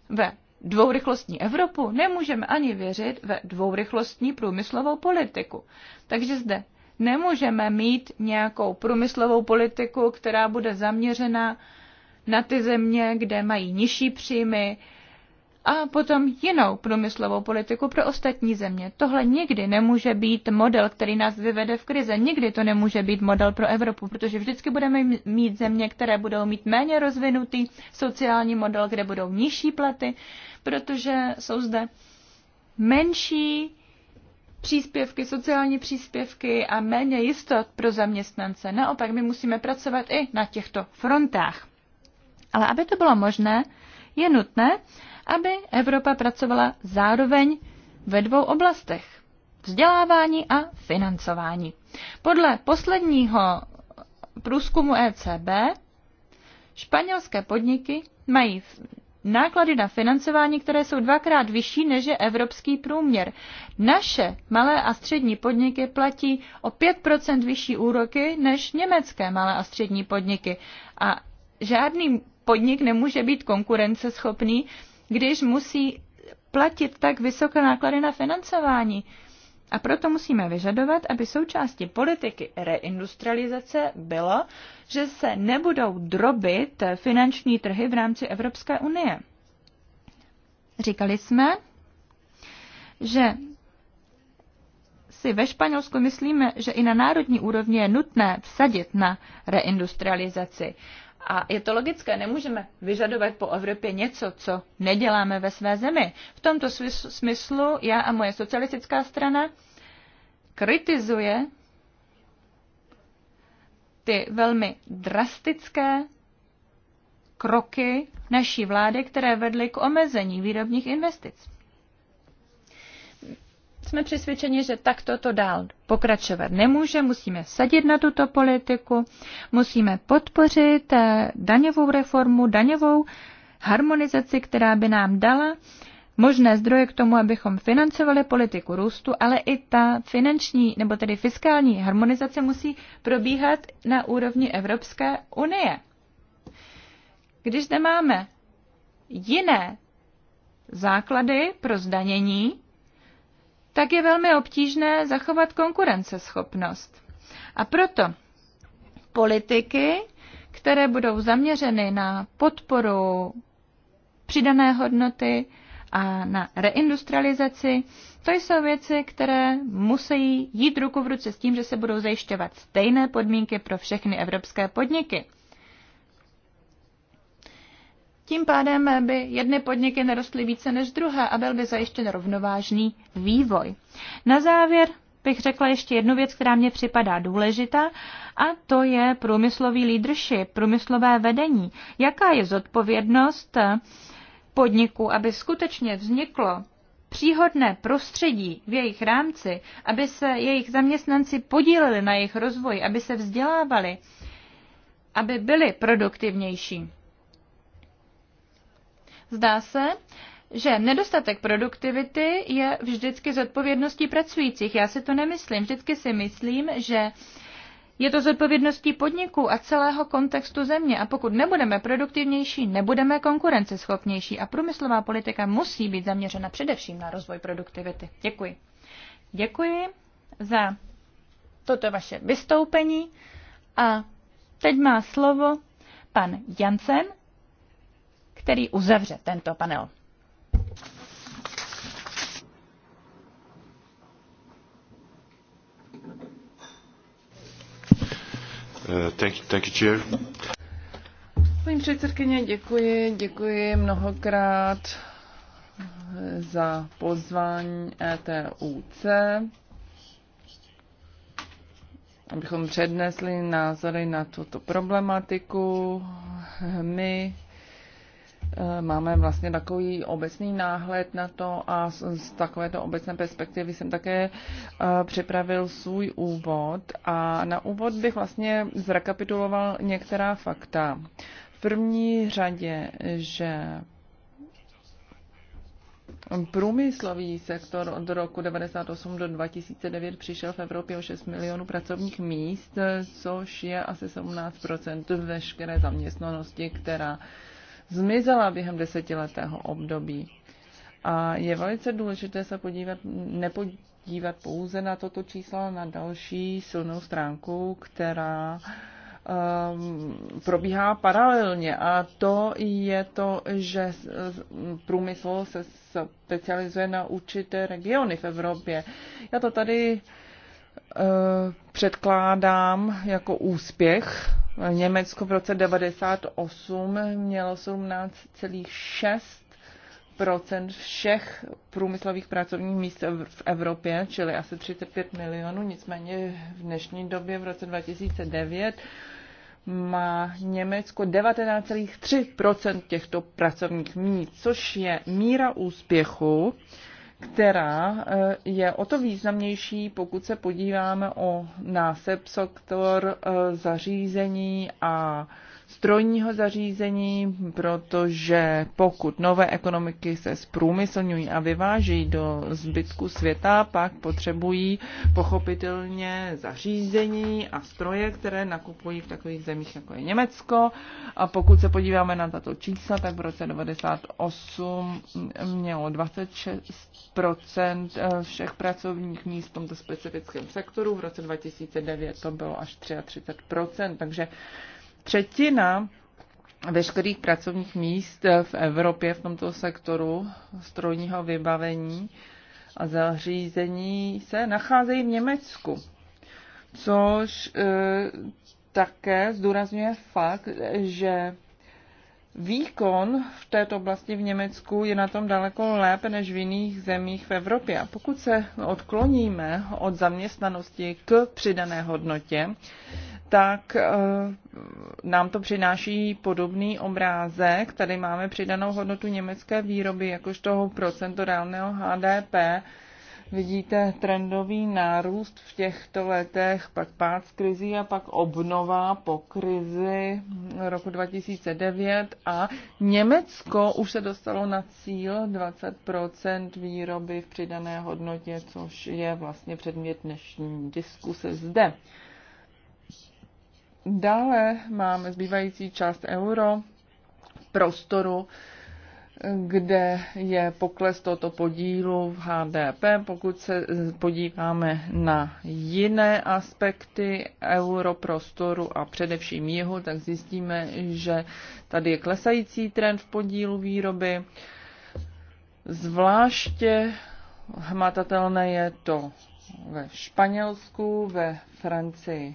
ve dvourychlostní Evropu, nemůžeme ani věřit ve dvourychlostní průmyslovou politiku. Takže zde nemůžeme mít nějakou průmyslovou politiku, která bude zaměřena na ty země, kde mají nižší příjmy, a potom jinou průmyslovou politiku pro ostatní země. Tohle nikdy nemůže být model, který nás vyvede v krize. Nikdy to nemůže být model pro Evropu, protože vždycky budeme mít země, které budou mít méně rozvinutý sociální model, kde budou nižší platy, protože jsou zde menší příspěvky, sociální příspěvky a méně jistot pro zaměstnance. Naopak, my musíme pracovat i na těchto frontách. Ale aby to bylo možné, je nutné, aby Evropa pracovala zároveň ve dvou oblastech vzdělávání a financování. Podle posledního průzkumu ECB španělské podniky mají náklady na financování, které jsou dvakrát vyšší než je evropský průměr. Naše malé a střední podniky platí o 5% vyšší úroky než německé malé a střední podniky. A žádný podnik nemůže být konkurenceschopný, když musí platit tak vysoké náklady na financování. A proto musíme vyžadovat, aby součástí politiky reindustrializace bylo, že se nebudou drobit finanční trhy v rámci Evropské unie. Říkali jsme, že si ve Španělsku myslíme, že i na národní úrovni je nutné vsadit na reindustrializaci. A je to logické, nemůžeme vyžadovat po Evropě něco, co neděláme ve své zemi. V tomto smyslu já a moje socialistická strana kritizuje ty velmi drastické kroky naší vlády, které vedly k omezení výrobních investic jsme přesvědčeni, že takto to dál pokračovat nemůže. Musíme sadit na tuto politiku, musíme podpořit eh, daňovou reformu, daňovou harmonizaci, která by nám dala možné zdroje k tomu, abychom financovali politiku růstu, ale i ta finanční nebo tedy fiskální harmonizace musí probíhat na úrovni Evropské unie. Když zde máme jiné základy pro zdanění, tak je velmi obtížné zachovat konkurenceschopnost. A proto politiky, které budou zaměřeny na podporu přidané hodnoty a na reindustrializaci, to jsou věci, které musí jít ruku v ruce s tím, že se budou zajišťovat stejné podmínky pro všechny evropské podniky. Tím pádem by jedny podniky nerostly více než druhé a byl by zajištěn rovnovážný vývoj. Na závěr bych řekla ještě jednu věc, která mě připadá důležitá, a to je průmyslový leadership, průmyslové vedení. Jaká je zodpovědnost podniku, aby skutečně vzniklo příhodné prostředí v jejich rámci, aby se jejich zaměstnanci podíleli na jejich rozvoji, aby se vzdělávali, aby byli produktivnější. Zdá se, že nedostatek produktivity je vždycky zodpovědností pracujících. Já si to nemyslím. Vždycky si myslím, že je to zodpovědností podniků a celého kontextu země a pokud nebudeme produktivnější, nebudeme konkurenceschopnější a průmyslová politika musí být zaměřena především na rozvoj produktivity. Děkuji. Děkuji za toto vaše vystoupení a teď má slovo pan Jansen který uzavře tento panel. Eh, Paní předsedkyně, děkuji, děkuji mnohokrát eh, za pozvání ETUC, abychom přednesli názory na tuto problematiku. Eh, my Eh, máme vlastně takový obecný náhled na to a z, z takovéto obecné perspektivy jsem také eh, připravil svůj úvod a na úvod bych vlastně zrekapituloval některá fakta. V první řadě, že Průmyslový sektor od roku 1998 do 2009 přišel v Evropě o 6 milionů pracovních míst, což je asi 17 veškeré zaměstnanosti, která zmizela během desetiletého období. A je velice důležité se podívat, nepodívat pouze na toto číslo, na další silnou stránku, která um, probíhá paralelně. A to je to, že průmysl se specializuje na určité regiony v Evropě. Já to tady eh, předkládám jako úspěch Německo v roce 1998 mělo 17,6 všech průmyslových pracovních míst v Evropě, čili asi 35 milionů. Nicméně v dnešní době, v roce 2009, má Německo 19,3 těchto pracovních míst, což je míra úspěchu, která eh, je o to významnější, pokud se podíváme o na sektor eh, zařízení a strojního zařízení, protože pokud nové ekonomiky se zprůmyslňují a vyvážejí do zbytku světa, pak potřebují pochopitelně zařízení a stroje, které nakupují v takových zemích, jako je Německo. A pokud se podíváme na tato čísla, tak v roce 1998 mělo 26% eh, všech pracovních míst v tomto specifickém sektoru, v roce 2009 to bylo až 33%, takže Třetina veškerých pracovních míst eh, v Evropě v tomto sektoru strojního vybavení a zařízení se nacházejí v Německu, což e, také zdůrazňuje fakt, že výkon v této oblasti v Německu je na tom daleko lépe než v jiných zemích v Evropě. A pokud se odkloníme od zaměstnanosti k přidané hodnotě, tak eh, nám to přináší podobný obrázek. Tady máme přidanou hodnotu německé výroby, toho procento reálného HDP. Vidíte trendový nárůst v těchto letech, pak pád z krizi a pak obnova po krizi roku 2009 a Německo už se dostalo na cíl 20% výroby v přidané hodnotě, což je vlastně předmět dnešní diskuse zde. Dále máme zbývající část euro prostoru, kde je pokles tohoto podílu v HDP. Pokud se podíváme na jiné aspekty europrostoru a především jeho, tak zjistíme, že tady je klesající trend v podílu výroby. Zvláště hmatatelné je to ve Španělsku, ve Francii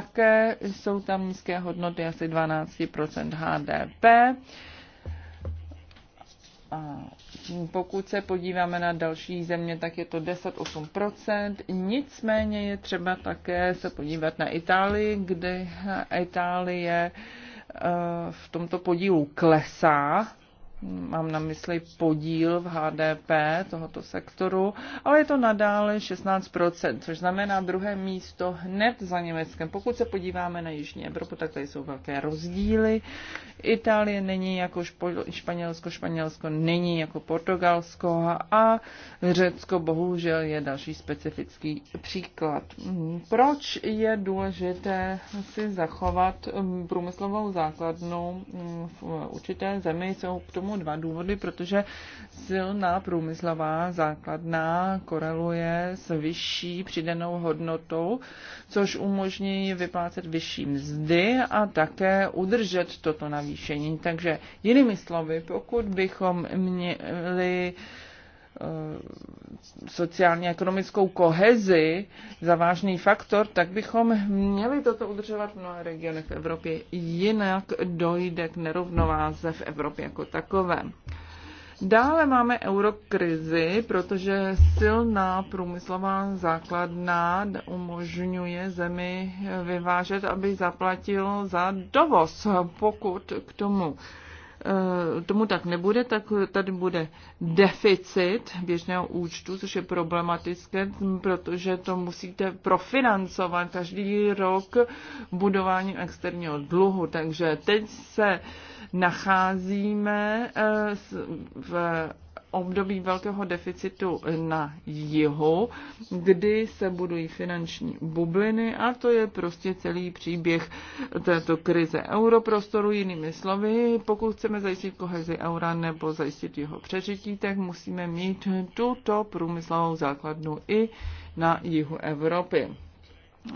také jsou tam nízké hodnoty asi 12% HDP. A pokud se podíváme na další země, tak je to 10-8%. Nicméně je třeba také se podívat na Itálii, kde Itálie eh, v tomto podílu klesá mám na mysli podíl v HDP tohoto sektoru, ale je to nadále 16%, což znamená druhé místo hned za Německem. Pokud se podíváme na Jižní Evropu, tak tady jsou velké rozdíly. Itálie není jako Španělsko, Španělsko není jako Portugalsko a Řecko bohužel je další specifický příklad. Proč je důležité si zachovat průmyslovou základnu v určité zemi, jsou k tomu dva důvody, protože silná průmyslová základna koreluje s vyšší přidanou hodnotou, což umožní vyplácet vyšší mzdy a také udržet toto navýšení. Takže jinými slovy, pokud bychom měli Eh, sociálně ekonomickou kohezi za vážný faktor, tak bychom měli toto udržovat v mnoha regionech v Evropě. Jinak dojde k nerovnováze v Evropě jako takové. Dále máme eurokrizi, protože silná průmyslová základna umožňuje zemi vyvážet, aby zaplatil za dovoz, pokud k tomu Eh, tomu tak nebude, tak tady bude deficit běžného účtu, což je problematické, protože to musíte profinancovat každý rok budování externího dluhu. Takže teď se nacházíme eh, v období velkého deficitu na jihu, kdy se budují finanční bubliny a to je prostě celý příběh této krize europrostoru. Jinými slovy, pokud chceme zajistit kohezi eura nebo zajistit jeho přežití, tak musíme mít tuto průmyslovou základnu i na jihu Evropy.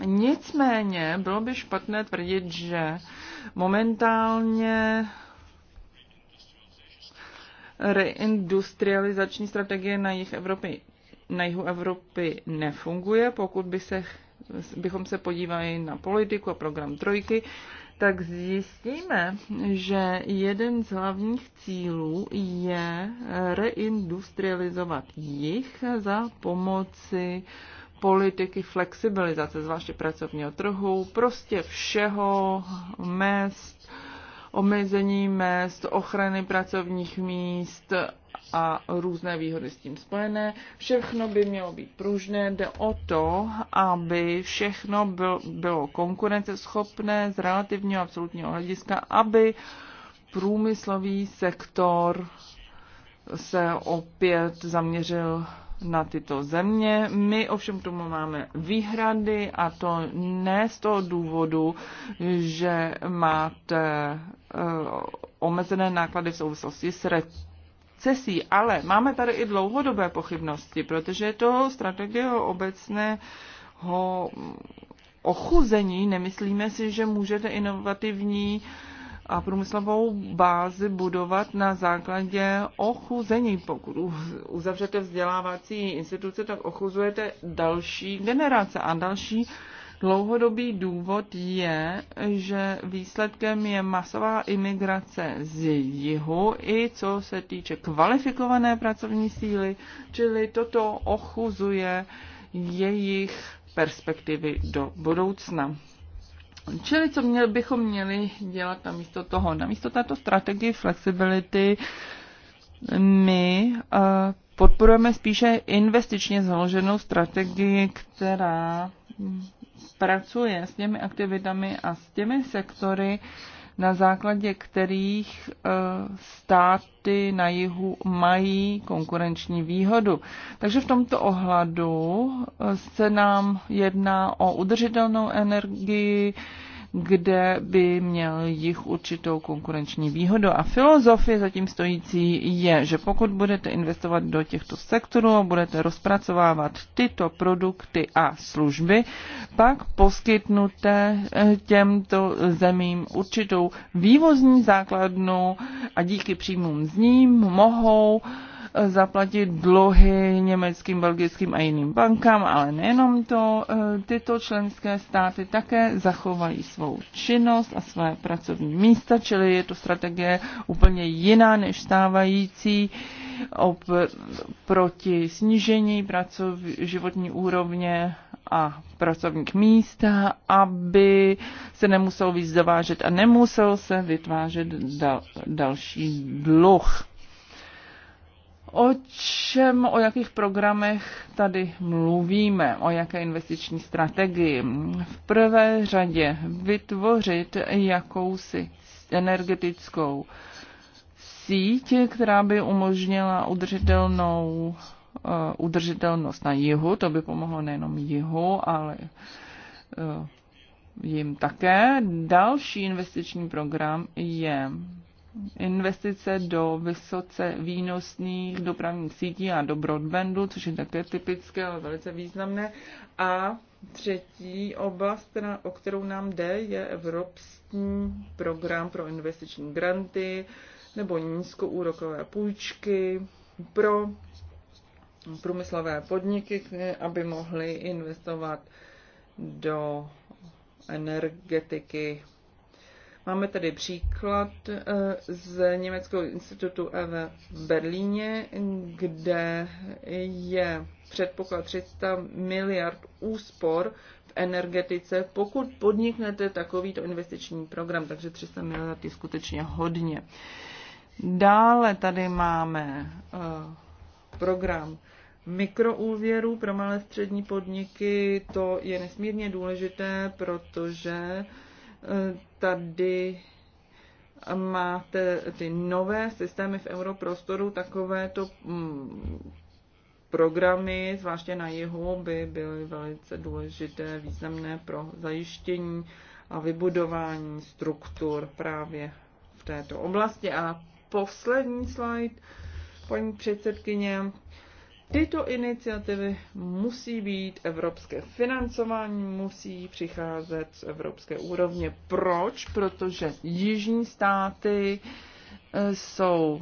Nicméně bylo by špatné tvrdit, že momentálně reindustrializační strategie na jih Evropy na jihu Evropy nefunguje. Pokud by se, bychom se podívali na politiku a program Trojky, tak zjistíme, že jeden z hlavních cílů je reindustrializovat jich za pomoci politiky flexibilizace, zvláště pracovního trhu, prostě všeho, mest, omezení mest, ochrany pracovních míst a různé výhody s tím spojené. Všechno by mělo být pružné, jde o to, aby všechno bylo, bylo konkurenceschopné z relativního absolutního hlediska, aby průmyslový sektor se opět zaměřil na tyto země. My ovšem k tomu máme výhrady a to ne z toho důvodu, že máte eh, omezené náklady v souvislosti s recesí, ale máme tady i dlouhodobé pochybnosti, protože je to strategie obecného ochuzení. Nemyslíme si, že můžete inovativní uh, a průmyslovou bázi budovat na základě ochuzení. Pokud uzavřete vzdělávací instituce, tak ochuzujete další generace a další Dlouhodobý důvod je, že výsledkem je masová imigrace z jihu, i co se týče kvalifikované pracovní síly, čili toto ochuzuje jejich perspektivy do budoucna. Čili co měl, bychom měli dělat namísto toho? Namísto této strategie flexibility my uh, podporujeme spíše investičně založenou strategii, která pracuje s těmi aktivitami a s těmi sektory, uh, na základě kterých eh, státy na jihu mají konkurenční výhodu. Takže v tomto ohledu eh, se nám jedná o udržitelnou energii, kde by měl jich určitou konkurenční výhodu. A filozofie zatím stojící je, že pokud budete investovat do těchto sektorů a budete rozpracovávat tyto produkty a služby, pak poskytnuté eh, těmto zemím určitou vývozní základnu a díky příjmům z ní mohou uh, zaplatit dluhy německým, belgickým a jiným bankám, ale nejenom to, e, tyto členské státy také zachovají svou činnost a své pracovní místa, čili je to strategie úplně jiná než stávající proti snížení pracov, životní úrovně a pracovních míst, aby se nemusel víc zavážet a nemusel se vytvářet dal, další dluh. O čem, o jakých programech tady mluvíme, o jaké investiční strategii? V prvé řadě vytvořit jakousi energetickou síť, která by umožnila udržitelnou uh, udržitelnost na jihu, to by pomohlo nejenom jihu, ale uh, jim také. Další investiční program je investice do vysoce výnosných dopravních sítí a do broadbandu, což je také typické, ale velice významné. A třetí oblast, která, o kterou nám jde, je Evropský program pro investiční granty nebo nízkoúrokové půjčky pro průmyslové podniky, aby mohly investovat do energetiky Máme tady příklad eh, z Německého institutu EV v Berlíně, kde je předpoklad 300 miliard úspor v energetice, pokud podniknete takovýto investiční program, takže 300 miliard je skutečně hodně. Dále tady máme eh, program mikroúvěru pro malé střední podniky. To je nesmírně důležité, protože eh, tady máte ty nové systémy v europrostoru, takovéto mm, programy, zvláště na jihu, by byly velice důležité, významné pro zajištění a vybudování struktur právě v této oblasti. A poslední slide, paní předsedkyně, Tyto iniciativy musí být evropské financování, musí přicházet z evropské úrovně. Proč? Protože jižní státy eh, jsou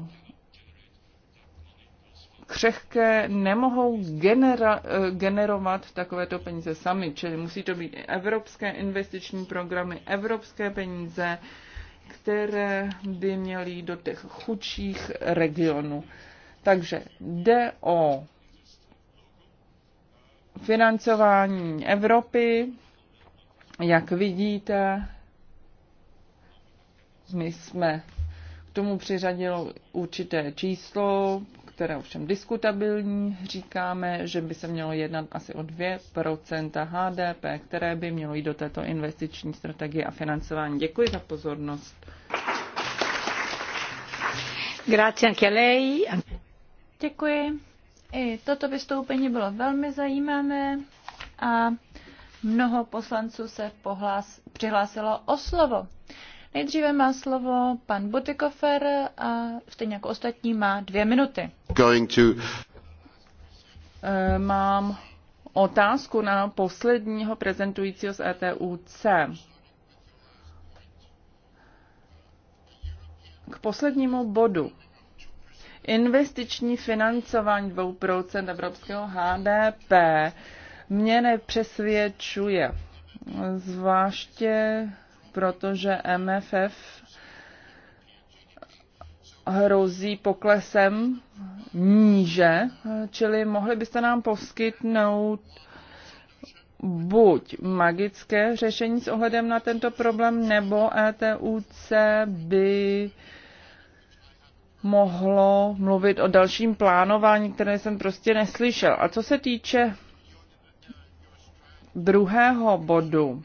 křehké, nemohou genera- eh, generovat takovéto peníze sami, čili musí to být evropské investiční programy, evropské peníze, které by měly do těch chudších regionů. Takže jde o financování Evropy, jak vidíte, my jsme k tomu přiřadili určité číslo, které ovšem diskutabilní, říkáme, že by se mělo jednat asi o 2% HDP, které by mělo jít do této investiční strategie a financování. Děkuji za pozornost. Grazie anche a lei. Děkuji. I toto vystoupení bylo velmi zajímavé a mnoho poslanců se pohlás, přihlásilo o slovo. Nejdříve má slovo pan Butikofer a stejně jako ostatní má dvě minuty. Going to... E, mám otázku na posledního prezentujícího z ETUC. K poslednímu bodu investiční financování 2% evropského HDP mě nepřesvědčuje. Zvláště protože MFF hrozí poklesem níže, čili mohli byste nám poskytnout buď magické řešení s ohledem na tento problém, nebo ETUC by uh, mohlo mluvit o dalším plánování, které jsem prostě neslyšel. A co se týče druhého bodu,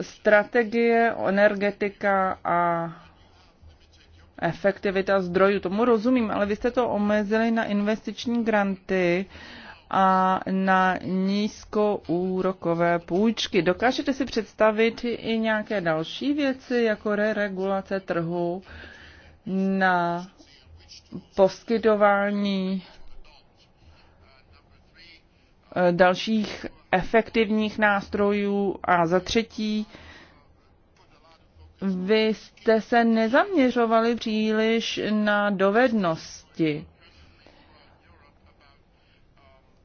strategie, energetika a efektivita zdrojů. Tomu rozumím, ale vy jste to omezili na investiční granty a na nízkoúrokové půjčky. Dokážete si představit i nějaké další věci, jako re regulace trhu na poskytování eh, dalších efektivních nástrojů a za třetí, vy jste se nezaměřovali příliš na dovednosti.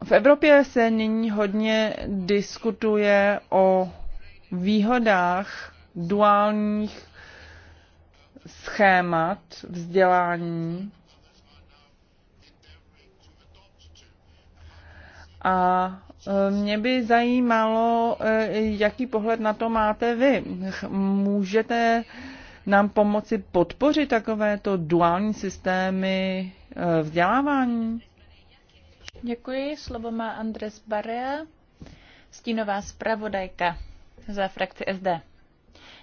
V Evropě se nyní hodně diskutuje o výhodách duálních schémat vzdělání A e, mě by zajímalo, e, jaký pohled na to máte vy. Můžete nám pomoci podpořit takovéto duální systémy e, vzdělávání? Děkuji. Slovo má Andres Barea, stínová zpravodajka za frakci SD.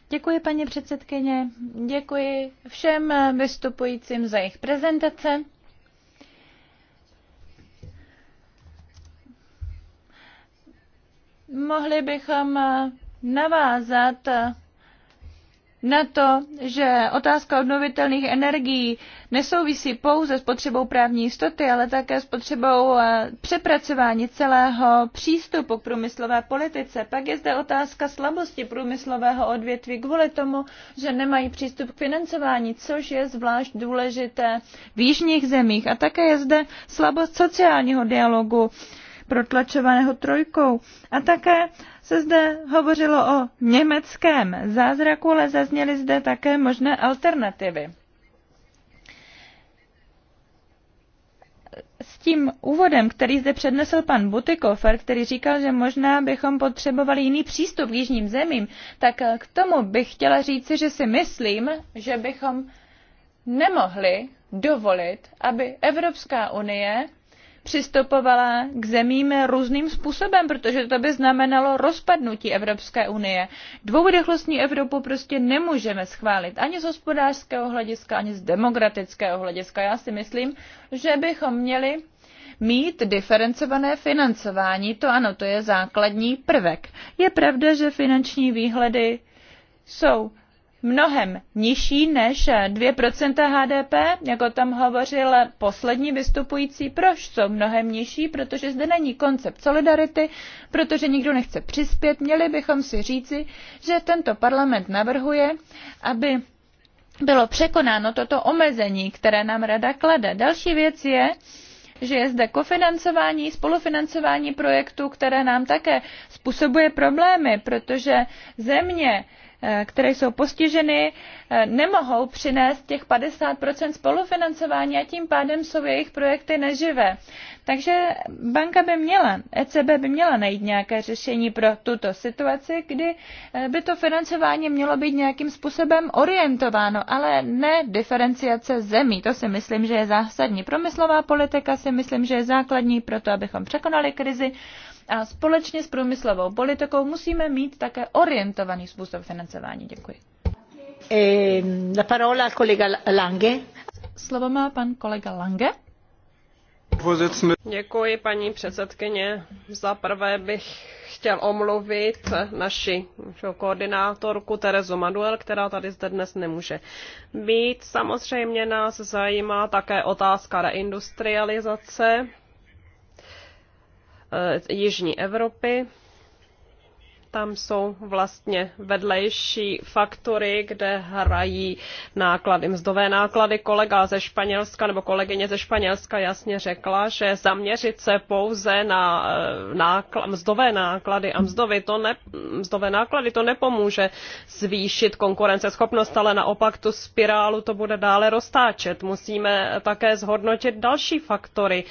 Děkuji, paní předsedkyně. Děkuji všem vystupujícím za jejich prezentace. Mohli bychom navázat na to, že otázka obnovitelných energií nesouvisí pouze s potřebou právní jistoty, ale také s potřebou eh, přepracování celého přístupu k průmyslové politice. Pak je zde otázka slabosti průmyslového odvětví kvůli tomu, že nemají přístup k financování, což je zvlášť důležité v jižních zemích. A také je zde slabost sociálního dialogu protlačovaného trojkou. A také se zde hovořilo o německém zázraku, ale zazněly zde také možné alternativy. S tím úvodem, který zde přednesl pan Butikofer, který říkal, že možná bychom potřebovali jiný přístup k jižním zemím, tak k tomu bych chtěla říci, že si myslím, že bychom nemohli dovolit, aby Evropská unie přistupovala k zemím různým způsobem, protože to by znamenalo rozpadnutí Evropské unie. Dvourychlostní Evropu prostě nemůžeme schválit ani z hospodářského hlediska, ani z demokratického hlediska. Já si myslím, že bychom měli mít diferencované financování, to ano, to je základní prvek. Je pravda, že finanční výhledy jsou mnohem nižší než 2% HDP, jako tam hovořil poslední vystupující. Proč jsou mnohem nižší? Protože zde není koncept solidarity, protože nikdo nechce přispět. Měli bychom si říci, že tento parlament navrhuje, aby bylo překonáno toto omezení, které nám rada klade. Další věc je, že je zde kofinancování, spolufinancování projektů, které nám také způsobuje problémy, protože země, Eh, které jsou postiženy, eh, nemohou přinést těch 50 spolufinancování a tím pádem jsou jejich projekty neživé. Takže banka by měla, ECB by měla najít nějaké řešení pro tuto situaci, kdy eh, by to financování mělo být nějakým způsobem orientováno, ale ne diferenciace zemí. To si myslím, že je zásadní. Promyslová politika si myslím, že je základní pro to, abychom překonali krizi a společně s průmyslovou politikou musíme mít také orientovaný způsob financování. Děkuji. Eh, la parola kolega Lange. Slovo má pan kolega Lange. Děkuji, paní předsedkyně. Za prvé bych chtěl omluvit naši koordinátorku Terezu Manuel, která tady zde dnes nemůže být. Samozřejmě nás zajímá také otázka reindustrializace Eh, Jižní Evropy. Tam jsou vlastně vedlejší faktory, kde hrají náklady, mzdové náklady. Kolega ze Španělska nebo kolegyně ze Španělska jasně řekla, že zaměřit se pouze na eh, nákl- mzdové náklady a mzdovy to ne- mzdové náklady to nepomůže zvýšit konkurenceschopnost, ale naopak tu spirálu to bude dále roztáčet. Musíme také zhodnotit další faktory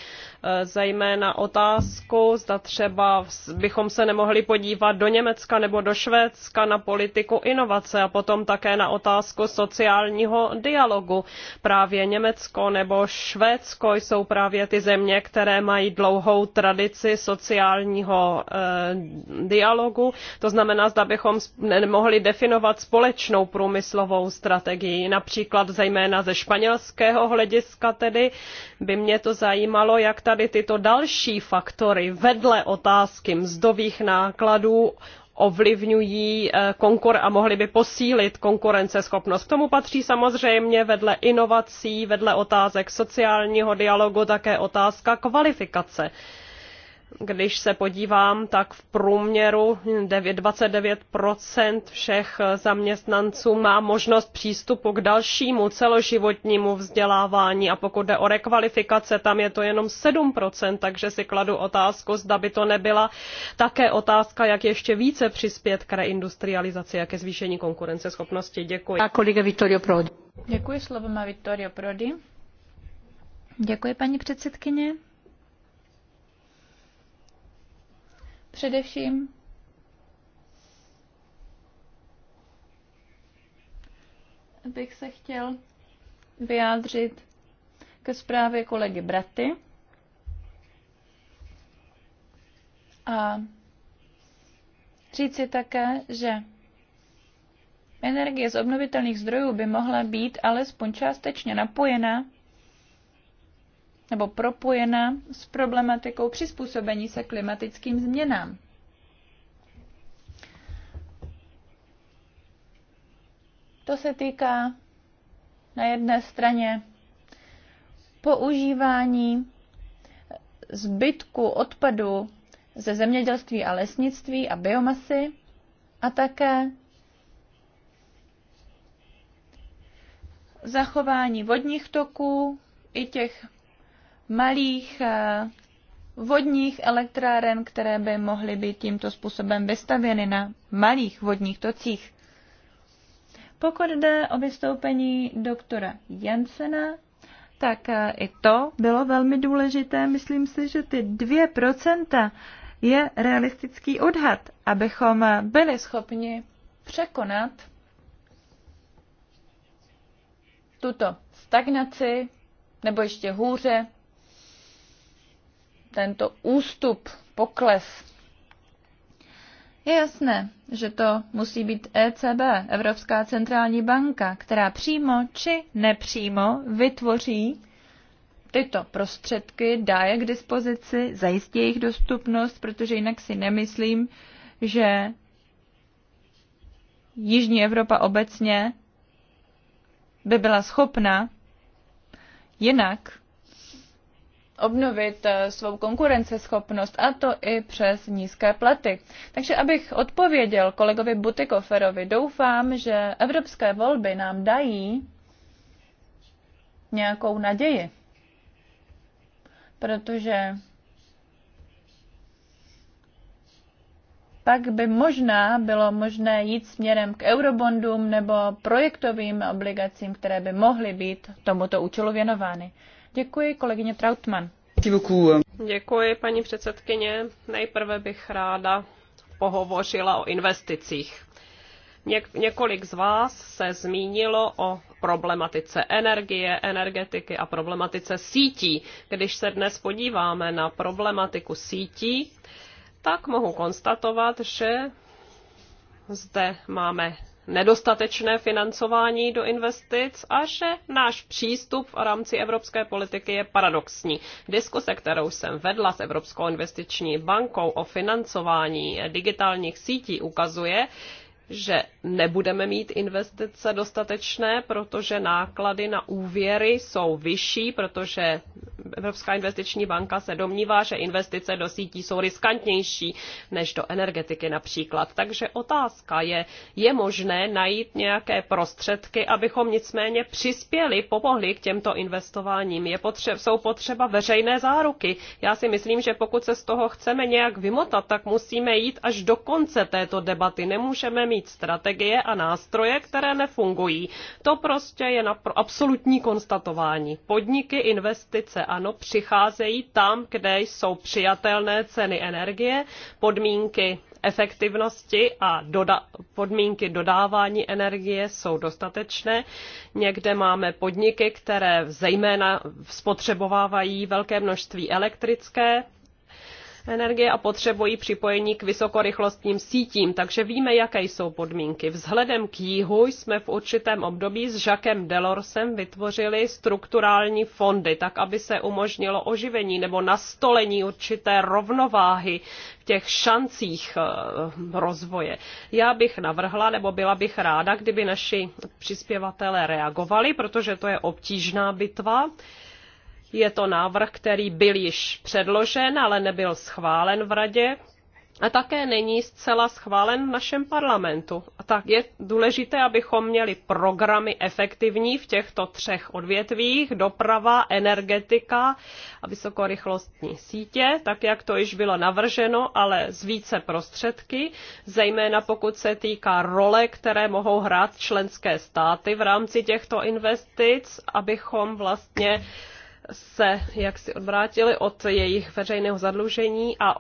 Eh, zejména otázku, zda třeba bychom se nemohli podívat do Německa nebo do Švédska na politiku inovace a potom také na otázku sociálního dialogu. Právě Německo nebo Švédsko jsou právě ty země, které mají dlouhou tradici sociálního eh, dialogu. To znamená, zda bychom nemohli definovat společnou průmyslovou strategii, například zejména ze španělského hlediska tedy by mě to zajímalo, jak ta tady tyto další faktory vedle otázky mzdových nákladů ovlivňují eh, konkur a mohly by posílit konkurenceschopnost. K tomu patří samozřejmě vedle inovací, vedle otázek sociálního dialogu také otázka kvalifikace když se podívám, tak v průměru 29 všech zaměstnanců má možnost přístupu k dalšímu celoživotnímu vzdělávání a pokud jde o rekvalifikace, tam je to jenom 7 takže si kladu otázku, zda by to nebyla také otázka, jak ještě více přispět k reindustrializaci a ke zvýšení konkurenceschopnosti. Děkuji. A kolega Vittorio Prodi. Děkuji, slovo má Vittorio Prodi. Děkuji, paní předsedkyně. Především bych se chtěl vyjádřit ke zprávě kolegy Braty. A říci také, že energie z obnovitelných zdrojů by mohla být alespoň částečně napojena nebo propojena s problematikou přizpůsobení se klimatickým změnám. To se týká na jedné straně používání zbytku odpadu ze zemědělství a lesnictví a biomasy a také zachování vodních toků i těch malých eh, vodních elektráren, které by mohly být tímto způsobem vystavěny na malých vodních tocích. Pokud jde o vystoupení doktora Jansena, tak eh, i to bylo velmi důležité. Myslím si, že ty 2% je realistický odhad, abychom eh, byli schopni překonat tuto stagnaci, nebo ještě hůře, tento ústup, pokles. Je jasné, že to musí být ECB, Evropská centrální banka, která přímo či nepřímo vytvoří tyto prostředky, dá je k dispozici, zajistí jejich dostupnost, protože jinak si nemyslím, že Jižní Evropa obecně by byla schopna jinak obnovit eh, svou konkurenceschopnost a to i přes nízké platy. Takže abych odpověděl kolegovi Butikoferovi, doufám, že evropské volby nám dají nějakou naději, protože pak by možná bylo možné jít směrem k eurobondům nebo projektovým obligacím, které by mohly být tomuto účelu věnovány. Děkuji, kolegyně Trautmann. Děkuji, paní předsedkyně. Nejprve bych ráda pohovořila o investicích. Něk- několik z vás se zmínilo o problematice energie, energetiky a problematice sítí. Když se dnes podíváme na problematiku sítí, tak mohu konstatovat, že zde máme nedostatečné financování do investic a že náš přístup v rámci evropské politiky je paradoxní. Diskuse, kterou jsem vedla s Evropskou investiční bankou o financování digitálních sítí, ukazuje, že nebudeme mít investice dostatečné, protože náklady na úvěry jsou vyšší, protože Evropská investiční banka se domnívá, že investice do sítí jsou riskantnější než do energetiky například. Takže otázka je, je možné najít nějaké prostředky, abychom nicméně přispěli, pomohli k těmto investováním. Je potře- jsou potřeba veřejné záruky. Já si myslím, že pokud se z toho chceme nějak vymotat, tak musíme jít až do konce této debaty. Nemůžeme mít strategie a nástroje, které nefungují. To prostě je absolutní konstatování. Podniky, investice, ano, přicházejí tam, kde jsou přijatelné ceny energie, podmínky efektivnosti a doda- podmínky dodávání energie jsou dostatečné. Někde máme podniky, které zejména spotřebovávají velké množství elektrické energie a potřebují připojení k vysokorychlostním sítím, takže víme, jaké jsou podmínky. Vzhledem k jihu jsme v určitém období s Jacquem Delorsem vytvořili strukturální fondy, tak aby se umožnilo oživení nebo nastolení určité rovnováhy v těch šancích eh, rozvoje. Já bych navrhla, nebo byla bych ráda, kdyby naši přispěvatelé reagovali, protože to je obtížná bitva. Je to návrh, který byl již předložen, ale nebyl schválen v radě a také není zcela schválen v našem parlamentu. A tak je důležité, abychom měli programy efektivní v těchto třech odvětvích, doprava, energetika a vysokorychlostní sítě, tak jak to již bylo navrženo, ale z více prostředky, zejména pokud se týká role, které mohou hrát členské státy v rámci těchto investic, abychom vlastně se jaksi odvrátili od jejich veřejného zadlužení a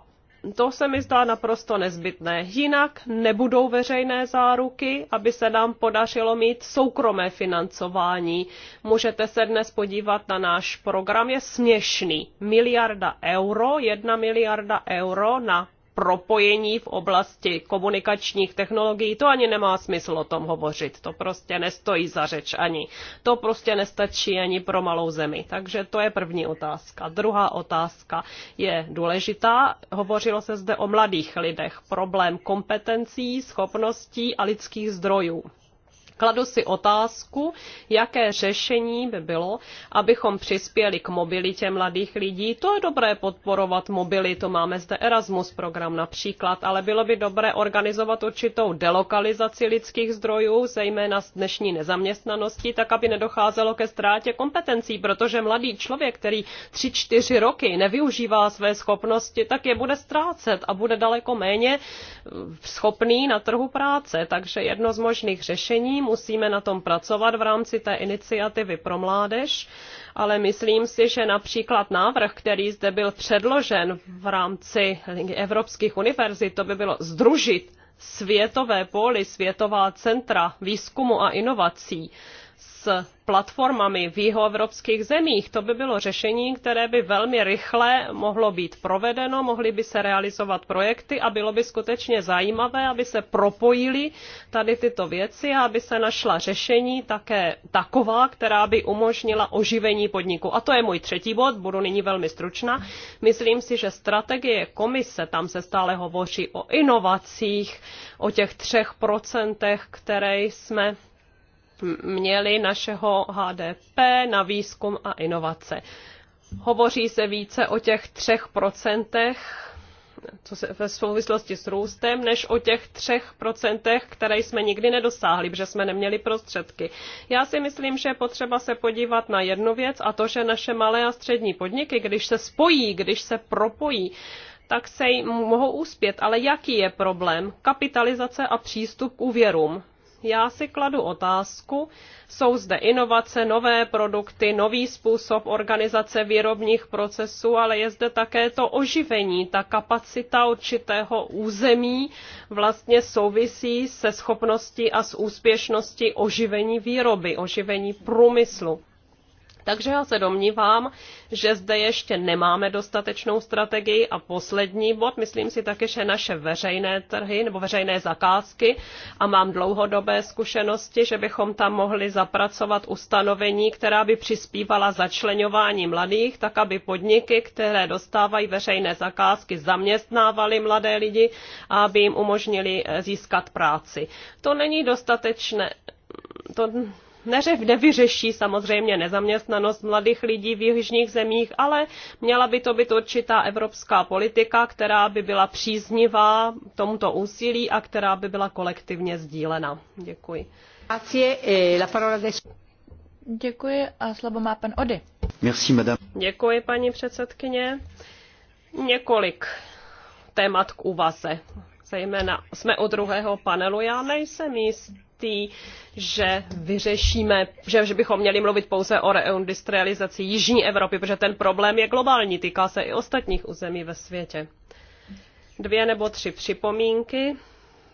to se mi zdá naprosto nezbytné. Jinak nebudou veřejné záruky, aby se nám podařilo mít soukromé financování. Můžete se dnes podívat na náš program, je směšný. Miliarda euro, jedna miliarda euro na propojení v oblasti komunikačních technologií, to ani nemá smysl o tom hovořit. To prostě nestojí za řeč ani. To prostě nestačí ani pro malou zemi. Takže to je první otázka. Druhá otázka je důležitá. Hovořilo se zde o mladých lidech. Problém kompetencí, schopností a lidských zdrojů kladu si otázku, jaké řešení by bylo, abychom přispěli k mobilitě mladých lidí. To je dobré podporovat mobilitu. Máme zde Erasmus program například, ale bylo by dobré organizovat určitou delokalizaci lidských zdrojů, zejména z dnešní nezaměstnanosti, tak aby nedocházelo ke ztrátě kompetencí, protože mladý člověk, který tři, čtyři roky nevyužívá své schopnosti, tak je bude ztrácet a bude daleko méně schopný na trhu práce. Takže jedno z možných řešení musíme na tom pracovat v rámci té iniciativy pro mládež, ale myslím si, že například návrh, který zde byl předložen v rámci evropských univerzit, to by bylo združit světové poli, světová centra výzkumu a inovací s platformami v jihoevropských zemích. To by bylo řešení, které by velmi rychle mohlo být provedeno, mohly by se realizovat projekty a bylo by skutečně zajímavé, aby se propojily tady tyto věci a aby se našla řešení také taková, která by umožnila oživení podniku. A to je můj třetí bod, budu nyní velmi stručná. Myslím si, že strategie komise, tam se stále hovoří o inovacích, o těch třech procentech, které jsme měli našeho HDP na výzkum a inovace. Hovoří se více o těch třech procentech co se, ve souvislosti s růstem, než o těch třech procentech, které jsme nikdy nedosáhli, protože jsme neměli prostředky. Já si myslím, že je potřeba se podívat na jednu věc a to, že naše malé a střední podniky, když se spojí, když se propojí, tak se jim mohou úspět. Ale jaký je problém? Kapitalizace a přístup k úvěrům já si kladu otázku, jsou zde inovace, nové produkty, nový způsob organizace výrobních procesů, ale je zde také to oživení, ta kapacita určitého území vlastně souvisí se schopností a s úspěšností oživení výroby, oživení průmyslu. Takže já se domnívám, že zde ještě nemáme dostatečnou strategii a poslední bod, myslím si také že naše veřejné trhy nebo veřejné zakázky a mám dlouhodobé zkušenosti, že bychom tam mohli zapracovat ustanovení, která by přispívala začlenování mladých, tak aby podniky, které dostávají veřejné zakázky, zaměstnávaly mladé lidi a aby jim umožnili eh, získat práci. To není dostatečné, to neřev, nevyřeší samozřejmě nezaměstnanost mladých lidí v jižních zemích, ale měla by to být určitá evropská politika, která by byla příznivá tomuto úsilí a která by byla kolektivně sdílena. Děkuji. Eh, Děkuji a slovo má pan Ody. Merci, madame. Děkuji, paní předsedkyně. Několik témat k úvaze. Zejména jsme u druhého panelu. Já nejsem jistý jistý, že vyřešíme, že, že bychom měli mluvit pouze o reindustrializaci Jižní Evropy, protože ten problém je globální, týká se i ostatních území ve světě. Dvě nebo tři připomínky.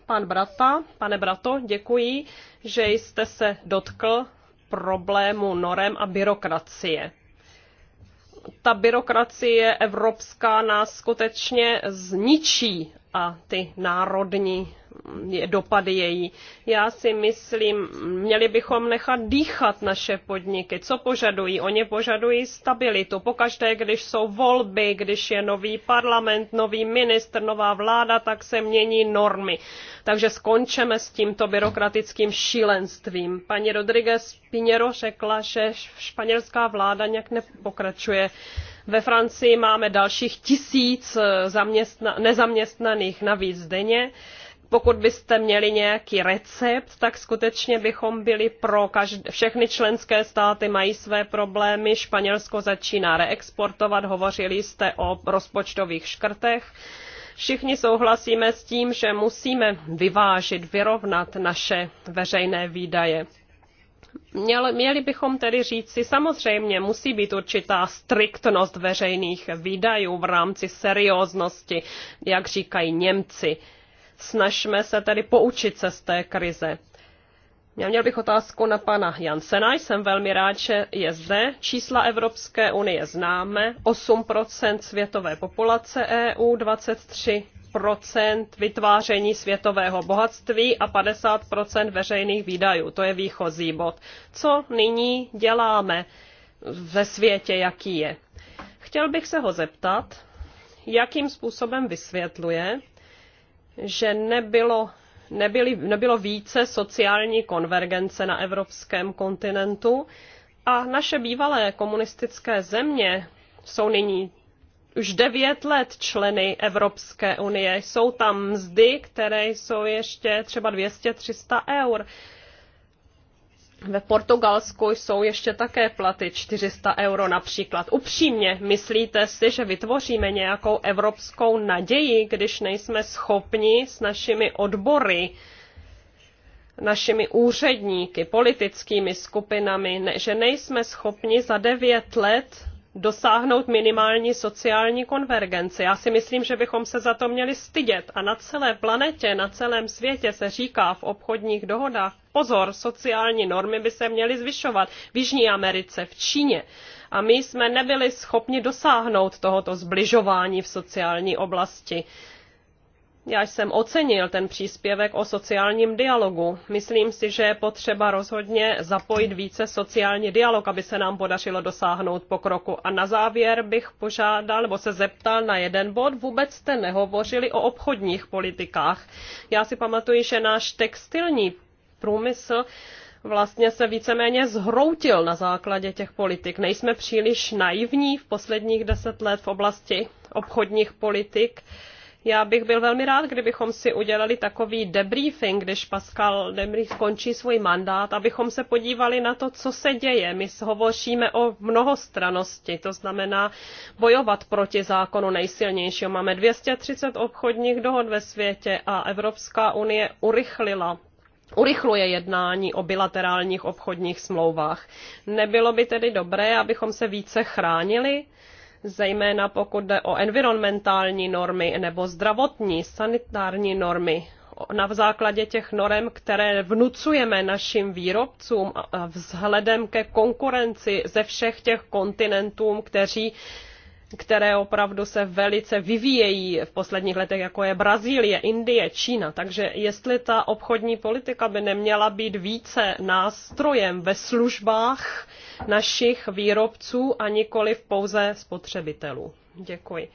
Pan Brata, pane Brato, děkuji, že jste se dotkl problému norem a byrokracie ta byrokracie evropská nás skutečně zničí a ty národní dopady její. Já si myslím, měli bychom nechat dýchat naše podniky. Co požadují? Oni požadují stabilitu. Pokaždé, když jsou volby, když je nový parlament, nový ministr, nová vláda, tak se mění normy. Takže skončeme s tímto byrokratickým šílenstvím. Paní Rodriguez Pinero řekla, že španělská vláda nějak nepokračuje ve Francii máme dalších tisíc eh, zaměstna- nezaměstnaných navíc denně pokud byste měli nějaký recept, tak skutečně bychom byli pro každé, všechny členské státy mají své problémy, Španělsko začíná reexportovat, hovořili jste o rozpočtových škrtech. Všichni souhlasíme s tím, že musíme vyvážit, vyrovnat naše veřejné výdaje. Měli, bychom tedy říci, samozřejmě musí být určitá striktnost veřejných výdajů v rámci serióznosti, jak říkají Němci. Snažme se tedy poučit se z té krize. Já měl bych otázku na pana Jansena. Jsem velmi rád, že je zde. Čísla Evropské unie známe. 8% světové populace EU, 23 vytváření světového bohatství a 50 veřejných výdajů. To je výchozí bod. Co nyní děláme ve světě, jaký je? Chtěl bych se ho zeptat, jakým způsobem vysvětluje, že nebylo nebyly, nebylo více sociální konvergence na evropském kontinentu a naše bývalé komunistické země jsou nyní už devět let členy Evropské unie. Jsou tam mzdy, které jsou ještě třeba 200-300 eur. Ve Portugalsku jsou ještě také platy 400 euro například. Upřímně, myslíte si, že vytvoříme nějakou evropskou naději, když nejsme schopni s našimi odbory našimi úředníky, politickými skupinami, že nejsme schopni za devět let dosáhnout minimální sociální konvergence. Já si myslím, že bychom se za to měli stydět a na celé planetě, na celém světě se říká v obchodních dohodách, pozor, sociální normy by se měly zvyšovat v Jižní Americe, v Číně. A my jsme nebyli schopni dosáhnout tohoto zbližování v sociální oblasti. Já jsem ocenil ten příspěvek o sociálním dialogu. Myslím si, že je potřeba rozhodně zapojit více sociální dialog, aby se nám podařilo dosáhnout pokroku. A na závěr bych požádal nebo se zeptal na jeden bod. Vůbec jste nehovořili o obchodních politikách. Já si pamatuji, že náš textilní průmysl vlastně se víceméně zhroutil na základě těch politik. Nejsme příliš naivní v posledních deset let v oblasti obchodních politik. Já bych byl velmi rád, kdybychom si udělali takový debriefing, když Pascal Demry skončí svůj mandát, abychom se podívali na to, co se děje. My hovoříme o mnohostranosti, to znamená bojovat proti zákonu nejsilnějšího. Máme 230 obchodních dohod ve světě a Evropská unie urychlila urychluje jednání o bilaterálních obchodních smlouvách. Nebylo by tedy dobré, abychom se více chránili? zejména pokud jde o environmentální normy nebo zdravotní, sanitární normy. Na základě těch norm, které vnucujeme našim výrobcům vzhledem ke konkurenci ze všech těch kontinentů, kteří které opravdu se velice vyvíjejí v posledních letech, jako je Brazílie, Indie, Čína. Takže jestli ta obchodní politika by neměla být více nástrojem ve službách našich výrobců a nikoli v pouze spotřebitelů. Děkuji.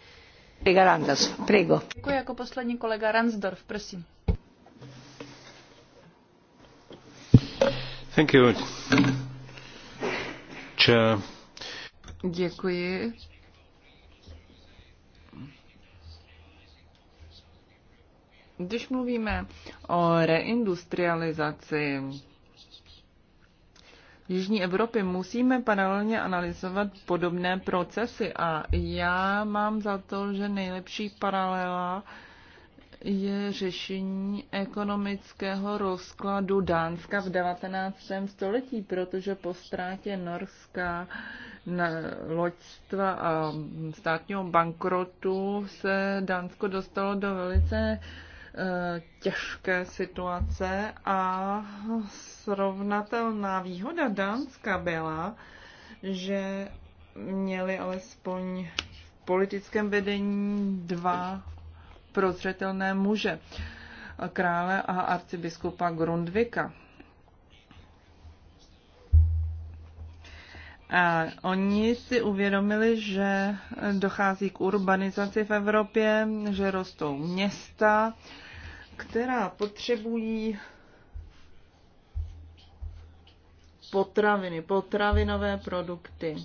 Děkuji jako poslední kolega Ransdorf, prosím. Thank you. Děkuji, Když mluvíme o reindustrializaci Jižní Evropy, musíme paralelně analyzovat podobné procesy a já mám za to, že nejlepší paralela je řešení ekonomického rozkladu Dánska v 19. století, protože po ztrátě Norska na loďstva a státního bankrotu se Dánsko dostalo do velice Eh, těžké situace a srovnatelná výhoda Dánska byla, že měli alespoň v politickém vedení dva prozřetelné muže, krále a arcibiskupa Grundvika. A oni si uvědomili, že dochází k urbanizaci v Evropě, že rostou města, která potřebují potraviny, potravinové produkty.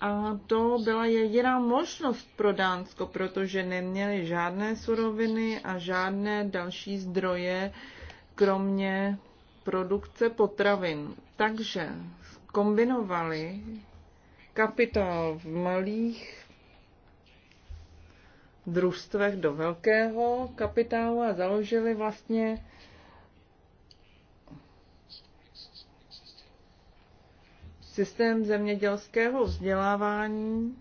A to byla jediná možnost pro Dánsko, protože neměli žádné suroviny a žádné další zdroje, kromě produkce potravin. Takže kombinovali kapitál v malých družstvech do velkého kapitálu a založili vlastně systém zemědělského vzdělávání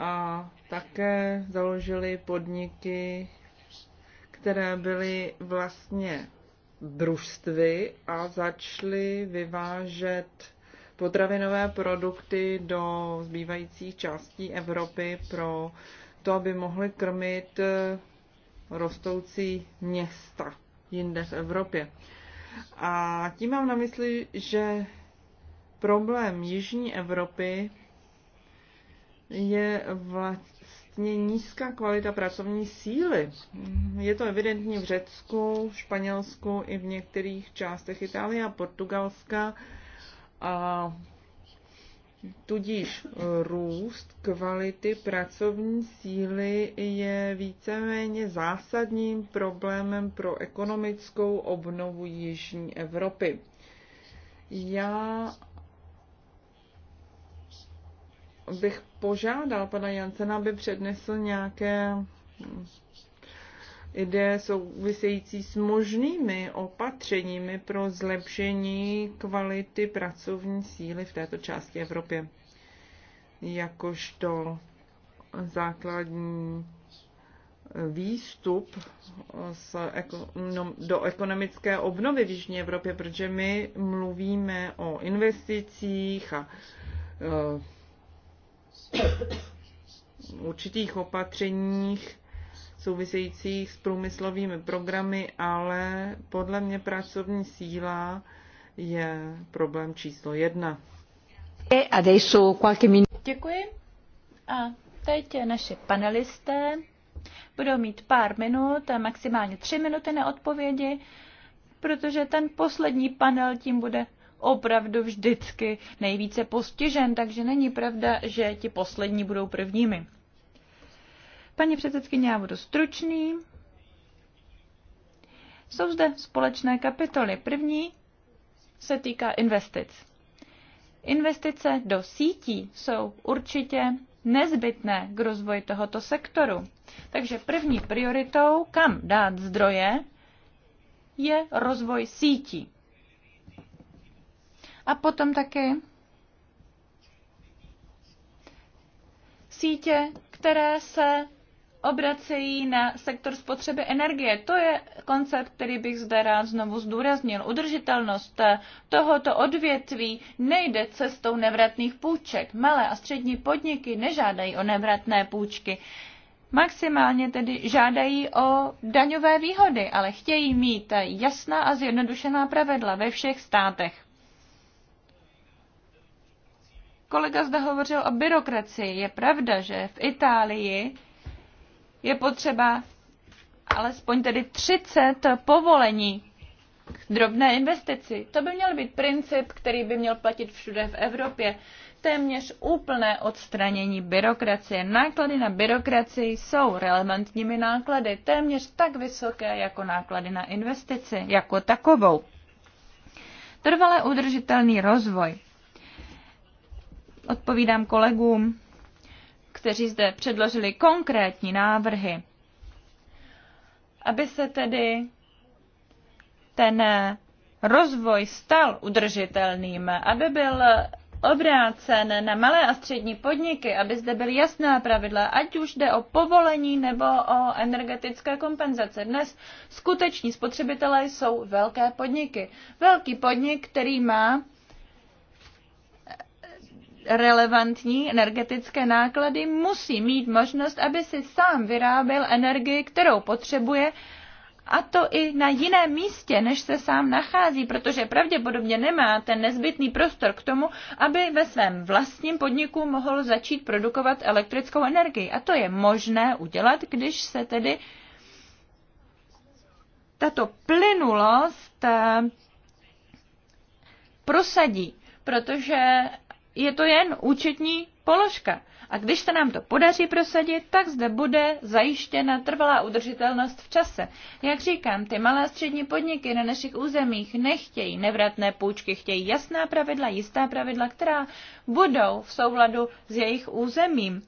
a také založili podniky, které byly vlastně družstvy a začaly vyvážet potravinové produkty do zbývajících částí Evropy pro to, aby mohly krmit eh, rostoucí města jinde v Evropě. A tím mám na mysli, že problém Jižní Evropy je vlastně nízká kvalita pracovní síly. Je to evidentní v Řecku, v Španělsku i v některých částech Itálie a Portugalska a Tudíž růst kvality pracovní síly je víceméně zásadním problémem pro ekonomickou obnovu Jižní Evropy. Já bych požádal pana Jancena, aby přednesl nějaké jde související s možnými opatřeními pro zlepšení kvality pracovní síly v této části Evropy. Jakožto základní výstup no, do ekonomické obnovy v Jižní Evropě, protože my mluvíme o investicích a eh, určitých opatřeních, souvisejících s průmyslovými programy, ale podle mě pracovní síla je problém číslo jedna. Děkuji. A teď naše panelisté budou mít pár minut, maximálně tři minuty na odpovědi, protože ten poslední panel tím bude opravdu vždycky nejvíce postižen, takže není pravda, že ti poslední budou prvními. Paní předsedkyně, já budu stručný. Jsou zde společné kapitoly. První se týká investic. Investice do sítí jsou určitě nezbytné k rozvoji tohoto sektoru. Takže první prioritou, kam dát zdroje, je rozvoj sítí. A potom taky sítě, které se obracejí na sektor spotřeby energie. To je koncept, který bych zde rád znovu zdůraznil. Udržitelnost tohoto odvětví nejde cestou nevratných půjček. Malé a střední podniky nežádají o nevratné půjčky. Maximálně tedy žádají o daňové výhody, ale chtějí mít jasná a zjednodušená pravidla ve všech státech. Kolega zde hovořil o byrokracii. Je pravda, že v Itálii je potřeba alespoň tedy 30 povolení k drobné investici. To by měl být princip, který by měl platit všude v Evropě. Téměř úplné odstranění byrokracie. Náklady na byrokracii jsou relevantními náklady, téměř tak vysoké jako náklady na investici, jako takovou. Trvale udržitelný rozvoj. Odpovídám kolegům kteří zde předložili konkrétní návrhy, aby se tedy ten rozvoj stal udržitelným, aby byl obrácen na malé a střední podniky, aby zde byly jasná pravidla, ať už jde o povolení nebo o energetické kompenzace. Dnes skuteční spotřebitelé jsou velké podniky. Velký podnik, který má relevantní energetické náklady, musí mít možnost, aby si sám vyráběl energii, kterou potřebuje, a to i na jiném místě, než se sám nachází, protože pravděpodobně nemá ten nezbytný prostor k tomu, aby ve svém vlastním podniku mohl začít produkovat elektrickou energii. A to je možné udělat, když se tedy tato plynulost eh, prosadí, protože je to jen účetní položka. A když se nám to podaří prosadit, tak zde bude zajištěna trvalá udržitelnost v čase. Jak říkám, ty malé a střední podniky na našich územích nechtějí nevratné půjčky, chtějí jasná pravidla, jistá pravidla, která budou v souladu s jejich územím.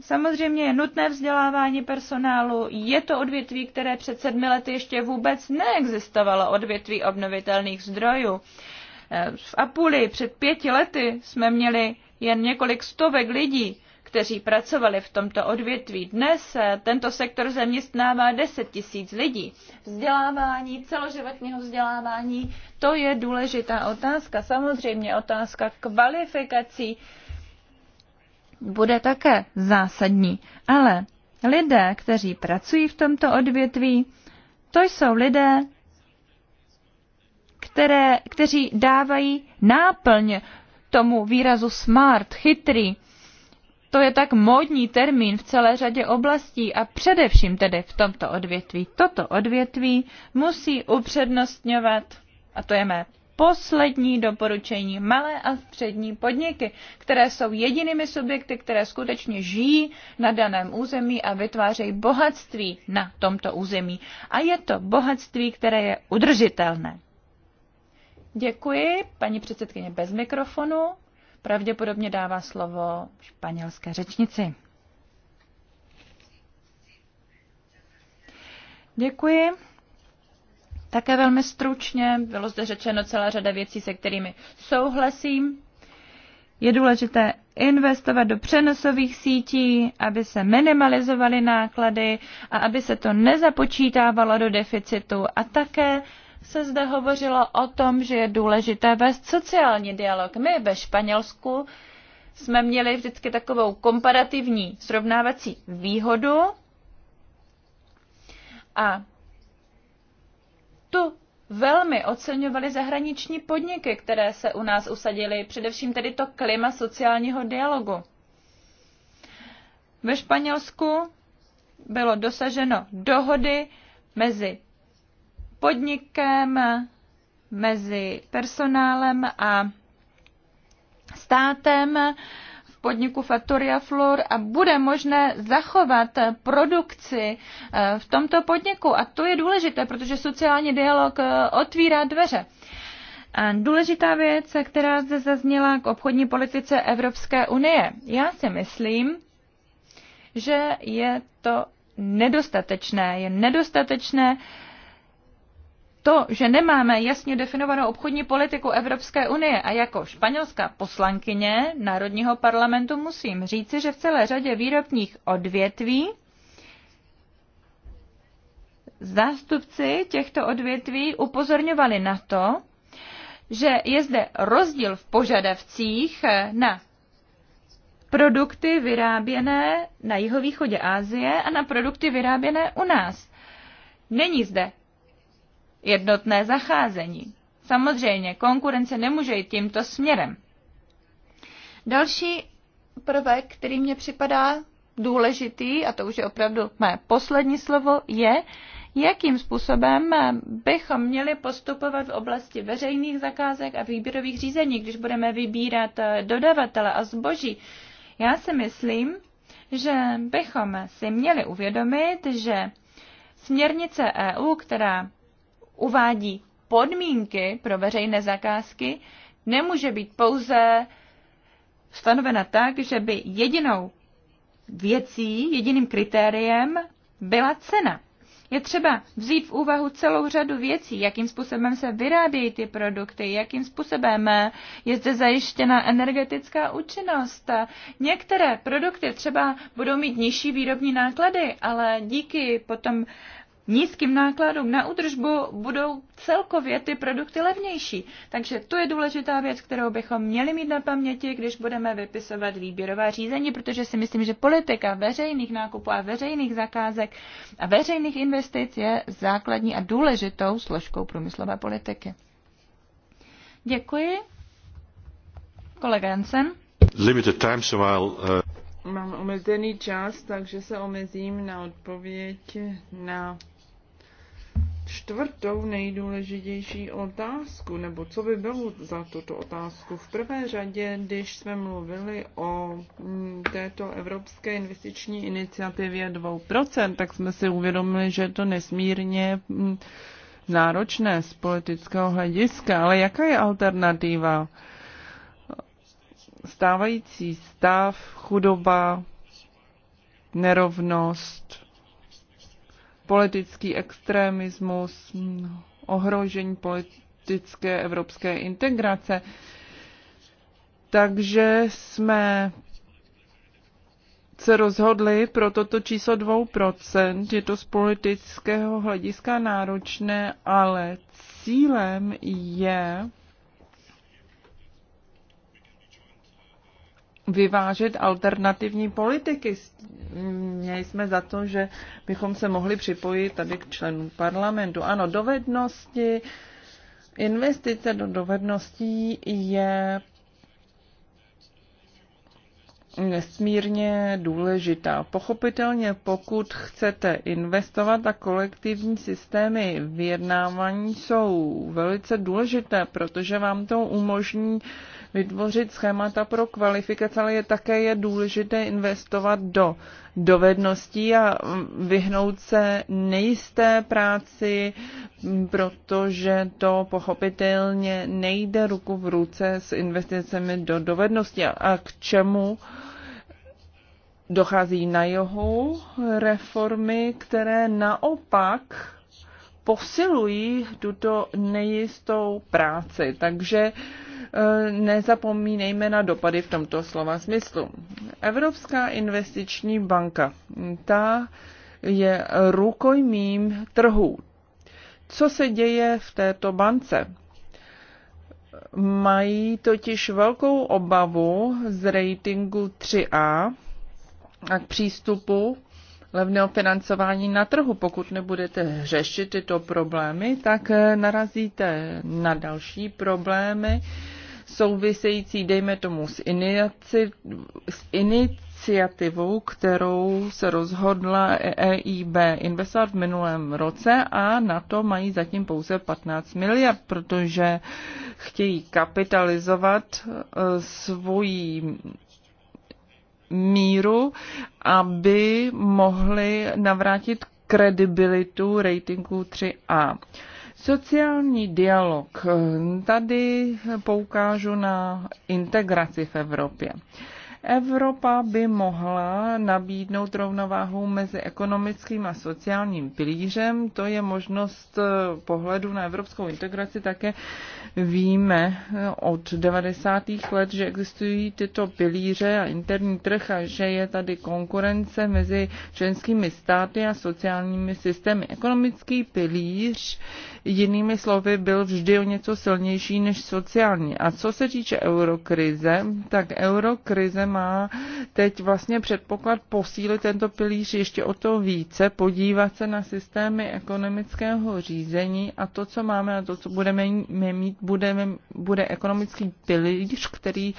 Samozřejmě je nutné vzdělávání personálu. Je to odvětví, které před sedmi lety ještě vůbec neexistovalo, odvětví obnovitelných zdrojů. Eh, v Apuli před pěti lety jsme měli jen několik stovek lidí, kteří pracovali v tomto odvětví. Dnes eh, tento sektor zaměstnává 10 tisíc lidí. Vzdělávání, celoživotního vzdělávání, to je důležitá otázka. Samozřejmě otázka kvalifikací bude také zásadní. Ale lidé, kteří pracují v tomto odvětví, to jsou lidé, které, kteří dávají náplň tomu výrazu smart, chytrý. To je tak módní termín v celé řadě oblastí a především tedy v tomto odvětví. Toto odvětví musí upřednostňovat, a to je mé poslední doporučení, malé a střední podniky, které jsou jedinými subjekty, které skutečně žijí na daném území a vytvářejí bohatství na tomto území. A je to bohatství, které je udržitelné. Děkuji, paní předsedkyně bez mikrofonu. Pravděpodobně dává slovo španělské řečnici. Děkuji. Také velmi stručně bylo zde řečeno celá řada věcí, se kterými souhlasím. Je důležité investovat do přenosových sítí, aby se minimalizovaly náklady a aby se to nezapočítávalo do deficitu a také se zde hovořilo o tom, že je důležité vést sociální dialog. My ve Španělsku jsme měli vždycky takovou komparativní srovnávací výhodu a tu velmi oceňovali zahraniční podniky, které se u nás usadily, především tedy to klima sociálního dialogu. Ve Španělsku bylo dosaženo dohody mezi podnikem, mezi personálem a státem v podniku Factoria Flor a bude možné zachovat produkci eh, v tomto podniku. A to je důležité, protože sociální dialog eh, otvírá dveře. A důležitá věc, která zde zazněla k obchodní politice Evropské unie. Já si myslím, že je to nedostatečné. Je nedostatečné to, že nemáme jasně definovanou obchodní politiku Evropské unie a jako španělská poslankyně Národního parlamentu musím říci, že v celé řadě výrobních odvětví zástupci těchto odvětví upozorňovali na to, že je zde rozdíl v požadavcích na produkty vyráběné na jihovýchodě Asie a na produkty vyráběné u nás. Není zde jednotné zacházení. Samozřejmě, konkurence nemůže jít tímto směrem. Další prvek, který mě připadá důležitý, a to už je opravdu mé poslední slovo, je, jakým způsobem bychom měli postupovat v oblasti veřejných zakázek a výběrových řízení, když budeme vybírat eh, dodavatele a zboží. Já si myslím, že bychom si měli uvědomit, že směrnice EU, která uvádí podmínky pro veřejné zakázky, nemůže být pouze stanovena tak, že by jedinou věcí, jediným kritériem byla cena. Je třeba vzít v úvahu celou řadu věcí, jakým způsobem se vyrábějí ty produkty, jakým způsobem je zde zajištěna energetická účinnost. Některé produkty třeba budou mít nižší výrobní náklady, ale díky potom nízkým nákladům na údržbu budou celkově ty produkty levnější. Takže to je důležitá věc, kterou bychom měli mít na paměti, když budeme vypisovat výběrová řízení, protože si myslím, že politika veřejných nákupů a veřejných zakázek a veřejných investic je základní a důležitou složkou průmyslové politiky. Děkuji. Kolega Jensen. Limited time, so I'll, uh... Mám omezený čas, takže se omezím na odpověď na čtvrtou nejdůležitější otázku, nebo co by bylo za tuto otázku. V prvé řadě, když jsme mluvili o mm, této Evropské investiční iniciativě 2%, tak jsme si uvědomili, že je to nesmírně mm, náročné z politického hlediska. Ale jaká je alternativa? Stávající stav, chudoba, nerovnost, politický extremismus, ohrožení politické evropské integrace. Takže jsme se rozhodli pro toto číslo 2%. Je to z politického hlediska náročné, ale cílem je vyvážet alternativní politiky. Měli jsme za to, že bychom se mohli připojit tady k členům parlamentu. Ano, dovednosti, investice do dovedností je nesmírně důležitá. Pochopitelně, pokud chcete investovat a kolektivní systémy vyjednávání jsou velice důležité, protože vám to umožní uh, vytvořit schémata pro kvalifikace ale je také je důležité investovat do dovedností a vyhnout se nejisté práci, protože to pochopitelně nejde ruku v ruce s investicemi do dovedností. A k čemu dochází na jeho reformy, které naopak posilují tuto nejistou práci. Takže Eh, nezapomínejme na dopady v tomto slova smyslu. Evropská investiční banka, ta je rukojmím trhů. Co se děje v této bance? Mají totiž velkou obavu z ratingu 3A a k přístupu levného financování na trhu. Pokud nebudete řešit tyto problémy, tak narazíte na další problémy, související, dejme tomu, s, iniaci, s iniciativou, kterou se rozhodla EIB investovat v minulém roce a na to mají zatím pouze 15 miliard, protože chtějí kapitalizovat eh, svoji míru, aby mohli navrátit kredibilitu ratingu 3A. Sociální dialog. Tady poukážu na integraci v Evropě. Evropa by mohla nabídnout rovnováhu mezi ekonomickým a sociálním pilířem. To je možnost pohledu na evropskou integraci. Také víme od 90. let, že existují tyto pilíře a interní trh a že je tady konkurence mezi členskými státy a sociálními systémy. Ekonomický pilíř jinými slovy byl vždy o něco silnější než sociální. A co se týče eurokrize, tak eurokrize má teď vlastně předpoklad posílit tento pilíř ještě o to více, podívat se na systémy ekonomického řízení a to, co máme a to, co budeme mít, bude, bude ekonomický pilíř, který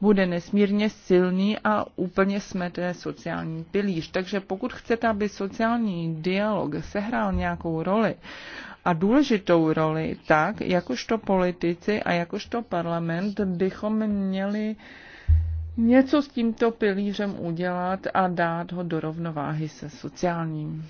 bude nesmírně silný a úplně smete sociální pilíř. Takže pokud chcete, aby sociální dialog sehrál nějakou roli a důležitou roli, tak jakožto politici a jakožto parlament bychom měli něco s tímto pilířem udělat a dát ho do rovnováhy se sociálním.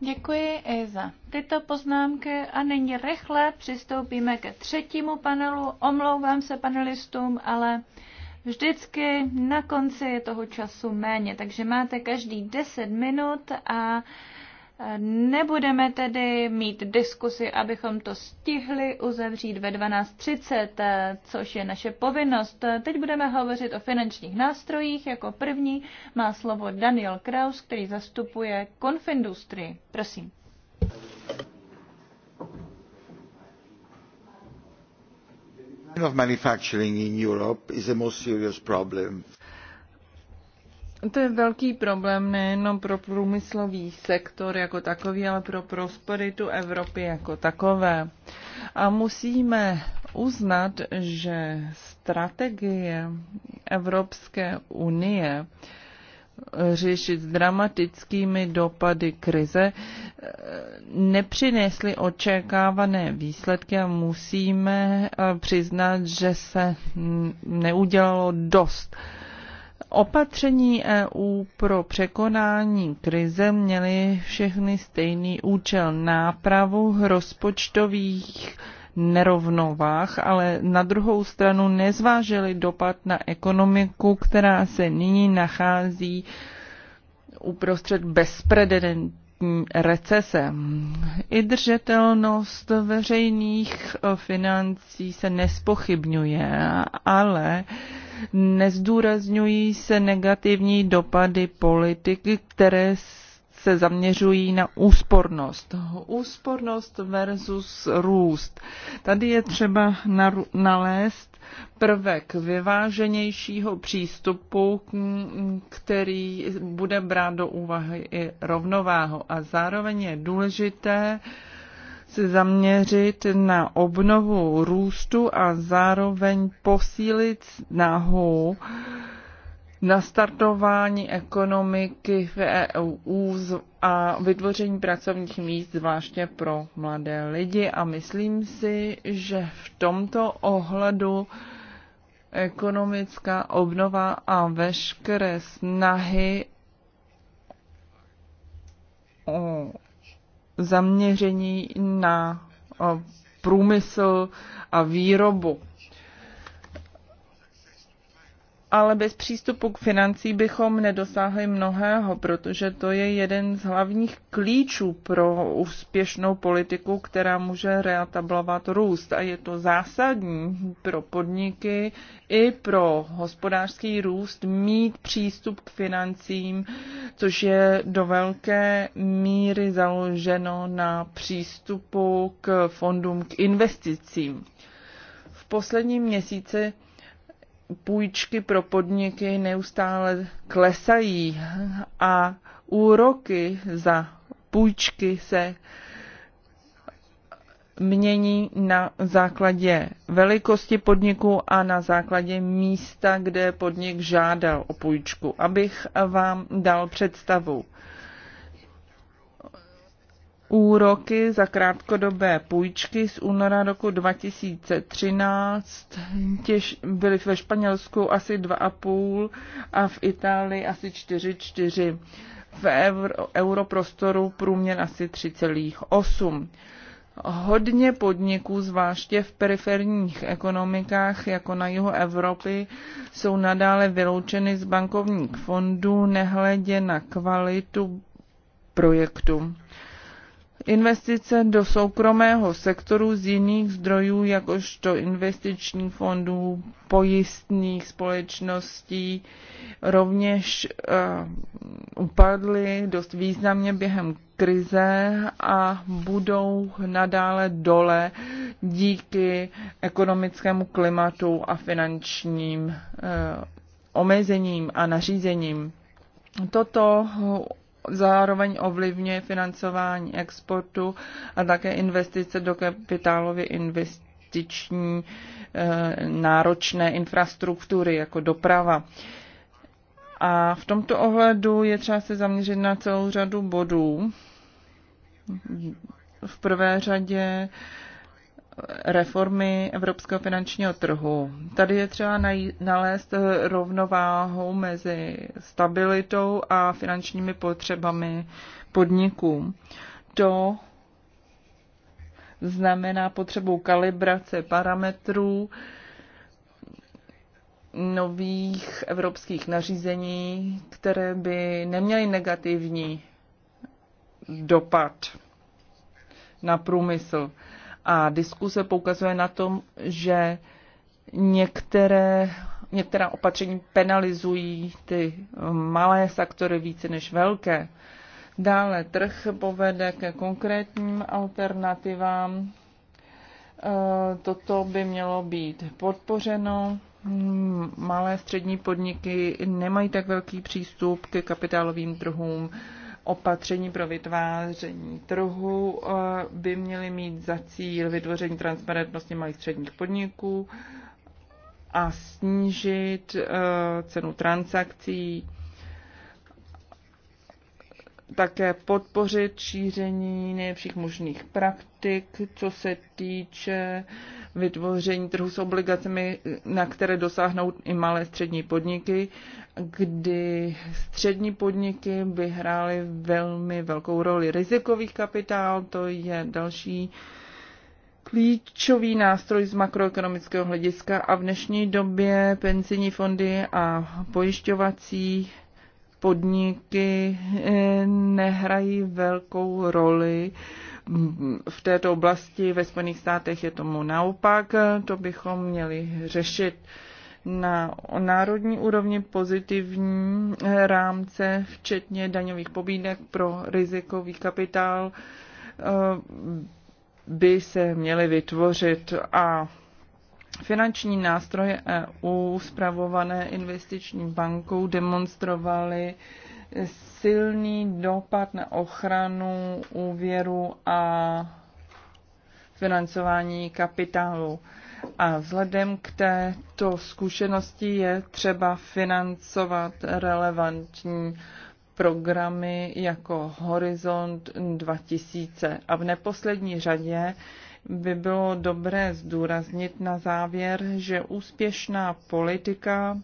Děkuji i za tyto poznámky a nyní rychle přistoupíme ke třetímu panelu. Omlouvám se panelistům, ale vždycky na konci je toho času méně, takže máte každý 10 minut a e, nebudeme tedy mít diskusy, abychom to stihli uzavřít ve 12.30, e, což je naše povinnost. Teď budeme hovořit o finančních nástrojích. Jako první má slovo Daniel Kraus, který zastupuje Confindustry. Prosím. of manufacturing in Europe is a most serious problem. To je velký problém nejenom pro průmyslový sektor jako takový, ale pro prosperitu Evropy jako takové. A musíme uznat, že strategie Evropské unie řešit s dramatickými dopady krize, nepřinesly očekávané výsledky a musíme eh, přiznat, že se neudělalo dost. Opatření EU pro překonání krize měly všechny stejný účel nápravu rozpočtových nerovnovách, ale na druhou stranu nezvážili dopad na ekonomiku, která se nyní nachází uprostřed bezprecedentní recese. I držetelnost veřejných financí se nespochybňuje, ale nezdůrazňují se negativní dopady politiky, které se zaměřují na úspornost. Úspornost versus růst. Tady je třeba nalézt prvek vyváženějšího přístupu, který bude brát do úvahy i rovnováhu. A zároveň je důležité se zaměřit na obnovu růstu a zároveň posílit snahu nastartování ekonomiky v EU a vytvoření pracovních míst, zvláště pro mladé lidi. A myslím si, že v tomto ohledu ekonomická obnova a veškeré snahy o zaměření na průmysl a výrobu ale bez přístupu k financí bychom nedosáhli mnohého, protože to je jeden z hlavních klíčů pro úspěšnou politiku, která může reatablovat růst. A je to zásadní pro podniky i pro hospodářský růst mít přístup k financím, což je do velké míry založeno na přístupu k fondům, k investicím. V posledním měsíci půjčky pro podniky neustále klesají a úroky za půjčky se mění na základě velikosti podniku a na základě místa, kde podnik žádal o půjčku. Abych vám dal představu úroky za krátkodobé půjčky z února roku 2013 těž byly ve Španělsku asi 2,5 a v Itálii asi 4,4. V euro, europrostoru průměr asi 3,8. Hodně podniků, zvláště v periferních ekonomikách, jako na jihu Evropy, jsou nadále vyloučeny z bankovních fondů, nehledě na kvalitu projektu investice do soukromého sektoru z jiných zdrojů, jakožto investičních fondů, pojistných společností, rovněž uh, upadly dost významně během krize a budou nadále dole díky ekonomickému klimatu a finančním uh, omezením a nařízením. Toto zároveň ovlivňuje financování exportu a také investice do kapitálově investiční eh, náročné infrastruktury jako doprava. A v tomto ohledu je třeba se zaměřit na celou řadu bodů. V prvé řadě reformy evropského finančního trhu. Tady je třeba nalézt rovnováhu mezi stabilitou a finančními potřebami podniků. To znamená potřebu kalibrace parametrů nových evropských nařízení, které by neměly negativní dopad na průmysl a diskuse poukazuje na tom, že některé, některá opatření penalizují ty um, malé sektory více než velké. Dále trh povede ke konkrétním alternativám. E, toto by mělo být podpořeno. Malé střední podniky nemají tak velký přístup ke kapitálovým trhům opatření pro vytváření trhu eh, by měly mít za cíl vytvoření transparentnosti malých středních podniků a snížit eh, cenu transakcí, také podpořit šíření nejlepších možných praktik, co se týče vytvoření trhu s obligacemi, na které dosáhnou i malé střední podniky, kdy střední podniky by hrály velmi velkou roli. Rizikový kapitál to je další klíčový nástroj z makroekonomického hlediska a v dnešní době penzijní fondy a pojišťovací podniky eh, nehrají velkou roli. V této oblasti ve Spojených státech je tomu naopak, to bychom měli řešit na národní úrovni pozitivní rámce, včetně daňových pobídek pro rizikový kapitál, eh, by se měly vytvořit a finanční nástroje EU zpravované investiční bankou demonstrovaly silný dopad na ochranu úvěru a financování kapitálu. A vzhledem k této zkušenosti je třeba financovat relevantní programy jako Horizont 2000. A v neposlední řadě by bylo dobré zdůraznit na závěr, že úspěšná politika,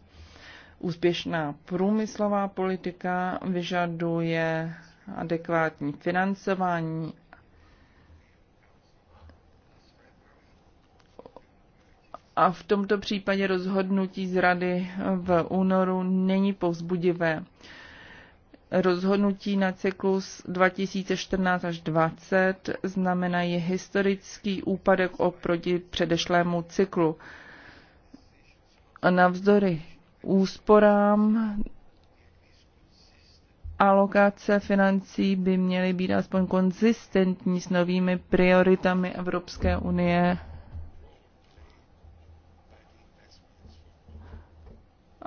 úspěšná průmyslová politika vyžaduje adekvátní financování a v tomto případě rozhodnutí z rady v únoru není povzbudivé. Rozhodnutí na cyklus 2014 až znamená je historický úpadek oproti předešlému cyklu. navzdory úsporám alokace financí by měly být aspoň konzistentní s novými prioritami Evropské unie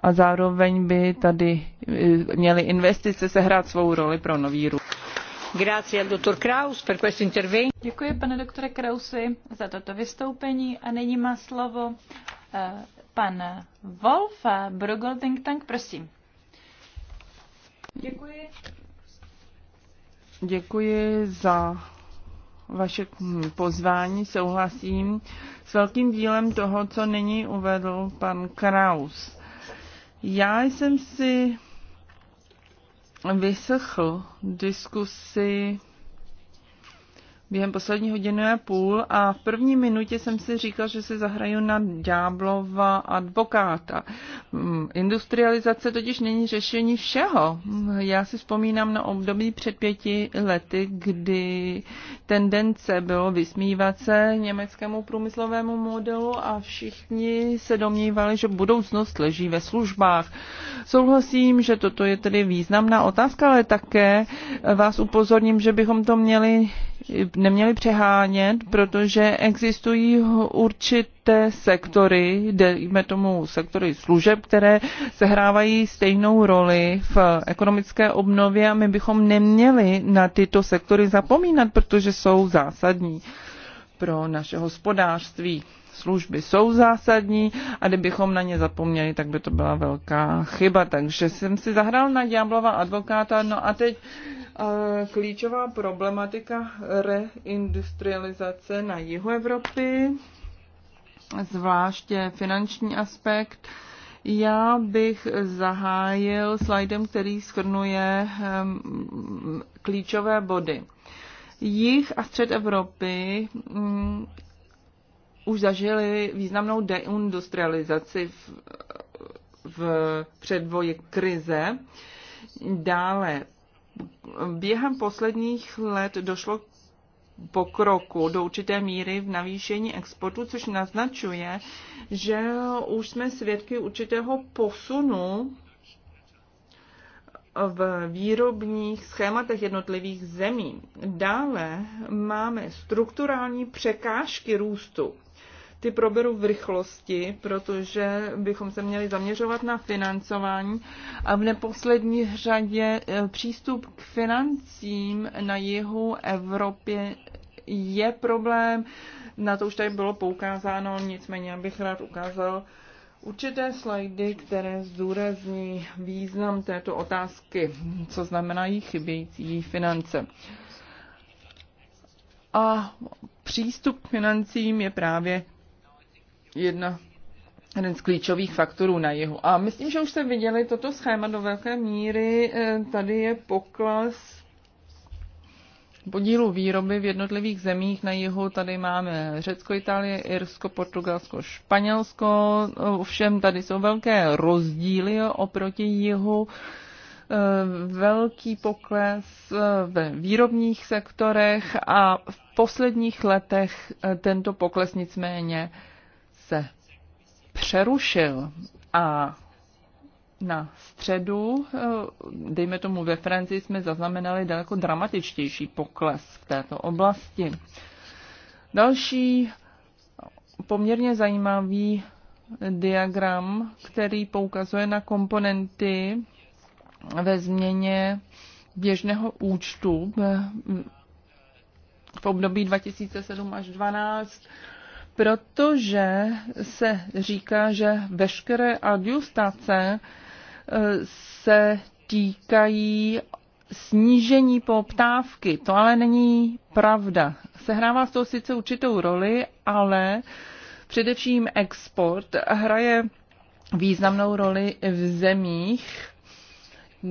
a zároveň by tady eh, měly investice sehrát svou roli pro nový růst. Děkuji, pane doktore Krausi, za toto vystoupení a nyní má slovo eh, pan Wolf a eh, Think Tank, prosím. Děkuji. Děkuji za vaše pozvání, souhlasím s velkým dílem toho, co nyní uvedl pan Kraus. Já jsem si vyslechl diskusi během poslední hodiny a půl a v první minutě jsem si říkal, že si zahraju na Ďáblova advokáta. Mm, industrializace totiž není řešení všeho. Já si vzpomínám na období před pěti lety, kdy tendence bylo vysmívat se německému průmyslovému modelu a všichni se domnívali, že budoucnost leží ve službách. Souhlasím, že toto je tedy významná otázka, ale také vás upozorním, že bychom to měli neměli přehánět, protože existují určité sektory, dejme tomu sektory služeb, které sehrávají stejnou roli v ekonomické obnově a my bychom neměli na tyto sektory zapomínat, protože jsou zásadní pro naše hospodářství služby jsou zásadní a kdybychom na ně zapomněli, tak by to byla velká chyba. Takže jsem si zahrál na Ďáblova advokáta. No a teď eh, klíčová problematika reindustrializace na jihu Evropy, zvláště finanční aspekt. Já bych zahájil slajdem, který schrnuje ehm, klíčové body. Jich a střed Evropy mm, už zažili významnou deindustrializaci v, v předvoji krize. Dále, během posledních let došlo k pokroku do určité míry v navýšení exportu, což naznačuje, že už jsme svědky určitého posunu v výrobních schématech jednotlivých zemí. Dále máme strukturální překážky růstu ty proberu v rychlosti, protože bychom se měli zaměřovat na financování a v neposlední řadě eh, přístup k financím na jihu Evropě je problém. Na to už tady bylo poukázáno, nicméně bych rád ukázal určité slajdy, které zdůrazní význam této otázky, co znamenají chybějící finance. A přístup k financím je právě jedna, jeden z klíčových faktorů na jihu. A myslím, že už jste viděli toto schéma do velké míry. Eh, tady je pokles podílu výroby v jednotlivých zemích na jihu. Tady máme Řecko, Itálie, Irsko, Portugalsko, Španělsko. Ovšem tady jsou velké rozdíly oproti jihu. Eh, velký pokles eh, ve výrobních sektorech a v posledních letech tento pokles nicméně se přerušil a na středu, eh, dejme tomu ve Francii, jsme zaznamenali daleko dramatičtější pokles v této oblasti. Další poměrně zajímavý diagram, který poukazuje na komponenty ve změně běžného účtu v období 2007 až 2012 protože se říká, že veškeré adjustace e, se týkají snížení poptávky. To ale není pravda. Sehrává s tou sice určitou roli, ale především export hraje významnou roli v zemích,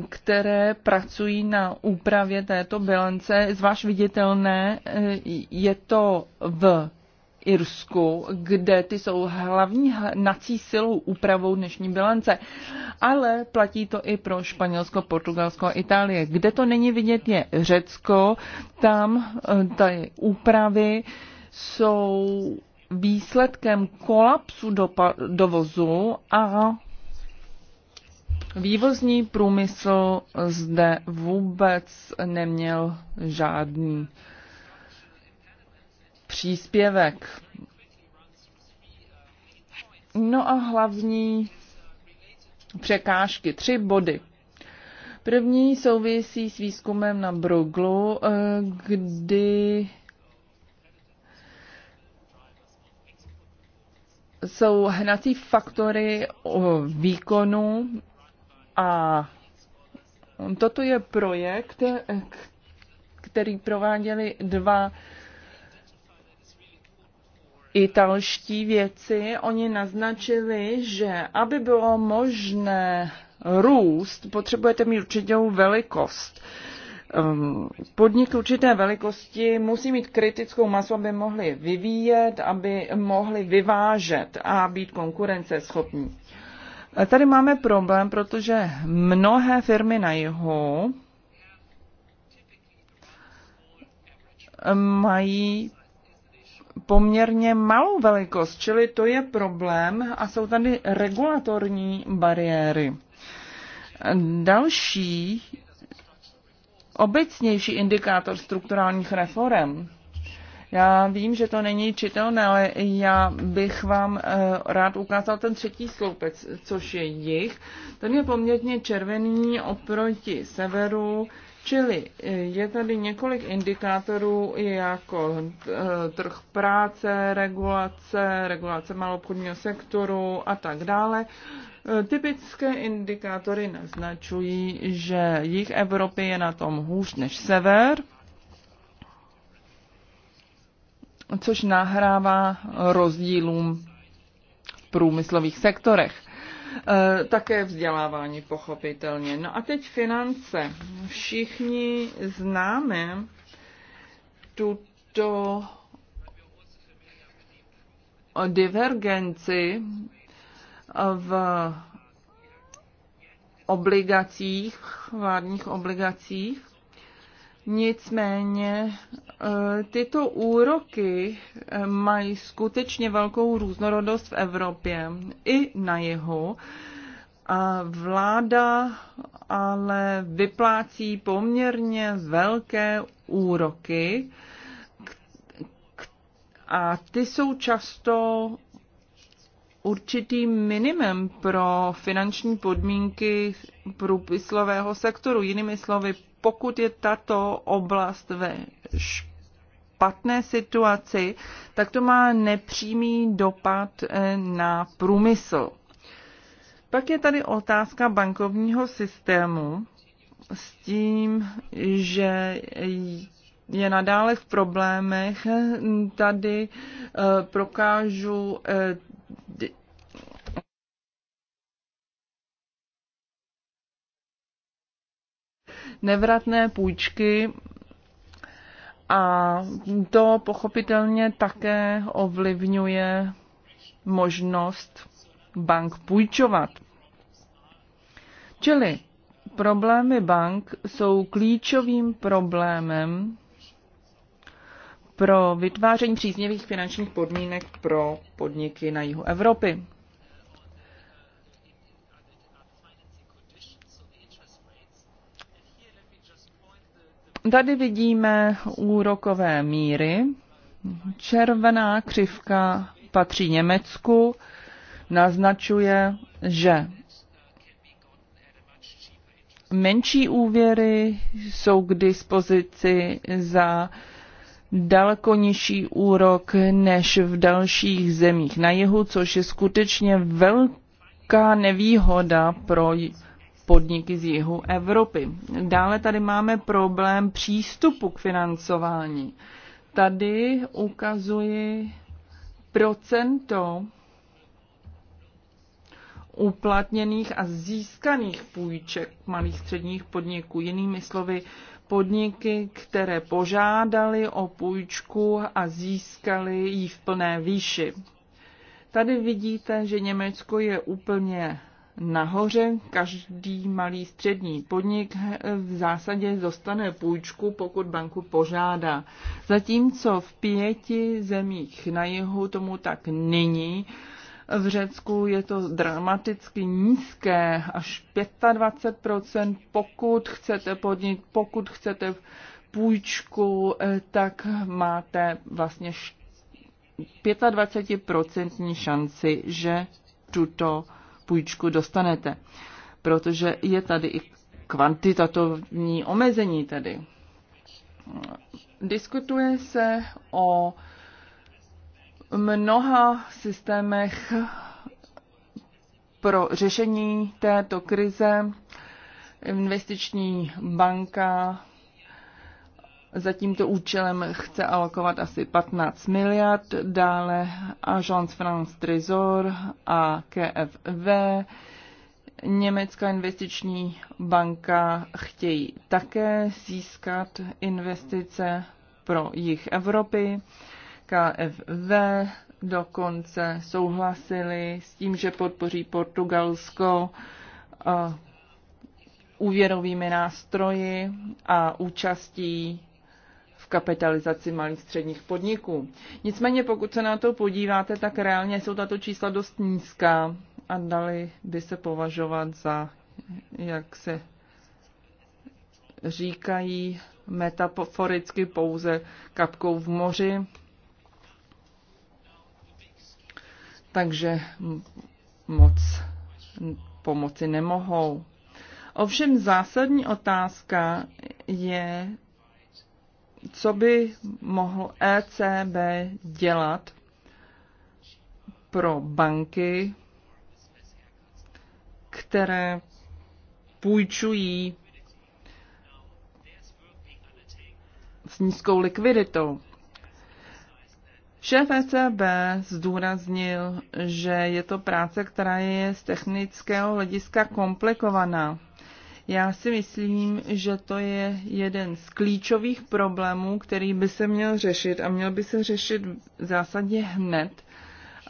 které pracují na úpravě této bilance. Zvlášť viditelné e, je to v Irsku, kde ty jsou hlavní nací silou úpravou dnešní bilance. Ale platí to i pro Španělsko, Portugalsko a Itálie. Kde to není vidět je Řecko, tam eh, ty úpravy jsou výsledkem kolapsu dovozu a Vývozní průmysl zde vůbec neměl žádný příspěvek. No a hlavní překážky, tři body. První souvisí s výzkumem na Broglu, eh, kdy jsou hnací faktory výkonu a toto je projekt, eh, který prováděli dva italští věci, oni naznačili, že aby bylo možné růst, potřebujete mít určitou velikost. Ehm, podnik určité velikosti musí mít kritickou masu, aby mohli vyvíjet, aby mohli vyvážet a být konkurenceschopní. Tady máme problém, protože mnohé firmy na jihu mají poměrně malou velikost, čili to je problém a jsou tady regulatorní bariéry. Další obecnější indikátor strukturálních reform. Já vím, že to není čitelné, ale já bych vám eh, rád ukázal ten třetí sloupec, což je jich. Ten je poměrně červený oproti severu, Čili eh, je tady několik indikátorů, jako eh, trh práce, regulace, regulace malobchodního sektoru a tak dále. Eh, typické indikátory naznačují, že jich Evropy je na tom hůř než sever, což nahrává rozdílům v průmyslových sektorech. Eh, také vzdělávání pochopitelně. No a teď finance. Všichni známe tuto divergenci v obligacích, vládních obligacích. Nicméně eh, tyto úroky eh, mají skutečně velkou různorodost v Evropě i na jihu. A vláda ale vyplácí poměrně velké úroky a ty jsou často určitým minimem pro finanční podmínky průmyslového sektoru. Jinými slovy, pokud je tato oblast ve špatné situaci, tak to má nepřímý dopad eh, na průmysl. Pak je tady otázka bankovního systému s tím, že je nadále v problémech. Tady eh, prokážu eh, nevratné půjčky a to pochopitelně také ovlivňuje možnost bank půjčovat. Čili problémy bank jsou klíčovým problémem pro vytváření příznivých finančních podmínek pro podniky na jihu Evropy. Tady vidíme úrokové míry. Červená křivka patří Německu, naznačuje, že menší úvěry jsou k dispozici za daleko nižší úrok než v dalších zemích na jihu, což je skutečně velká nevýhoda pro podniky z jihu Evropy. Dále tady máme problém přístupu k financování. Tady ukazuji procento uplatněných a získaných půjček malých středních podniků. Jinými slovy, podniky, které požádali o půjčku a získali ji v plné výši. Tady vidíte, že Německo je úplně nahoře. Každý malý střední podnik v zásadě dostane půjčku, pokud banku požádá. Zatímco v pěti zemích na jihu tomu tak není. V Řecku je to dramaticky nízké, až 25%, pokud chcete podnik, pokud chcete půjčku, eh, tak máte vlastně 25% šanci, že tuto půjčku dostanete, protože je tady i kvantitativní omezení tedy. Diskutuje se o mnoha systémech pro řešení této krize. Investiční banka za tímto účelem chce alokovat asi 15 miliard, dále Agence France Trésor a KFV. Německá investiční banka chtějí také získat investice pro jich Evropy. KFV dokonce souhlasili s tím, že podpoří Portugalsko eh, úvěrovými nástroji a účastí v kapitalizaci malých středních podniků. Nicméně pokud se na to podíváte, tak reálně jsou tato čísla dost nízká a dali by se považovat za, jak se říkají metaforicky pouze kapkou v moři. Takže moc pomoci nemohou. Ovšem zásadní otázka je, co by mohl ECB dělat pro banky, které půjčují s nízkou likviditou. Šéf ECB zdůraznil, že je to práce, která je z technického hlediska komplikovaná. Já si myslím, že to je jeden z klíčových problémů, který by se měl řešit a měl by se řešit v zásadě hned,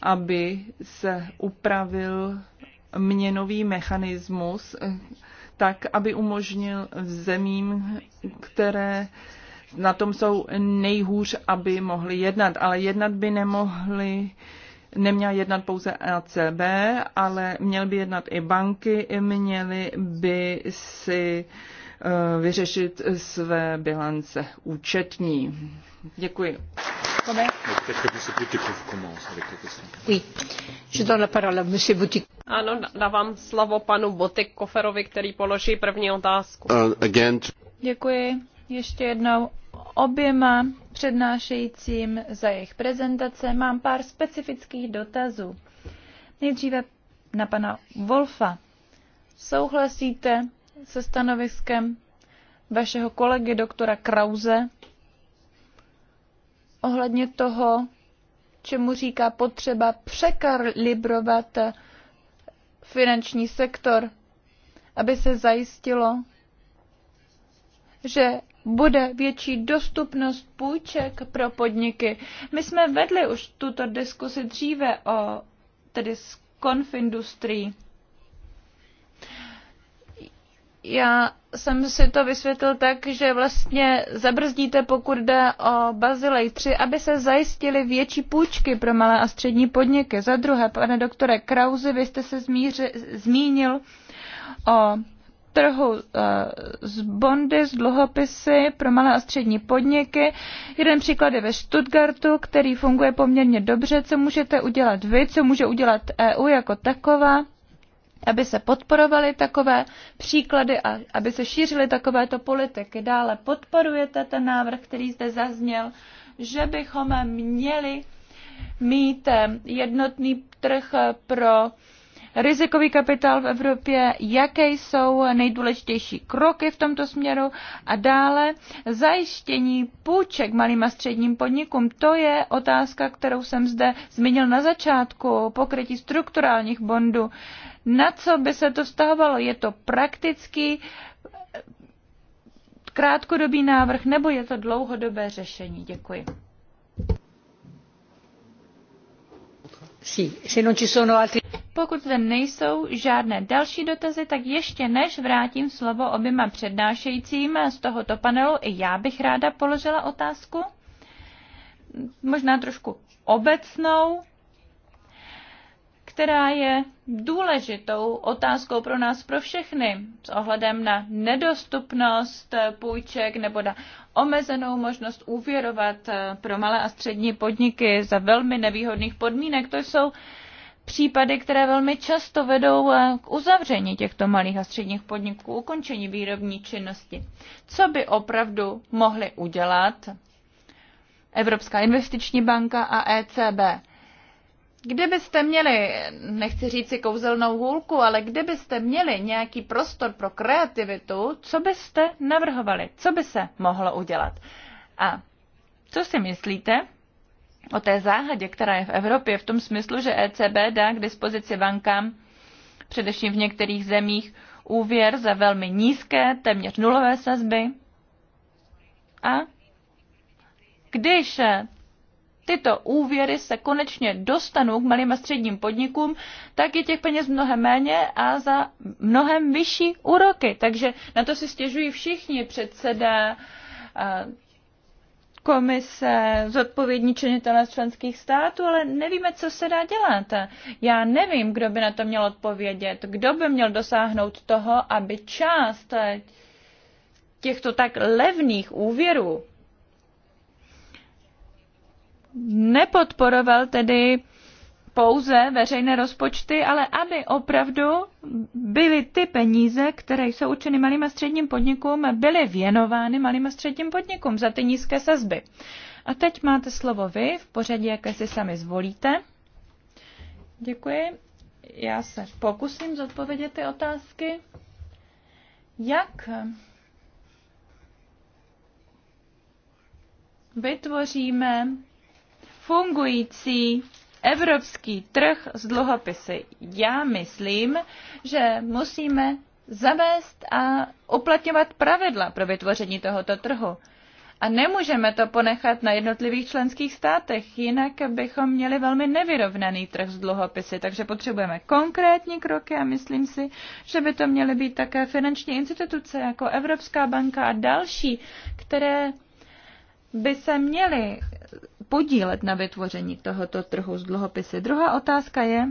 aby se upravil měnový mechanismus eh, tak, aby umožnil zemím, které na tom jsou nejhůř, aby mohli jednat, ale jednat by nemohli neměla jednat pouze ECB, ale měl by jednat i banky, měly by si eh, vyřešit své bilance účetní. Děkuji. Ano, dávám slovo panu Koferovi, který položí první otázku. Uh, Děkuji ještě jednou oběma přednášejícím za jejich prezentace. Mám pár specifických dotazů. Nejdříve na pana Wolfa. Souhlasíte se stanoviskem vašeho kolegy doktora Krause ohledně toho, čemu říká potřeba překalibrovat finanční sektor, aby se zajistilo, že bude větší dostupnost půjček pro podniky. My jsme vedli už tuto diskusi dříve o tedy s konfindustrií. Já jsem si to vysvětlil tak, že vlastně zabrzdíte, pokud jde o Bazilej 3, aby se zajistily větší půjčky pro malé a střední podniky. Za druhé, pane doktore Krauzi, vy jste se zmíři, zmínil o trhu eh, z bondy, z dluhopisy pro malé a střední podniky. Jeden příklad je ve Stuttgartu, který funguje poměrně dobře. Co můžete udělat vy, co může udělat EU jako taková? aby se podporovaly takové příklady a aby se šířily takovéto politiky. Dále podporujete ten návrh, který zde zazněl, že bychom měli mít eh, jednotný trh eh, pro rizikový kapitál v Evropě, jaké jsou nejdůležitější kroky v tomto směru a dále zajištění půjček malým a středním podnikům. To je otázka, kterou jsem zde zmínil na začátku, pokrytí strukturálních bondů. Na co by se to vztahovalo? Je to praktický eh, krátkodobý návrh nebo je to dlouhodobé řešení? Děkuji. Pokud zde nejsou žádné další dotazy, tak ještě než vrátím slovo oběma přednášejícím z tohoto panelu, i já bych ráda položila otázku, možná trošku obecnou, která je důležitou otázkou pro nás, pro všechny, s ohledem na nedostupnost půjček nebo na omezenou možnost úvěrovat eh, pro malé a střední podniky za velmi nevýhodných podmínek. To jsou případy, které velmi často vedou eh, k uzavření těchto malých a středních podniků, ukončení výrobní činnosti. Co by opravdu mohly udělat Evropská investiční banka a ECB? Kdybyste měli, nechci říct si kouzelnou hůlku, ale kdybyste měli nějaký prostor pro kreativitu, co byste navrhovali? Co by se mohlo udělat? A co si myslíte o té záhadě, která je v Evropě v tom smyslu, že ECB dá k dispozici bankám, především v některých zemích, úvěr za velmi nízké, téměř nulové sazby? A když tyto úvěry se konečně dostanou k malým a středním podnikům, tak je těch peněz mnohem méně a za mnohem vyšší úroky. Takže na to si stěžují všichni předseda komise, zodpovědní činitelé z členských států, ale nevíme, co se dá dělat. Já nevím, kdo by na to měl odpovědět, kdo by měl dosáhnout toho, aby část těchto tak levných úvěrů nepodporoval tedy pouze veřejné rozpočty, ale aby opravdu byly ty peníze, které jsou učeny malým a středním podnikům, byly věnovány malým a středním podnikům za ty nízké sazby. A teď máte slovo vy v pořadí, jaké si sami zvolíte. Děkuji. Já se pokusím zodpovědět ty otázky. Jak vytvoříme fungující evropský trh s dluhopisy. Já myslím, že musíme zavést a uplatňovat pravidla pro vytvoření tohoto trhu. A nemůžeme to ponechat na jednotlivých členských státech, jinak bychom měli velmi nevyrovnaný trh s dluhopisy. Takže potřebujeme konkrétní kroky a myslím si, že by to měly být také finanční instituce jako Evropská banka a další, které by se měly podílet na vytvoření tohoto trhu z dluhopisy. Druhá otázka je,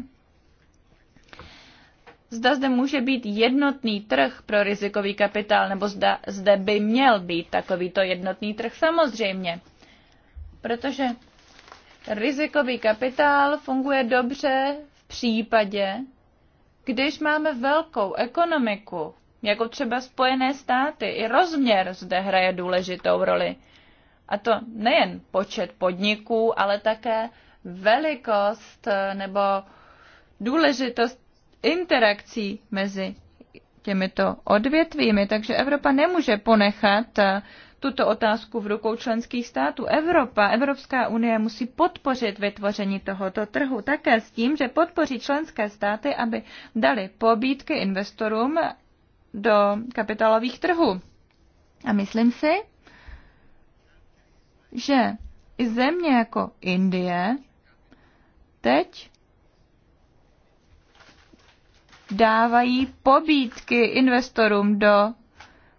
zda zde může být jednotný trh pro rizikový kapitál, nebo zda zde by měl být takovýto jednotný trh samozřejmě. Protože rizikový kapitál funguje dobře v případě, když máme velkou ekonomiku, jako třeba Spojené státy, i rozměr zde hraje důležitou roli. A to nejen počet podniků, ale také velikost eh, nebo důležitost interakcí mezi těmito odvětvími. Takže Evropa nemůže ponechat eh, tuto otázku v rukou členských států. Evropa, Evropská unie musí podpořit vytvoření tohoto trhu také s tím, že podpoří členské státy, aby dali pobídky investorům do kapitálových trhů. A myslím si, že i země jako Indie teď dávají pobídky investorům do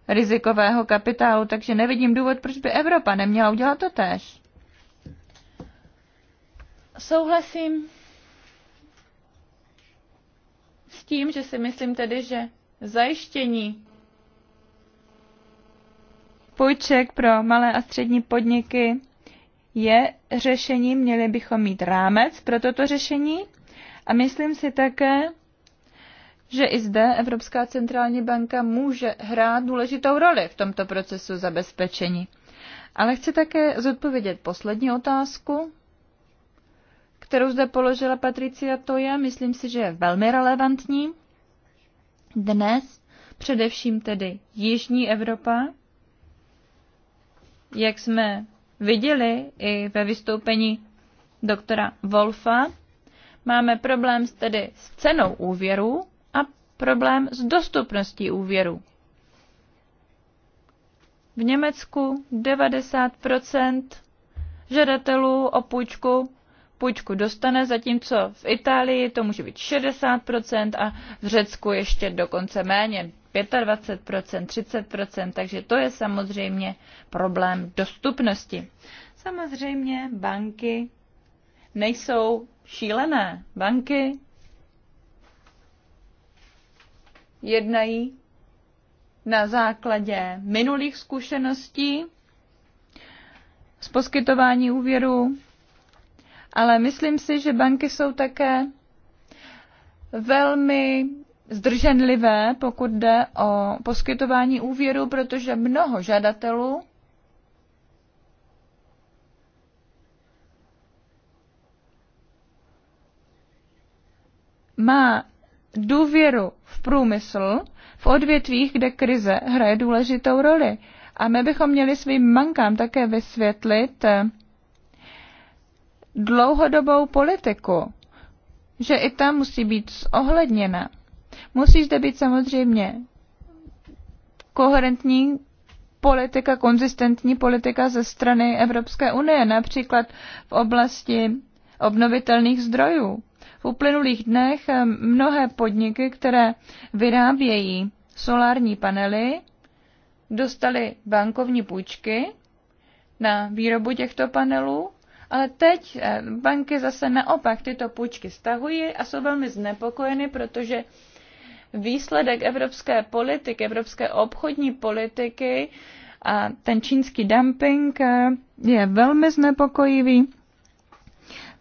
rizikového kapitálu, takže nevidím důvod, proč by Evropa neměla udělat to tež. Souhlasím s tím, že si myslím tedy, že zajištění půjček pro malé a střední podniky je řešení, měli bychom mít rámec pro toto řešení a myslím si také, že i zde Evropská centrální banka může hrát důležitou roli v tomto procesu zabezpečení. Ale chci také zodpovědět poslední otázku, kterou zde položila Patricia Toja. Myslím si, že je velmi relevantní. Dnes především tedy Jižní Evropa jak jsme viděli i ve vystoupení doktora Wolfa, máme problém tedy s cenou úvěru a problém s dostupností úvěru. V Německu 90 žadatelů o půjčku půjčku dostane, zatímco v Itálii to může být 60% a v Řecku ještě dokonce méně, 25%, 30%, takže to je samozřejmě problém dostupnosti. Samozřejmě banky nejsou šílené. Banky jednají na základě minulých zkušeností z poskytování úvěru, ale myslím si, že banky jsou také velmi zdrženlivé, pokud jde o poskytování úvěru, protože mnoho žadatelů má důvěru v průmysl v odvětvích, kde krize hraje důležitou roli. A my bychom měli svým mankám také vysvětlit eh, dlouhodobou politiku, že i ta musí být zohledněna. Musí zde být samozřejmě koherentní politika, konzistentní politika ze strany Evropské unie, například v oblasti obnovitelných zdrojů. V uplynulých dnech eh, mnohé podniky, které vyrábějí solární panely, dostaly bankovní půjčky na výrobu těchto panelů, ale teď eh, banky zase naopak tyto půjčky stahují a jsou velmi znepokojeny, protože výsledek evropské politiky, evropské obchodní politiky a ten čínský dumping eh, je velmi znepokojivý.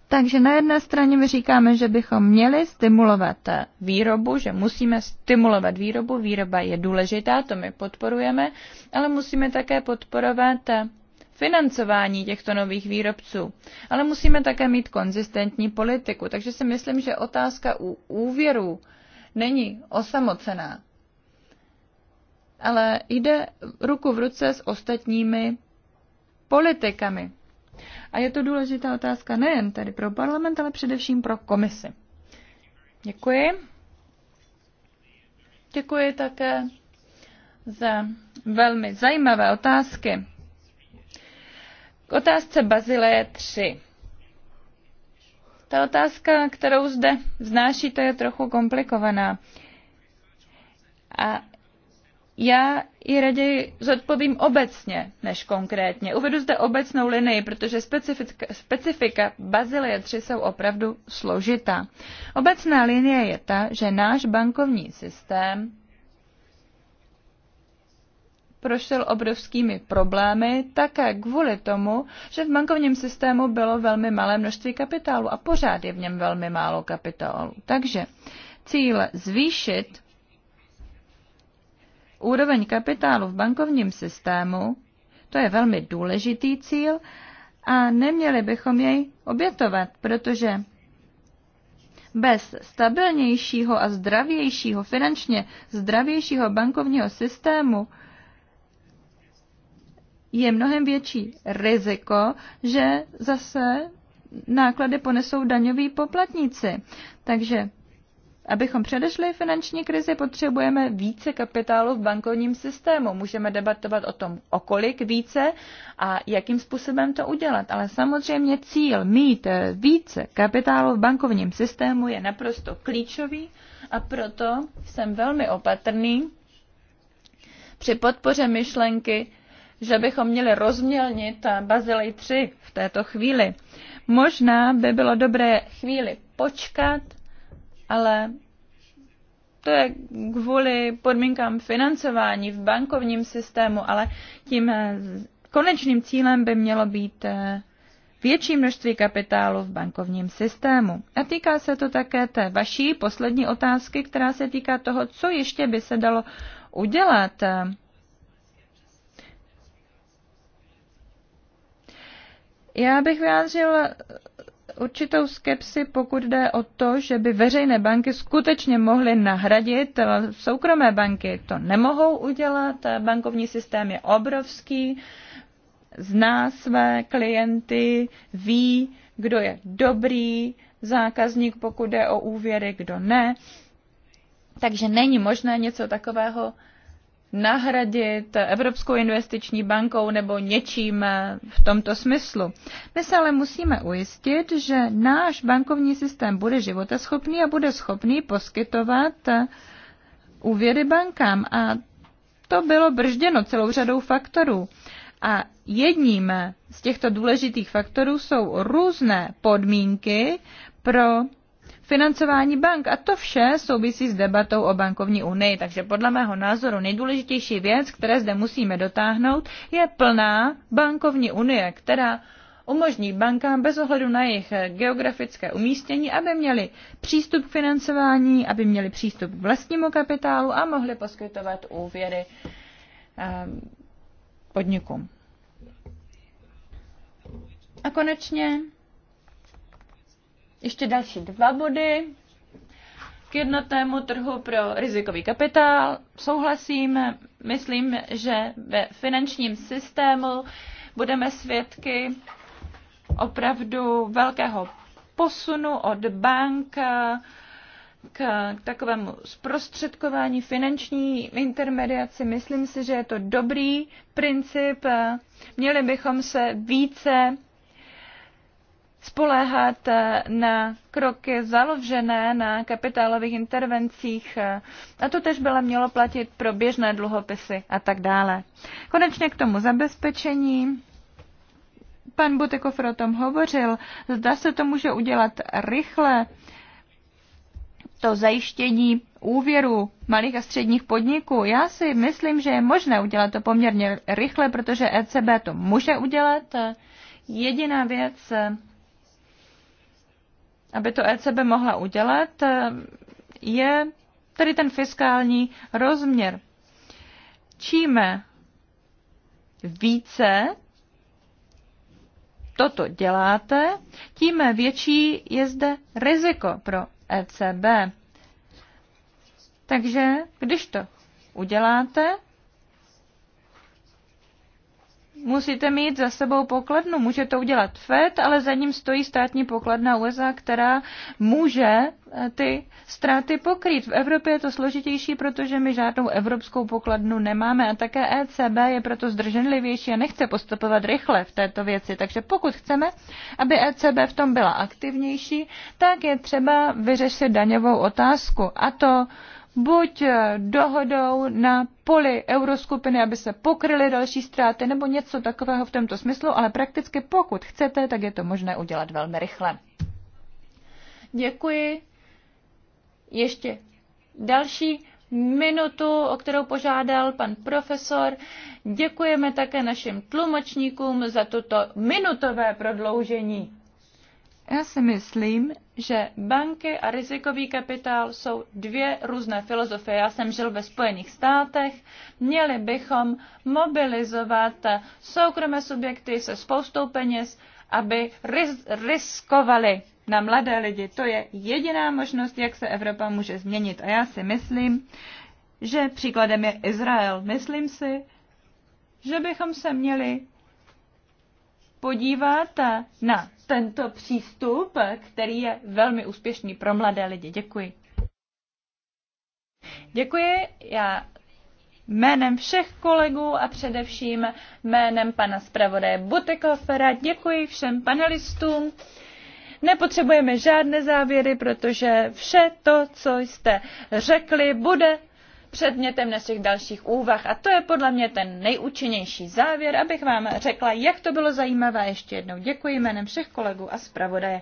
Takže na jedné straně my říkáme, že bychom měli stimulovat eh, výrobu, že musíme stimulovat výrobu, výroba je důležitá, to my podporujeme, ale musíme také podporovat eh, financování těchto nových výrobců. Ale musíme také mít konzistentní politiku. Takže si myslím, že otázka u úvěrů není osamocená, ale jde ruku v ruce s ostatními politikami. A je to důležitá otázka nejen tedy pro parlament, ale především pro komisi. Děkuji. Děkuji také za velmi zajímavé otázky. K otázce Bazileje 3. Ta otázka, kterou zde vznášíte, je trochu komplikovaná. A já ji raději zodpovím obecně než konkrétně. Uvedu zde obecnou linii, protože specifika, specifika Bazilie 3 jsou opravdu složitá. Obecná linie je ta, že náš bankovní systém prošel obrovskými problémy také kvůli tomu, že v bankovním systému bylo velmi malé množství kapitálu a pořád je v něm velmi málo kapitálu. Takže cíl zvýšit úroveň kapitálu v bankovním systému, to je velmi důležitý cíl a neměli bychom jej obětovat, protože bez stabilnějšího a zdravějšího, finančně zdravějšího bankovního systému je mnohem větší riziko, že zase náklady ponesou daňoví poplatníci. Takže Abychom předešli finanční krizi, potřebujeme více kapitálu v bankovním systému. Můžeme debatovat o tom, o kolik více a jakým způsobem to udělat. Ale samozřejmě cíl mít více kapitálu v bankovním systému je naprosto klíčový a proto jsem velmi opatrný při podpoře myšlenky že bychom měli rozmělnit eh, Bazilej 3 v této chvíli. Možná by bylo dobré chvíli počkat, ale to je kvůli podmínkám financování v bankovním systému, ale tím eh, konečným cílem by mělo být eh, větší množství kapitálu v bankovním systému. A týká se to také té vaší poslední otázky, která se týká toho, co ještě by se dalo udělat Já bych vyjádřil určitou skepsi, pokud jde o to, že by veřejné banky skutečně mohly nahradit soukromé banky. To nemohou udělat, bankovní systém je obrovský, zná své klienty, ví, kdo je dobrý zákazník, pokud jde o úvěry, kdo ne. Takže není možné něco takového nahradit Evropskou investiční bankou nebo něčím eh, v tomto smyslu. My se ale musíme ujistit, že náš bankovní systém bude životaschopný a bude schopný poskytovat eh, úvěry bankám. A to bylo bržděno celou řadou faktorů. A jedním eh, z těchto důležitých faktorů jsou různé podmínky pro financování bank. A to vše souvisí s debatou o bankovní unii. Takže podle mého názoru nejdůležitější věc, které zde musíme dotáhnout, je plná bankovní unie, která umožní bankám bez ohledu na jejich geografické umístění, aby měli přístup k financování, aby měli přístup k vlastnímu kapitálu a mohli poskytovat úvěry ehm, podnikům. A konečně ještě další dva body. K jednotnému trhu pro rizikový kapitál souhlasím. Myslím, že ve finančním systému budeme svědky opravdu velkého posunu od bank eh, k takovému zprostředkování finanční intermediaci. Myslím si, že je to dobrý princip. Měli bychom se více spoléhat eh, na kroky založené na kapitálových intervencích. Eh, a to tež bylo mělo platit pro běžné dluhopisy a tak dále. Konečně k tomu zabezpečení. Pan Butekofr o tom hovořil. Zda se to může udělat rychle. To zajištění úvěru malých a středních podniků. Já si myslím, že je možné udělat to poměrně rychle, protože ECB to může udělat. Jediná věc, aby to ECB mohla udělat, eh, je tedy ten fiskální rozměr. Čím více toto děláte, tím větší je zde riziko pro ECB. Takže když to uděláte, musíte mít za sebou pokladnu. Může to udělat FED, ale za ním stojí státní pokladna USA, která může eh, ty ztráty pokrýt. V Evropě je to složitější, protože my žádnou evropskou pokladnu nemáme a také ECB je proto zdrženlivější a nechce postupovat rychle v této věci. Takže pokud chceme, aby ECB v tom byla aktivnější, tak je třeba vyřešit daňovou otázku a to buď eh, dohodou na poli euroskupiny, aby se pokryly další ztráty, nebo něco takového v tomto smyslu, ale prakticky pokud chcete, tak je to možné udělat velmi rychle. Děkuji. Ještě další minutu, o kterou požádal pan profesor. Děkujeme také našim tlumočníkům za toto minutové prodloužení. Já si myslím, že banky a rizikový kapitál jsou dvě různé filozofie. Já jsem žil ve Spojených státech. Měli bychom mobilizovat soukromé subjekty se spoustou peněz, aby riz- riskovali na mladé lidi. To je jediná možnost, jak se Evropa může změnit. A já si myslím, že příkladem je Izrael. Myslím si, že bychom se měli podívat na tento přístup, který je velmi úspěšný pro mladé lidi. Děkuji. Děkuji. Já jménem všech kolegů a především jménem pana zpravodaje Butekofera děkuji všem panelistům. Nepotřebujeme žádné závěry, protože vše to, co jste řekli, bude předmětem našich dalších úvah. A to je podle mě ten nejúčinnější závěr, abych vám řekla, jak to bylo zajímavé. Ještě jednou děkuji jménem všech kolegů a zpravodaje.